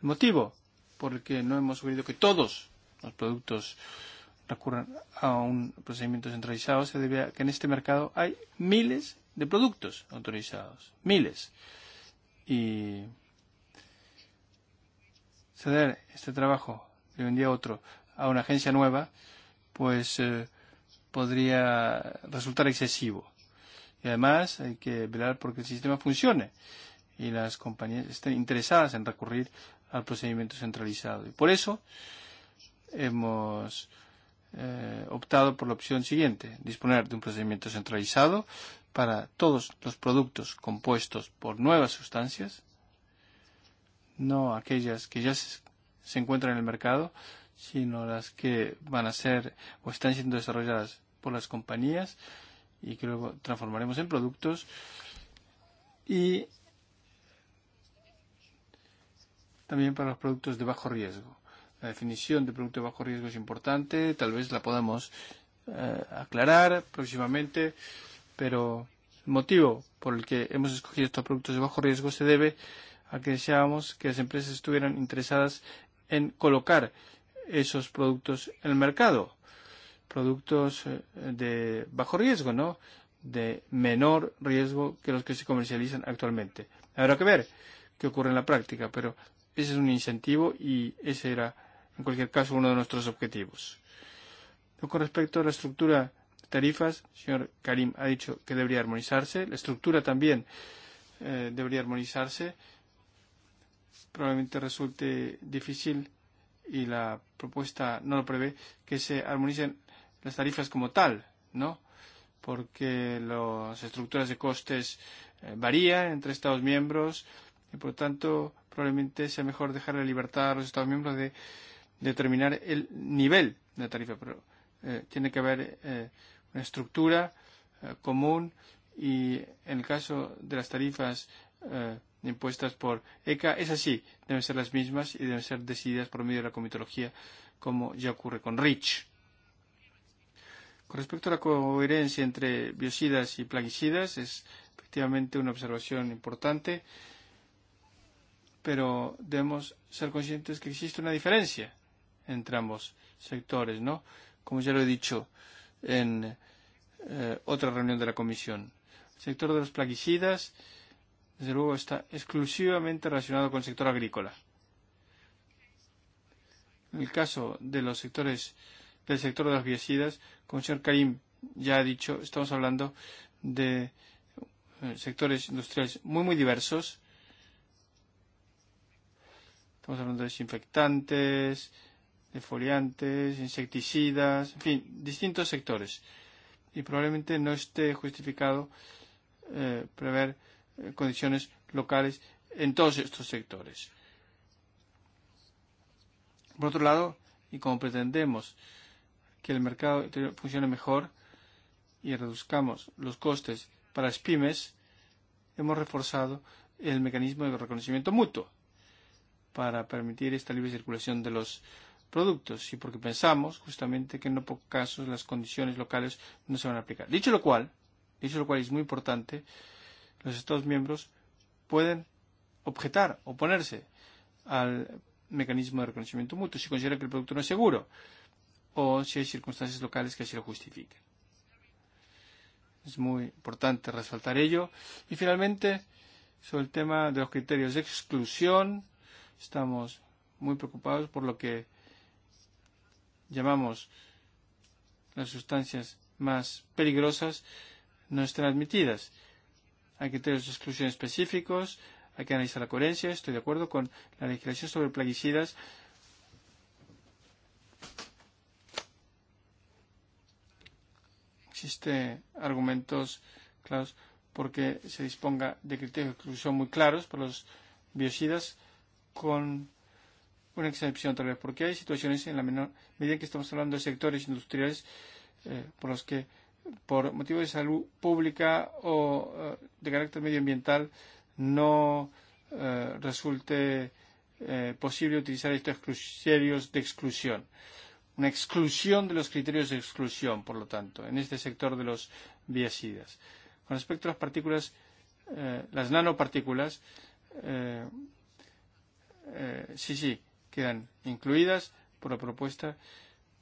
El motivo por el que no hemos querido que todos los productos eh, recurran a un procedimiento centralizado se debe a que en este mercado hay miles de productos autorizados, miles. Y ceder este trabajo de un día a otro a una agencia nueva, pues eh, podría resultar excesivo. Y además hay que velar porque el sistema funcione y las compañías estén interesadas en recurrir al procedimiento centralizado. Y por eso hemos eh, optado por la opción siguiente, disponer de un procedimiento centralizado para todos los productos compuestos por nuevas sustancias, no aquellas que ya se, se encuentran en el mercado, sino las que van a ser o están siendo desarrolladas por las compañías y que luego transformaremos en productos y también para los productos de bajo riesgo. La definición de producto de bajo riesgo es importante, tal vez la podamos eh, aclarar próximamente, pero el motivo por el que hemos escogido estos productos de bajo riesgo se debe a que deseábamos que las empresas estuvieran interesadas en colocar esos productos en el mercado. Productos eh, de bajo riesgo, ¿no? De menor riesgo que los que se comercializan actualmente. Habrá que ver qué ocurre en la práctica, pero ese es un incentivo y ese era en cualquier caso, uno de nuestros objetivos. Con respecto a la estructura de tarifas, el señor Karim ha dicho que debería armonizarse. La estructura también eh, debería armonizarse. Probablemente resulte difícil y la propuesta no lo prevé que se armonicen las tarifas como tal, ¿no? Porque las estructuras de costes eh, varían entre Estados miembros y por lo tanto probablemente sea mejor dejar la libertad a los Estados miembros de eh, determinar el nivel de tarifa, pero eh, tiene que haber eh, una estructura eh, común y en el caso de las tarifas eh, impuestas por ECA, es así, deben ser las mismas y deben ser decididas por medio de la comitología, como ya ocurre con REACH. Con respecto a la coherencia entre biocidas y plaguicidas, es efectivamente una observación importante, pero debemos ser conscientes que existe una diferencia entre ambos sectores, ¿no? Como ya lo he dicho en eh, otra reunión de la comisión. El sector de los plaguicidas, desde luego, está exclusivamente relacionado con el sector agrícola. En el caso de los sectores del sector de los biocidas, como el señor Karim ya ha dicho, estamos hablando de eh, sectores industriales muy, muy diversos. Estamos hablando de desinfectantes, defoliantes, insecticidas, en fin, distintos sectores. Y probablemente no esté justificado eh, prever eh, condiciones locales en todos estos sectores. Por otro lado, y como pretendemos que el mercado funcione mejor y reduzcamos los costes para las pymes, hemos reforzado el mecanismo de reconocimiento mutuo para permitir esta libre circulación de los productos y porque pensamos justamente que en no pocos casos las condiciones locales no se van a aplicar. Dicho lo cual, dicho lo cual es muy importante, los Estados miembros pueden objetar, oponerse al mecanismo de reconocimiento mutuo si consideran que el producto no es seguro o si hay circunstancias locales que así lo justifiquen. Es muy importante resaltar ello. Y finalmente, sobre el tema de los criterios de exclusión, estamos muy preocupados por lo que llamamos las sustancias más peligrosas no estén admitidas. Hay criterios de exclusión específicos, hay que analizar la coherencia, estoy de acuerdo con la legislación sobre plaguicidas. Existen argumentos claros porque se disponga de criterios de exclusión muy claros para los biocidas con una excepción tal vez, porque hay situaciones en la menor medida que estamos hablando de sectores industriales eh, por los que por motivo de salud pública o eh, de carácter medioambiental no eh, resulte eh, posible utilizar estos criterios de exclusión. Una exclusión de los criterios de exclusión, por lo tanto, en este sector de los biocidas. Con respecto a las partículas, eh, las nanopartículas, eh, eh, sí, sí, quedan incluidas por la propuesta.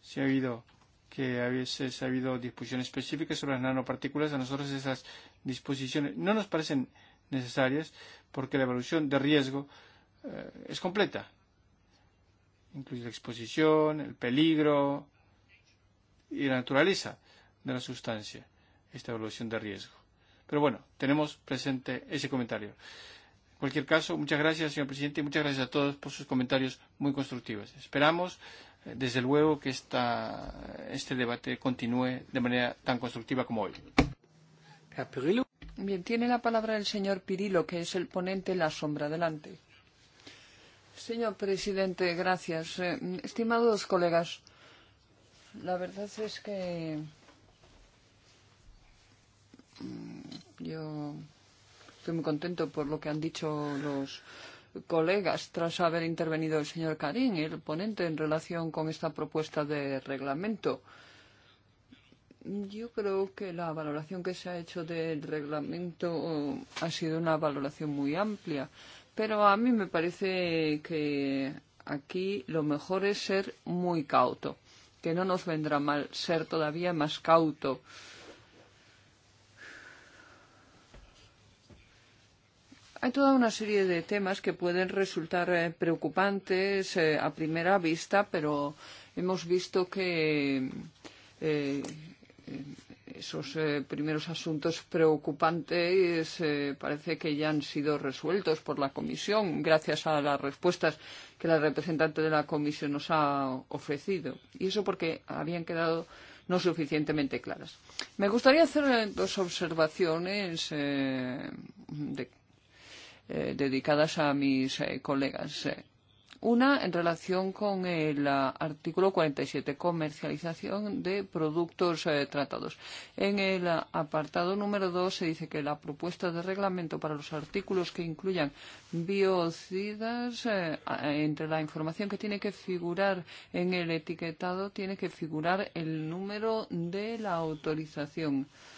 Si ha habido que a veces ha habido disposiciones específicas sobre las nanopartículas, a nosotros esas disposiciones no nos parecen necesarias porque la evaluación de riesgo eh, es completa. Incluye la exposición, el peligro y la naturaleza de la sustancia, esta evaluación de riesgo. Pero bueno, tenemos presente ese comentario. En cualquier caso, muchas gracias, señor presidente, y muchas gracias a todos por sus comentarios muy constructivos. Esperamos, eh, desde luego, que esta, este debate continúe de manera tan constructiva como hoy. Bien, tiene la palabra el señor Pirilo, que es el ponente en la sombra. Adelante. Señor presidente, gracias. Eh, estimados colegas, la verdad es que mm, yo Estoy muy contento por lo que han dicho los colegas tras haber intervenido el señor Karim, el ponente, en relación con esta propuesta de reglamento. Yo creo que la valoración que se ha hecho del reglamento eh, ha sido una valoración muy amplia, pero a mí me parece que aquí lo mejor es ser muy cauto, que no nos vendrá mal ser todavía más cauto. Hay toda una serie de temas que pueden resultar eh, preocupantes eh, a primera vista, pero hemos visto que eh, eh, esos eh, primeros asuntos preocupantes eh, parece que ya han sido resueltos por la Comisión gracias a las respuestas que la representante de la Comisión nos ha ofrecido. Y eso porque habían quedado no suficientemente claras. Me gustaría hacer eh, dos observaciones eh, de eh, dedicadas a mis eh, colegas. Eh. Una en relación con el ah, artículo 47, comercialización de productos eh, tratados. En el ah, apartado número 2 se dice que la propuesta de reglamento para los artículos que incluyan biocidas, eh, entre la información que tiene que figurar en el etiquetado, tiene que figurar el número de la autorización. Eh,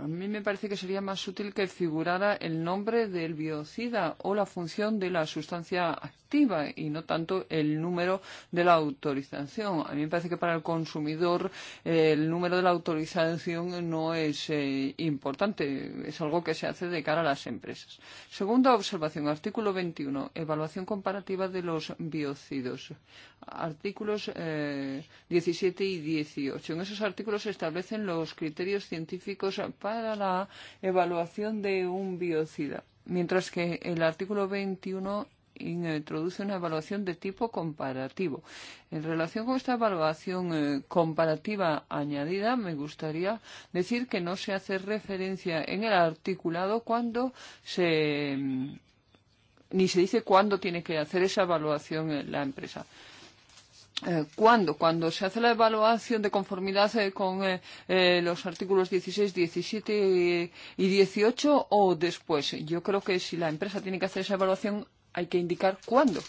a mí me parece que sería más útil que figurara el nombre del biocida o la función de la sustancia activa efectiva y no tanto el número de la autorización. A mí me parece que para el consumidor eh, el número de la autorización no es eh, importante, es algo que se hace de cara a las empresas. Segunda observación, artículo 21, evaluación comparativa de los biocidos. Artículos eh, 17 y 18. En esos artículos se establecen los criterios científicos para la evaluación de un biocida mientras que el artículo 21 introduce una evaluación de tipo comparativo. En relación con esta evaluación eh, comparativa añadida, me gustaría decir que no se hace referencia en el articulado cuando se mm, ni se dice cuándo tiene que hacer esa evaluación en la empresa. Eh, ¿Cuándo? Cuando se hace la evaluación de conformidad eh, con eh, los artículos 16, 17 y 18 o después. Yo creo que si la empresa tiene que hacer esa evaluación hay que indicar cuándo.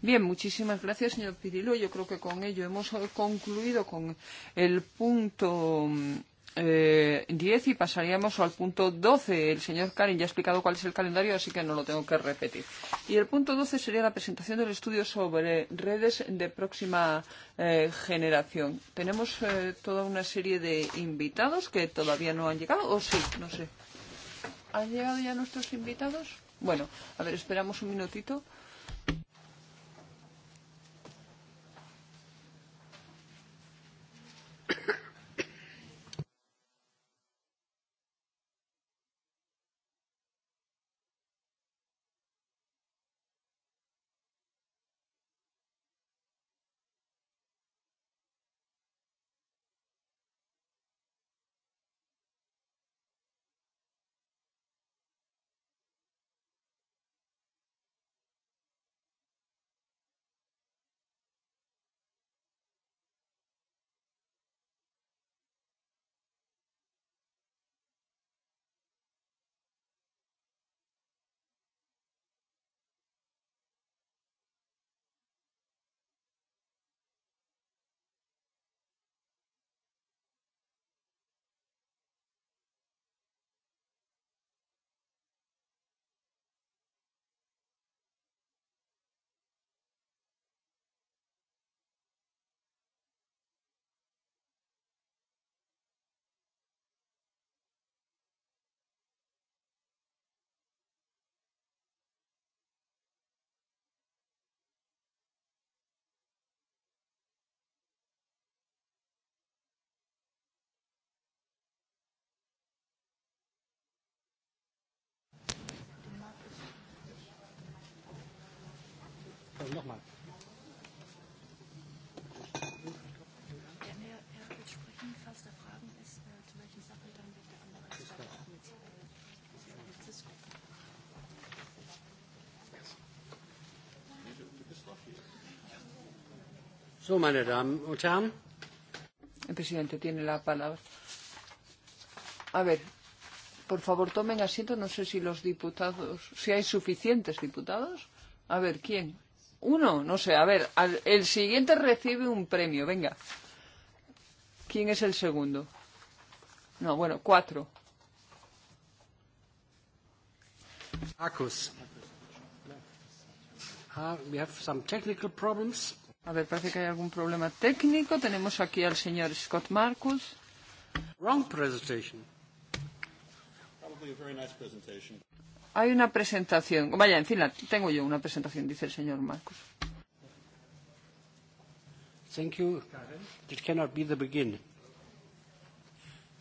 Bien, muchísimas gracias, señor Pirilo. Yo creo que con ello hemos concluido con el punto mm, eh, 10 y pasaríamos al punto 12. El señor Karin ya ha explicado cuál es el calendario, así que no lo tengo que repetir. Y el punto 12 sería la presentación del estudio sobre redes de próxima eh, generación. Tenemos eh, toda una serie de invitados que todavía no han llegado, o sí, no sé. ¿Han llegado ya nuestros no invitados? Bueno, a ver, esperamos un minutito. nochmal. So, meine Damen und Herren. El presidente tiene la palabra. A ver, por favor, tomen asiento. No sé si los diputados, si hay suficientes diputados. A ver, ¿quién? uno, no sé, a ver, al, el siguiente recibe un premio, venga. ¿Quién es el segundo? No, bueno, cuatro. Marcus. Uh, we have some technical problems. A ver, parece que hay algún problema técnico. Tenemos aquí al señor Scott Marcus. Wrong presentation. Probably a very nice presentation. Hay una presentación. Vaya, en fin, la tengo yo una presentación, dice el señor Marcos. Thank you. It cannot be the beginning.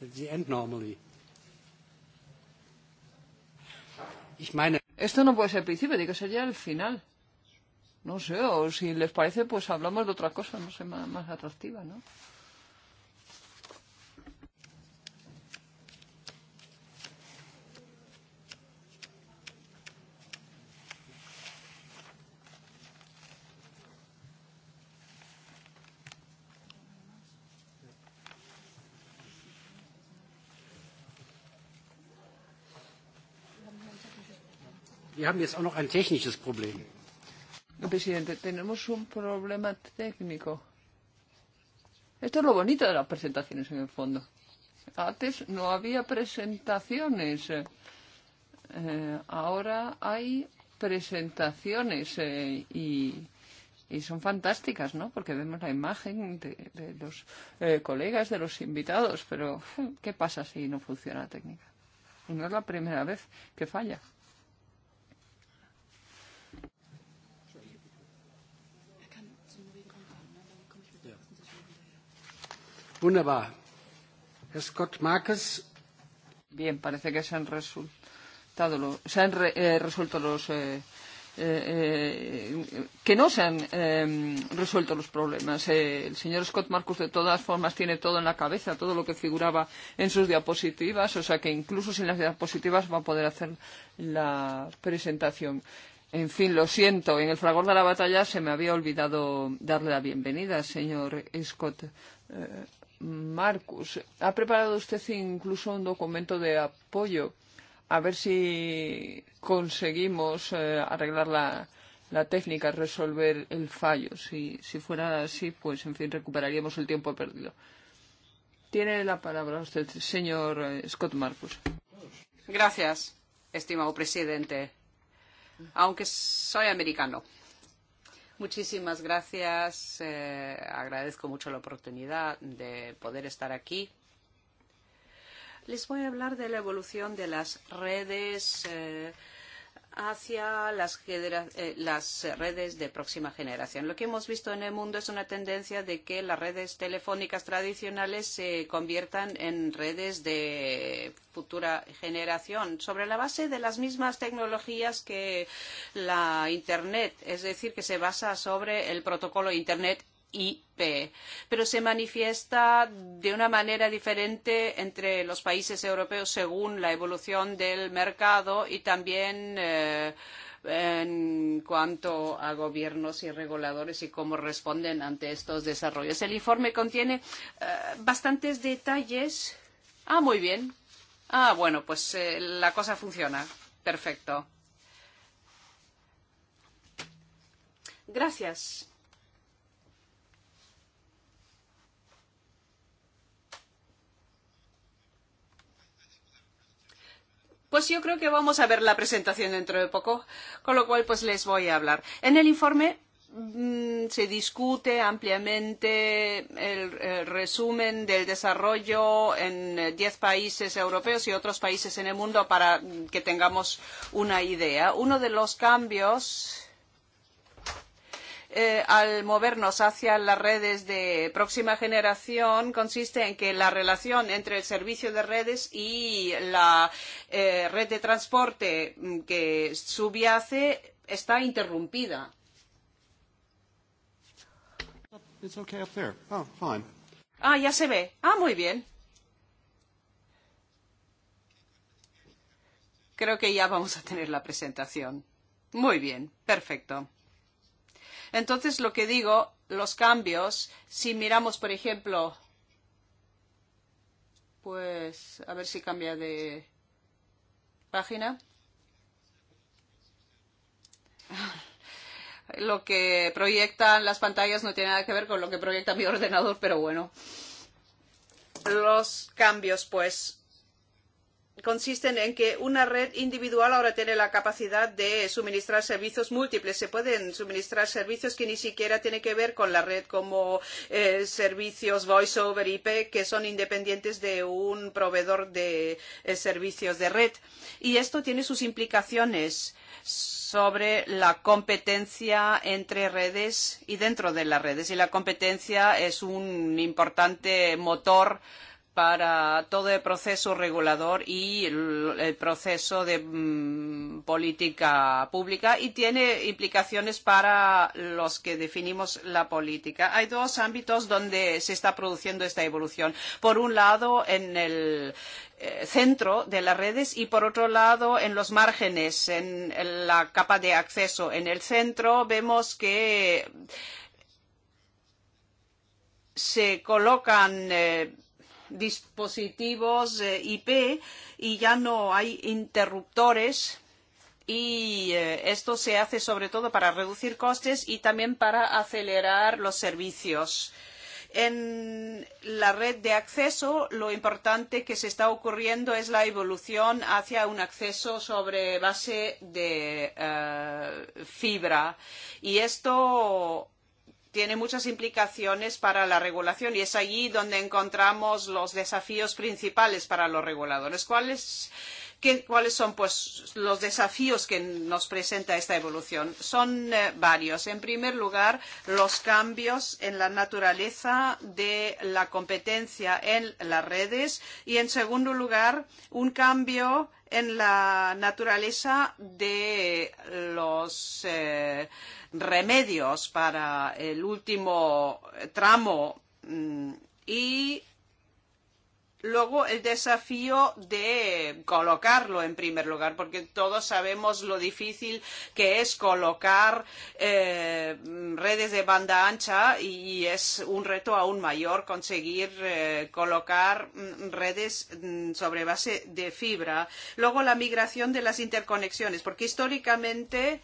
It's the end normally. Ich meine... Esto no puede ser el principio, digo, sería el final. No sé, o si les parece, pues hablamos de otra cosa, no sé, más, más atractiva, ¿no? Wir haben jetzt auch noch ein technisches Problem. No, Presidente, tenemos un problema técnico. Esto es lo bonito de las presentaciones en el fondo. Antes no había presentaciones. Eh, ahora hay presentaciones eh, y, y son fantásticas, ¿no? Porque vemos la imagen de, de los eh, colegas, de los invitados, pero eh, ¿qué pasa si no funciona la técnica? No es la primera vez que falla. Wunderbar. Herr Scott Marcus. Bien, parece que se han resultado los, se han re, eh, resuelto los eh, eh, eh, que no se han eh, resuelto los problemas. Eh, el señor Scott Marcus, de todas formas, tiene todo en la cabeza, todo lo que figuraba en sus diapositivas, o sea que incluso sin las diapositivas va a poder hacer la presentación. En fin, lo siento, en el fragor de la batalla se me había olvidado darle la bienvenida, señor Scott eh, Marcus, ha preparado usted incluso un documento de apoyo a ver si conseguimos eh, arreglar la, la técnica, resolver el fallo. Si, si fuera así, pues en fin, recuperaríamos el tiempo perdido. Tiene la palabra usted, señor eh, Scott Marcus. Gracias, estimado presidente. Aunque soy americano. Muchísimas gracias. Eh, agradezco mucho la oportunidad de poder estar aquí. Les voy a hablar de la evolución de las redes. Eh, hacia las, eh, las redes de próxima generación. Lo que hemos visto en el mundo es una tendencia de que las redes telefónicas tradicionales se conviertan en redes de futura generación sobre la base de las mismas tecnologías que la Internet, es decir, que se basa sobre el protocolo Internet IP, pero se manifiesta de una manera diferente entre los países europeos según la evolución del mercado y también eh, en cuanto a gobiernos y reguladores y cómo responden ante estos desarrollos. El informe contiene eh, bastantes detalles. Ah, muy bien. Ah, bueno, pues eh, la cosa funciona. Perfecto. Gracias. Pues yo creo que vamos a ver la presentación dentro de poco, con lo cual pues les voy a hablar. En el informe mm, se discute ampliamente el, el resumen del desarrollo en 10 eh, países europeos y otros países en el mundo para mm, que tengamos una idea. Uno de los cambios eh, al movernos hacia las redes de próxima generación consiste en que la relación entre el servicio de redes y la eh, red de transporte que subyace está interrumpida. It's okay up there. Oh, fine. Ah, ya se ve. Ah, muy bien. Creo que ya vamos a tener la presentación. Muy bien, perfecto. Entonces, lo que digo, los cambios, si miramos, por ejemplo, pues a ver si cambia de página. Lo que proyectan las pantallas no tiene nada que ver con lo que proyecta mi ordenador, pero bueno. Los cambios, pues consisten en que una red individual ahora tiene la capacidad de suministrar servicios múltiples. Se pueden suministrar servicios que ni siquiera tienen que ver con la red, como eh, servicios voice over IP, que son independientes de un proveedor de eh, servicios de red. Y esto tiene sus implicaciones sobre la competencia entre redes y dentro de las redes. Y la competencia es un importante motor eh, para todo el proceso regulador y el proceso de mmm, política pública y tiene implicaciones para los que definimos la política. Hay dos ámbitos donde se está produciendo esta evolución. Por un lado, en el eh, centro de las redes y por otro lado en los márgenes, en la capa de acceso. En el centro vemos que se colocan eh, dispositivos eh, IP y ya no hay interruptores y eh, esto se hace sobre todo para reducir costes y también para acelerar los servicios. En la red de acceso, lo importante que se está ocurriendo es la evolución hacia un acceso sobre base de uh, fibra. Y esto tiene muchas implicaciones para la regulación y es allí donde encontramos los desafíos principales para los reguladores. ¿Cuáles son ¿Qué, ¿Cuáles son pues, los desafíos que nos presenta esta evolución? Son eh, varios. En primer lugar, los cambios en la naturaleza de la competencia en las redes y, en segundo lugar, un cambio en la naturaleza de los eh, remedios para el último eh, tramo mm, y Luego el desafío de colocarlo en primer lugar, porque todos sabemos lo difícil que es colocar eh, redes de banda ancha y es un reto aún mayor conseguir eh, colocar mm, redes mm, sobre base de fibra. Luego la migración de las interconexiones, porque históricamente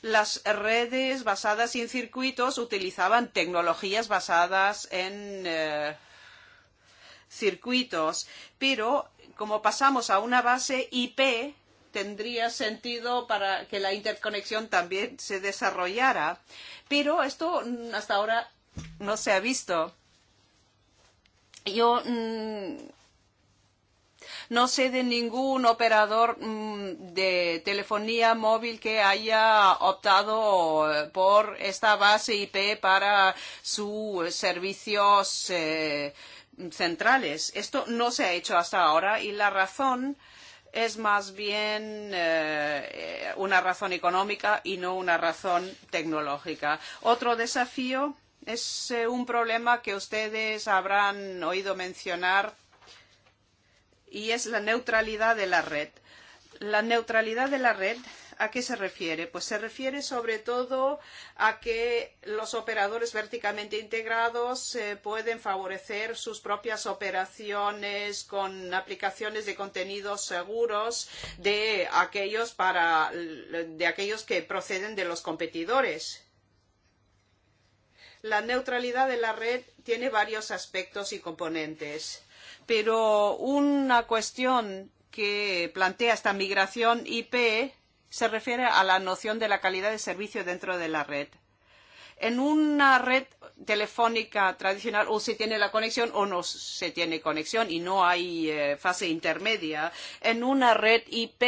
las redes basadas en circuitos utilizaban tecnologías basadas en. Eh, circuitos, pero como pasamos a una base IP, tendría sentido para que la interconexión también se desarrollara. Pero esto mm, hasta ahora no se ha visto. Yo mmm, no sé de ningún operador mmm, de telefonía móvil que haya optado por esta base IP para sus servicios eh, centrales. Esto no se ha hecho hasta ahora y la razón es más bien eh, una razón económica y no una razón tecnológica. Otro desafío es eh, un problema que ustedes habrán oído mencionar y es la neutralidad de la red. La neutralidad de la red ¿A qué se refiere? Pues se refiere sobre todo a que los operadores verticalmente integrados eh, pueden favorecer sus propias operaciones con aplicaciones de contenidos seguros de aquellos, para, de aquellos que proceden de los competidores. La neutralidad de la red tiene varios aspectos y componentes, pero una cuestión que plantea esta migración IP se refiere a la noción de la calidad de servicio dentro de la red. En una red telefónica tradicional o se tiene la conexión o no se tiene conexión y no hay eh, fase intermedia. En una red IP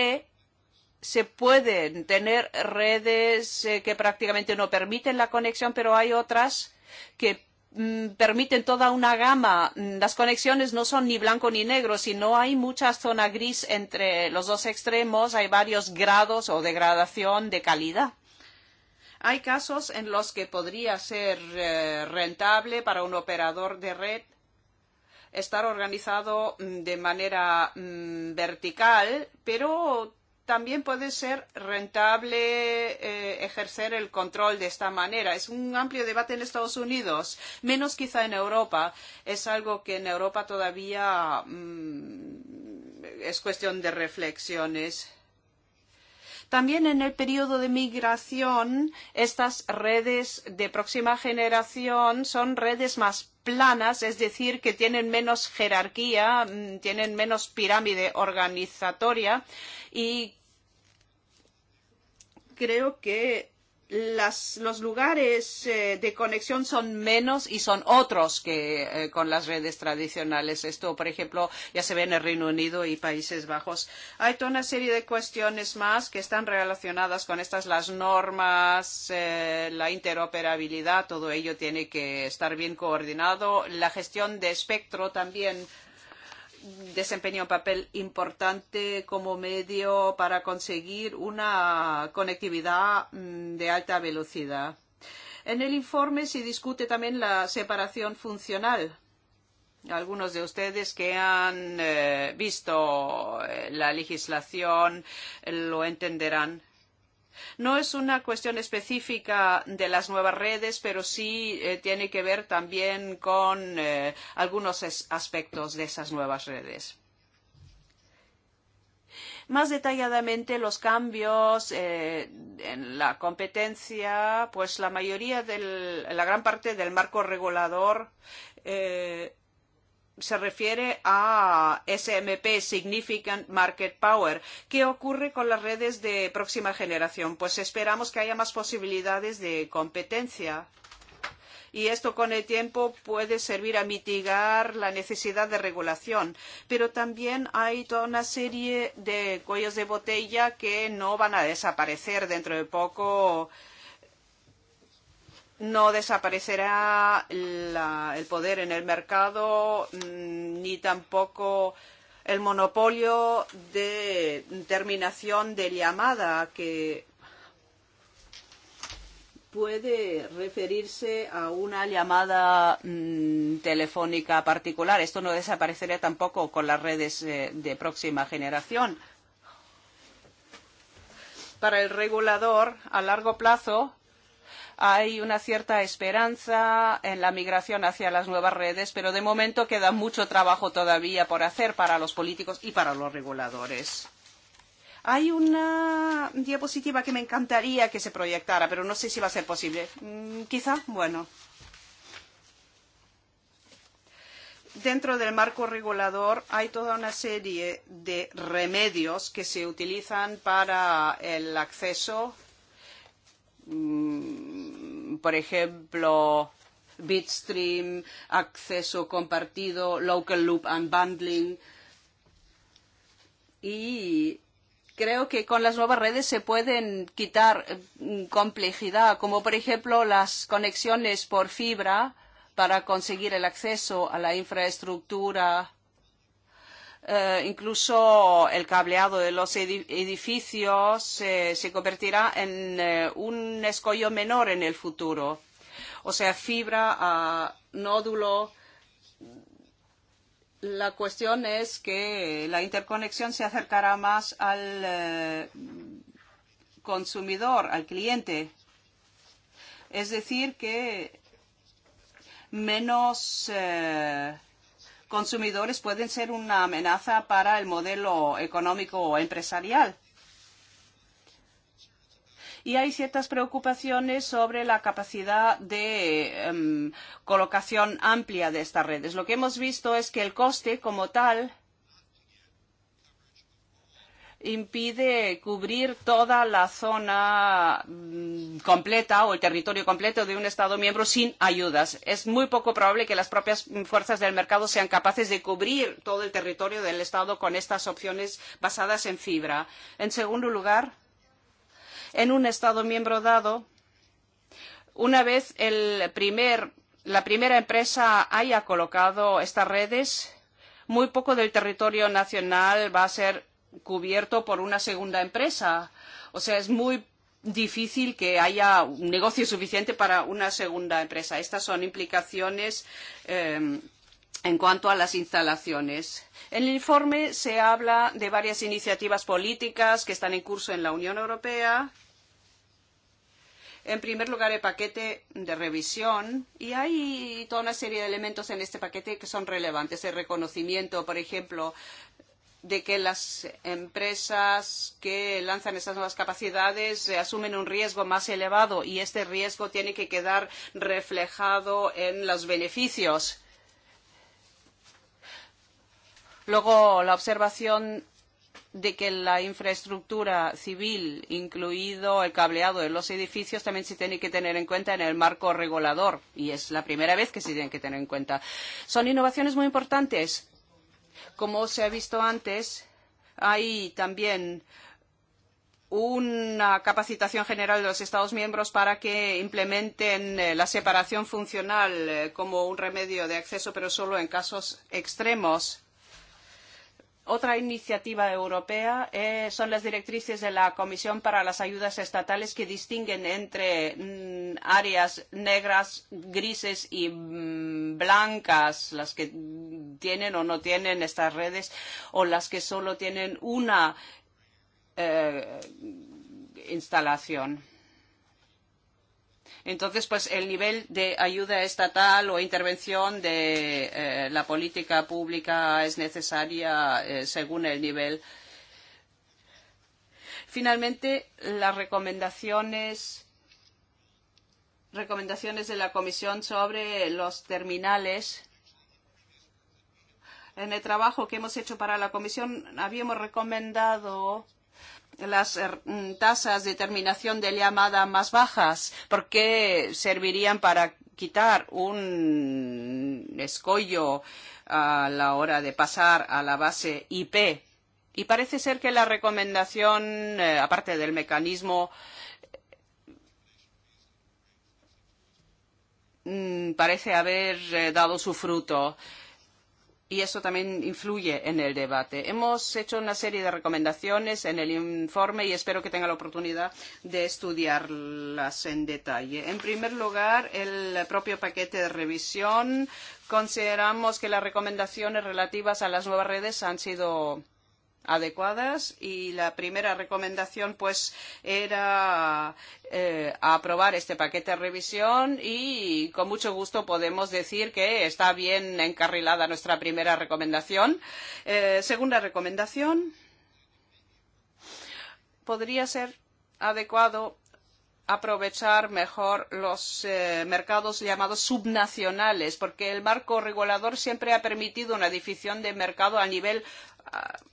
se pueden tener redes eh, que prácticamente no permiten la conexión, pero hay otras que Mm, permiten toda una gama. Las conexiones no son ni blanco ni negro, sino hay mucha zona gris entre los dos extremos, hay varios grados o degradación de calidad. Hay casos en los que podría ser eh, rentable para un operador de red estar organizado mm, de manera mm, vertical, pero también puede ser rentable eh, ejercer el control de esta manera. Es un amplio debate en Estados Unidos, menos quizá en Europa. Es algo que en Europa todavía mmm, es cuestión de reflexiones. También en el periodo de migración, estas redes de próxima generación son redes más planas, es decir, que tienen menos jerarquía, mm, tienen menos pirámide organizatoria y creo que las, los lugares eh, de conexión son menos y son otros que eh, con las redes tradicionales. Esto, por ejemplo, ya se ve en el Reino Unido y Países Bajos. Hay toda una serie de cuestiones más que están relacionadas con estas, las normas, eh, la interoperabilidad, todo ello tiene que estar bien coordinado. La gestión de espectro también. Eh, desempeña un papel importante como medio para conseguir una conectividad mm, de alta velocidad. En el informe se discute también la separación funcional. Algunos de ustedes que han eh, visto eh, la legislación lo entenderán No es una cuestión específica de las nuevas redes, pero sí eh, tiene que ver también con eh, algunos aspectos de esas nuevas redes más detalladamente los cambios eh, en la competencia, pues la mayoría del, la gran parte del marco regulador eh, se refiere a SMP, Significant Market Power. ¿Qué ocurre con las redes de próxima generación? Pues esperamos que haya más posibilidades de competencia. Y esto con el tiempo puede servir a mitigar la necesidad de regulación. Pero también hay toda una serie de cuellos de botella que no van a desaparecer dentro de poco. Uh, No desaparecerá la, el poder en el mercado mm, ni tampoco el monopolio de terminación de llamada que puede referirse a una llamada mmm, telefónica particular. Esto no desaparecería tampoco con las redes eh, de próxima generación. Para el regulador, a largo plazo, Hay una cierta esperanza en la migración hacia las nuevas redes, pero de momento queda mucho trabajo todavía por hacer para los políticos y para los reguladores. Hay una diapositiva que me encantaría que se proyectara, pero no sé si va a ser posible. Mm, quizá, bueno. Dentro del marco regulador hay toda una serie de remedios que se utilizan para el acceso mm, por ejemplo, bitstream, acceso compartido, local loop and bundling. Y creo que con las nuevas redes se pueden quitar mm, complejidad, como por ejemplo las conexiones por fibra para conseguir el acceso a la infraestructura eh, incluso el cableado de los edificios eh, se convertirá en eh, un escollo menor en el futuro. O sea, fibra a ah, nódulo. La cuestión es que la interconexión se acercará más al eh, consumidor, al cliente. Es decir, que menos. Eh, consumidores pueden ser una amenaza para el modelo económico o empresarial. Y hay ciertas preocupaciones sobre la capacidad de um, colocación amplia de estas redes. Lo que hemos visto es que el coste como tal impide cubrir toda la zona mm, completa o el territorio completo de un Estado miembro sin ayudas. Es muy poco probable que las propias fuerzas del mercado sean capaces de cubrir todo el territorio del Estado con estas opciones basadas en fibra. En segundo lugar, en un Estado miembro dado, una vez el primer, la primera empresa haya colocado estas redes, muy poco del territorio nacional va a ser cubierto por una segunda empresa. O sea, es muy difícil que haya un negocio suficiente para una segunda empresa. Estas son implicaciones eh, en cuanto a las instalaciones. En el informe se habla de varias iniciativas políticas que están en curso en la Unión Europea. En primer lugar, el paquete de revisión. Y hay toda una serie de elementos en este paquete que son relevantes. El reconocimiento, por ejemplo, de que las empresas que lanzan esas nuevas capacidades asumen un riesgo más elevado y este riesgo tiene que quedar reflejado en los beneficios. Luego, la observación de que la infraestructura civil, incluido el cableado de los edificios, también se tiene que tener en cuenta en el marco regulador. Y es la primera vez que se tiene que tener en cuenta. Son innovaciones muy importantes Como se ha visto antes, hay también una capacitación general de los Estados miembros para que implementen eh, la separación funcional eh, como un remedio de acceso, pero solo en casos extremos Otra iniciativa europea eh, son las directrices de la Comisión para las Ayudas Estatales que distinguen entre mm, áreas negras, grises y mm, blancas, las que tienen o no tienen estas redes, o las que solo tienen una eh, instalación Entonces, pues el nivel de ayuda estatal o intervención de eh, la política pública es necesaria eh, según el nivel. Finalmente, las recomendaciones recomendaciones de la Comisión sobre los terminales en el trabajo que hemos hecho para la comisión habíamos recomendado las er, mm, tasas de terminación de llamada más bajas, porque servirían para quitar un escollo a la hora de pasar a la base IP. Y parece ser que la recomendación, eh, aparte del mecanismo, mm, parece haber eh, dado su fruto. Eh, y eso también influye en el debate. Hemos hecho una serie de recomendaciones en el informe y espero que tenga la oportunidad de estudiarlas en detalle. En primer lugar, el propio paquete de revisión. Consideramos que las recomendaciones relativas a las nuevas redes han sido adecuadas y la primera recomendación pues era eh, aprobar este paquete de revisión y con mucho gusto podemos decir que está bien encarrilada nuestra primera recomendación. Eh, segunda recomendación podría ser adecuado aprovechar mejor los eh, mercados llamados subnacionales, porque el marco regulador siempre ha permitido una difusión de mercado a nivel uh,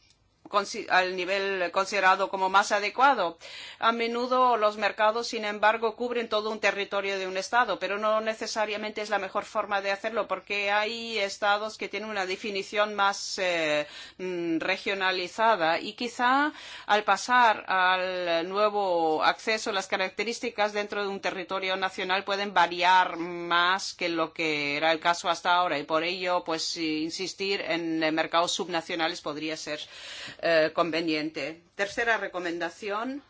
al nivel considerado como más adecuado. A menudo los mercados, sin embargo, cubren todo un territorio de un Estado, pero no necesariamente es la mejor forma de hacerlo porque hay Estados que tienen una definición más eh, mm, regionalizada y quizá al pasar al nuevo acceso las características dentro de un territorio nacional pueden variar más que lo que era el caso hasta ahora y por ello pues insistir en mercados subnacionales podría ser Eh, conveniente. Tercera recomendación,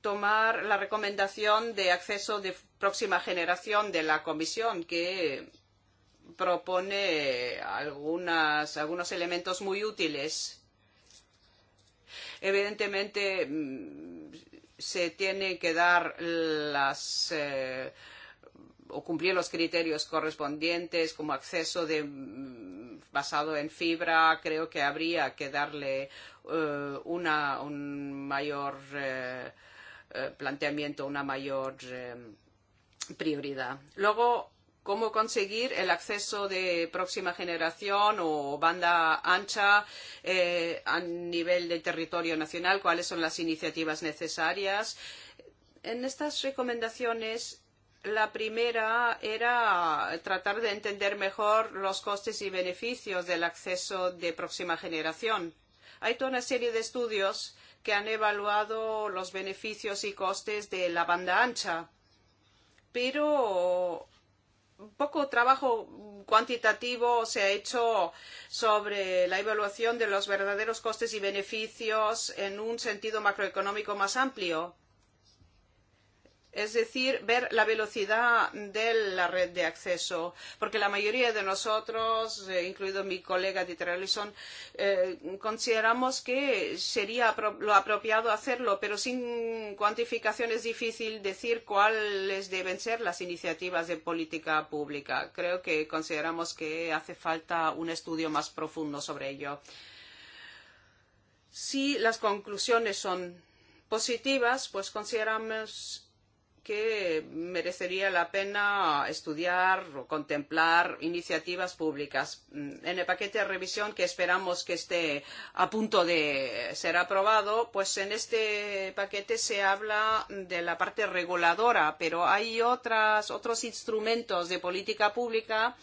tomar la recomendación de acceso de próxima generación de la Comisión, que propone algunas, algunos elementos muy útiles. Evidentemente, mm, se tienen que dar las. Eh, o cumplir los criterios correspondientes como acceso de, mm, basado en fibra, creo que habría que darle eh, una, un mayor eh, eh, planteamiento, una mayor eh, prioridad. Luego, cómo conseguir el acceso de próxima generación o banda ancha eh, a nivel del territorio nacional, cuáles son las iniciativas necesarias. En estas recomendaciones La primera era tratar de entender mejor los costes y beneficios del acceso de próxima generación. Hay toda una serie de estudios que han evaluado los beneficios y costes de la banda ancha, pero poco trabajo cuantitativo se ha hecho sobre la evaluación de los verdaderos costes y beneficios en un sentido macroeconómico más amplio es decir, ver la velocidad de la red de acceso, porque la mayoría de nosotros, eh, incluido mi colega Dieter Ellison, eh, consideramos que sería apro lo apropiado hacerlo, pero sin cuantificación es difícil decir cuáles deben ser las iniciativas de política pública. Creo que consideramos que hace falta un estudio más profundo sobre ello. Si las conclusiones son positivas, pues consideramos que merecería la pena estudiar o contemplar iniciativas públicas. Mm, en el paquete de revisión que esperamos que esté a punto de ser aprobado, pues en este paquete se habla de la parte reguladora, pero hay otras, otros instrumentos de política pública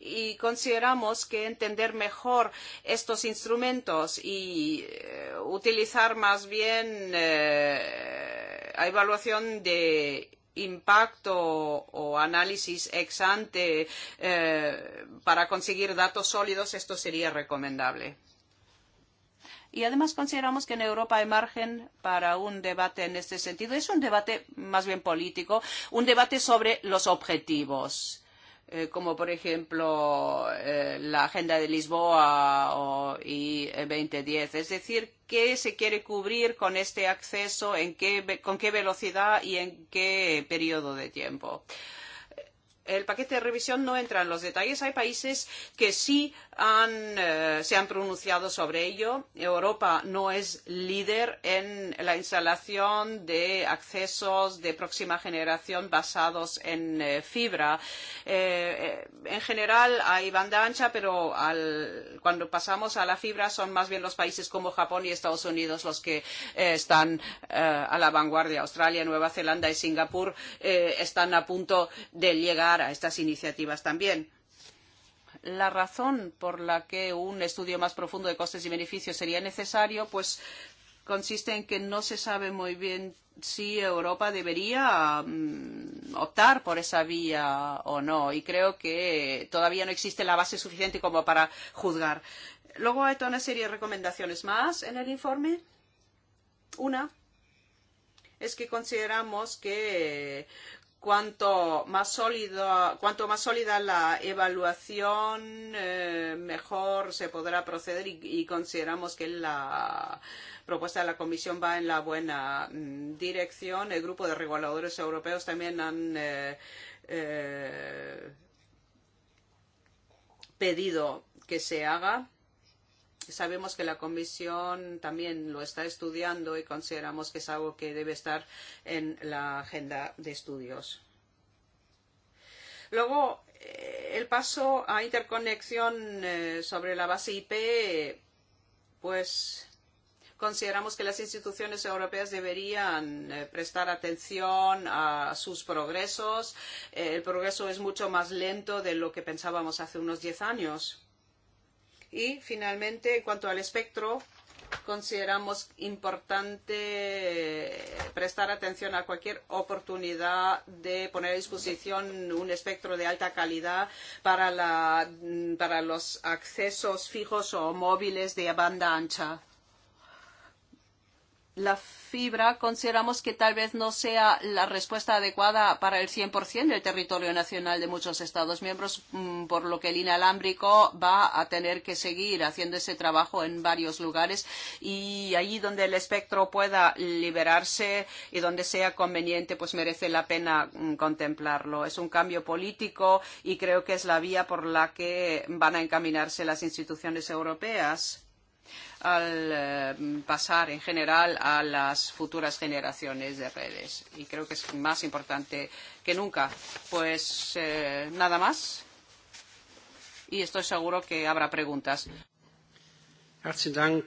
y consideramos que entender mejor estos instrumentos y eh, utilizar más bien eh, evaluación de impacto o análisis ex ante eh, para conseguir datos sólidos, esto sería recomendable. Y además consideramos que en Europa hay margen para un debate en este sentido. Es un debate más bien político, un debate sobre los objetivos Eh, como por ejemplo eh, la Agenda de Lisboa o, y 2010. Es decir, qué se quiere cubrir con este acceso, en qué, con qué velocidad y en qué periodo de tiempo. Eh, el paquete de revisión no entra en los detalles. Hay países que sí han, eh, se han pronunciado sobre ello. Europa no es líder en la instalación de accesos de próxima generación basados en eh, fibra. Eh, eh, en general hay banda ancha, pero al, cuando pasamos a la fibra son más bien los países como Japón y Estados Unidos los que eh, están eh, a la vanguardia. Australia, Nueva Zelanda y Singapur eh, están a punto de llegar ayudar a estas iniciativas también. La razón por la que un estudio más profundo de costes y beneficios sería necesario, pues consiste en que no se sabe muy bien si Europa debería mm, optar por esa vía o no. Y creo que todavía no existe la base suficiente como para juzgar. Luego hay toda una serie de recomendaciones más en el informe. Una es que consideramos que cuanto más sólido, cuanto más sólida la evaluación, eh, mejor se podrá proceder y, y consideramos que la propuesta de la Comisión va en la buena mm, dirección. El grupo de reguladores europeos también han eh, eh, pedido que se haga sabemos que la Comisión también lo está estudiando y consideramos que es algo que debe estar en la agenda de estudios. Luego, eh, el paso a interconexión eh, sobre la base IP, pues consideramos que las instituciones europeas deberían eh, prestar atención a sus progresos. El progreso es mucho más lento de lo que pensábamos hace unos diez años Y finalmente, en cuanto al espectro, consideramos importante eh, prestar atención a cualquier oportunidad de poner a disposición un espectro de alta calidad para, la, mm, para los accesos fijos o móviles de banda ancha la fibra consideramos que tal vez no sea la respuesta adecuada para el 100% del territorio nacional de muchos Estados miembros, mm, por lo que el inalámbrico va a tener que seguir haciendo ese trabajo en varios lugares y allí donde el espectro pueda liberarse y donde sea conveniente, pues merece la pena mm, contemplarlo. Es un cambio político y creo que es la vía por la que van a encaminarse las instituciones europeas al pasar en general a las futuras generaciones de redes. Y creo que es más importante que nunca. Pues eh, nada más. Y estoy seguro que habrá preguntas. Herzlichen Dank.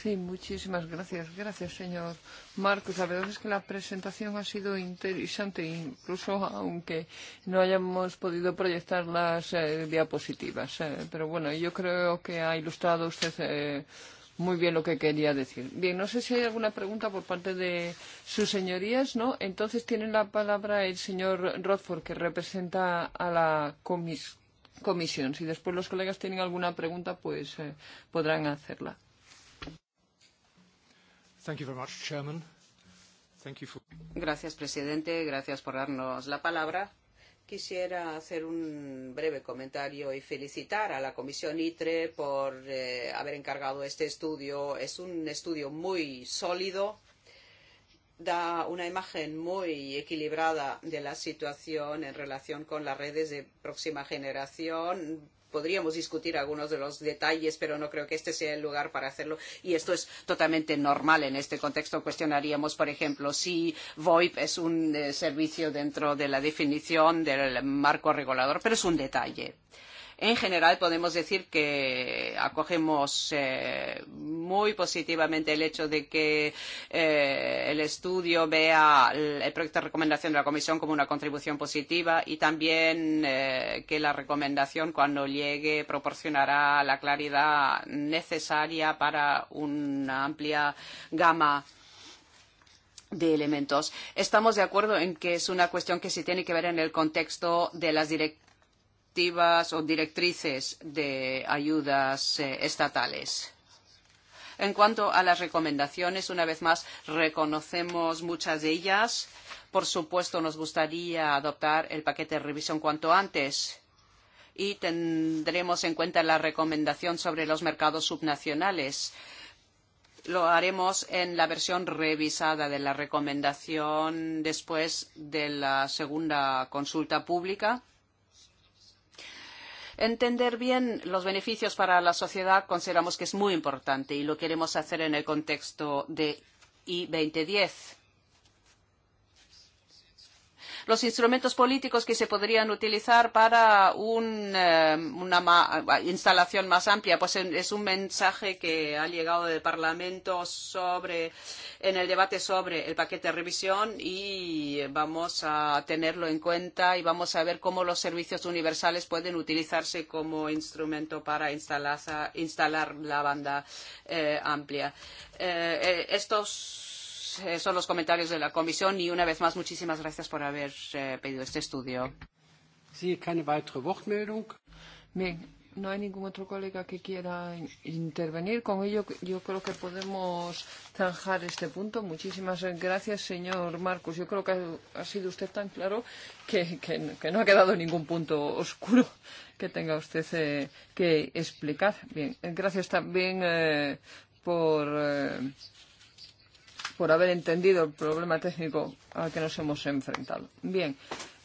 Sí, muchísimas gracias. Gracias, señor Marcos. La verdad es que la presentación ha sido interesante, incluso aunque no hayamos podido proyectar las eh, diapositivas. Eh, pero bueno, yo creo que ha ilustrado usted eh, muy bien lo que quería decir. Bien, no sé si hay alguna pregunta por parte de sus señorías, ¿no? Entonces tiene la palabra el señor Rothford, que representa a la comisión comisión. Si después los colegas tienen alguna pregunta, pues eh, podrán hacerla. Thank you very much, Chairman. Thank you for... Gracias, presidente. Gracias por darnos la palabra. Quisiera hacer un breve comentario y felicitar a la Comisión ITRE por eh, haber encargado este estudio. Es un estudio muy sólido da una imagen muy equilibrada de la situación en relación con las redes de próxima generación. Podríamos discutir algunos de los detalles, pero no creo que este sea el lugar para hacerlo. Y esto es totalmente normal en este contexto. Cuestionaríamos, por ejemplo, si VoIP es un eh, servicio dentro de la definición del marco regulador, pero es un detalle. Eh, En general podemos decir que acogemos eh, muy positivamente el hecho de que eh, el estudio vea el, el proyecto de recomendación de la Comisión como una contribución positiva y también eh, que la recomendación cuando llegue proporcionará la claridad necesaria para una amplia gama de elementos. Estamos de acuerdo en que es una cuestión que se tiene que ver en el contexto de las directivas directivas o directrices de ayudas eh, estatales. En cuanto a las recomendaciones, una vez más, reconocemos muchas de ellas. Por supuesto, nos gustaría adoptar el paquete de revisión cuanto antes y tendremos en cuenta la recomendación sobre los mercados subnacionales. Lo haremos en la versión revisada de la recomendación después de la segunda consulta pública Entender bien los beneficios para la sociedad consideramos que es muy importante y lo queremos hacer en el contexto de I-2010 los instrumentos políticos que se podrían utilizar para un, eh, una ma instalación más amplia. Pues es un mensaje que ha llegado del Parlamento sobre, en el debate sobre el paquete de revisión y vamos a tenerlo en cuenta y vamos a ver cómo los servicios universales pueden utilizarse como instrumento para instalar, instalar la banda eh, amplia. Eh, eh estos son los comentarios de la comisión y una vez más muchísimas gracias por haber eh, pedido este estudio. Sí, keine weitere Wortmeldung. Bien, no hay ningún otro colega que quiera intervenir. Con ello, yo creo que podemos zanjar este punto. Muchísimas gracias, señor Marcos. Yo creo que ha sido usted tan claro que, que, que no ha quedado ningún punto oscuro que tenga usted eh, que explicar. Bien, gracias también eh, por. Eh, por haber entendido el problema técnico al que nos hemos enfrentado. Bien,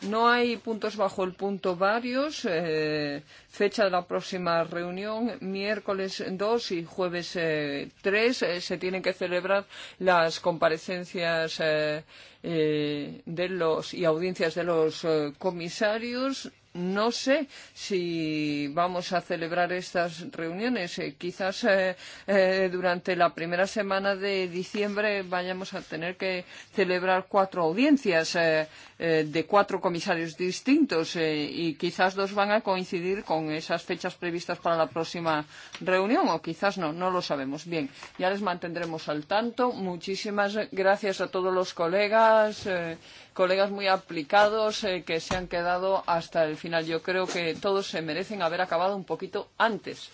no hay puntos bajo el punto varios. Eh, fecha de la próxima reunión, miércoles 2 y jueves eh, Eh, se tienen que celebrar las comparecencias eh, eh, de los, y audiencias de los eh, comisarios no sé si vamos a celebrar estas reuniones. Eh, quizás eh, eh, durante la primera semana de diciembre vayamos a tener que celebrar cuatro audiencias eh, eh, de cuatro comisarios distintos eh, y quizás dos van a coincidir con esas fechas previstas para la próxima reunión o quizás no, no lo sabemos. Bien, ya les mantendremos al tanto. Muchísimas gracias a todos los colegas. Eh, colegas muy aplicados eh, que se han quedado hasta el final. Yo creo que todos se merecen haber acabado un poquito antes.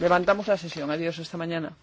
Levantamos la sesión. Adiós, hasta mañana.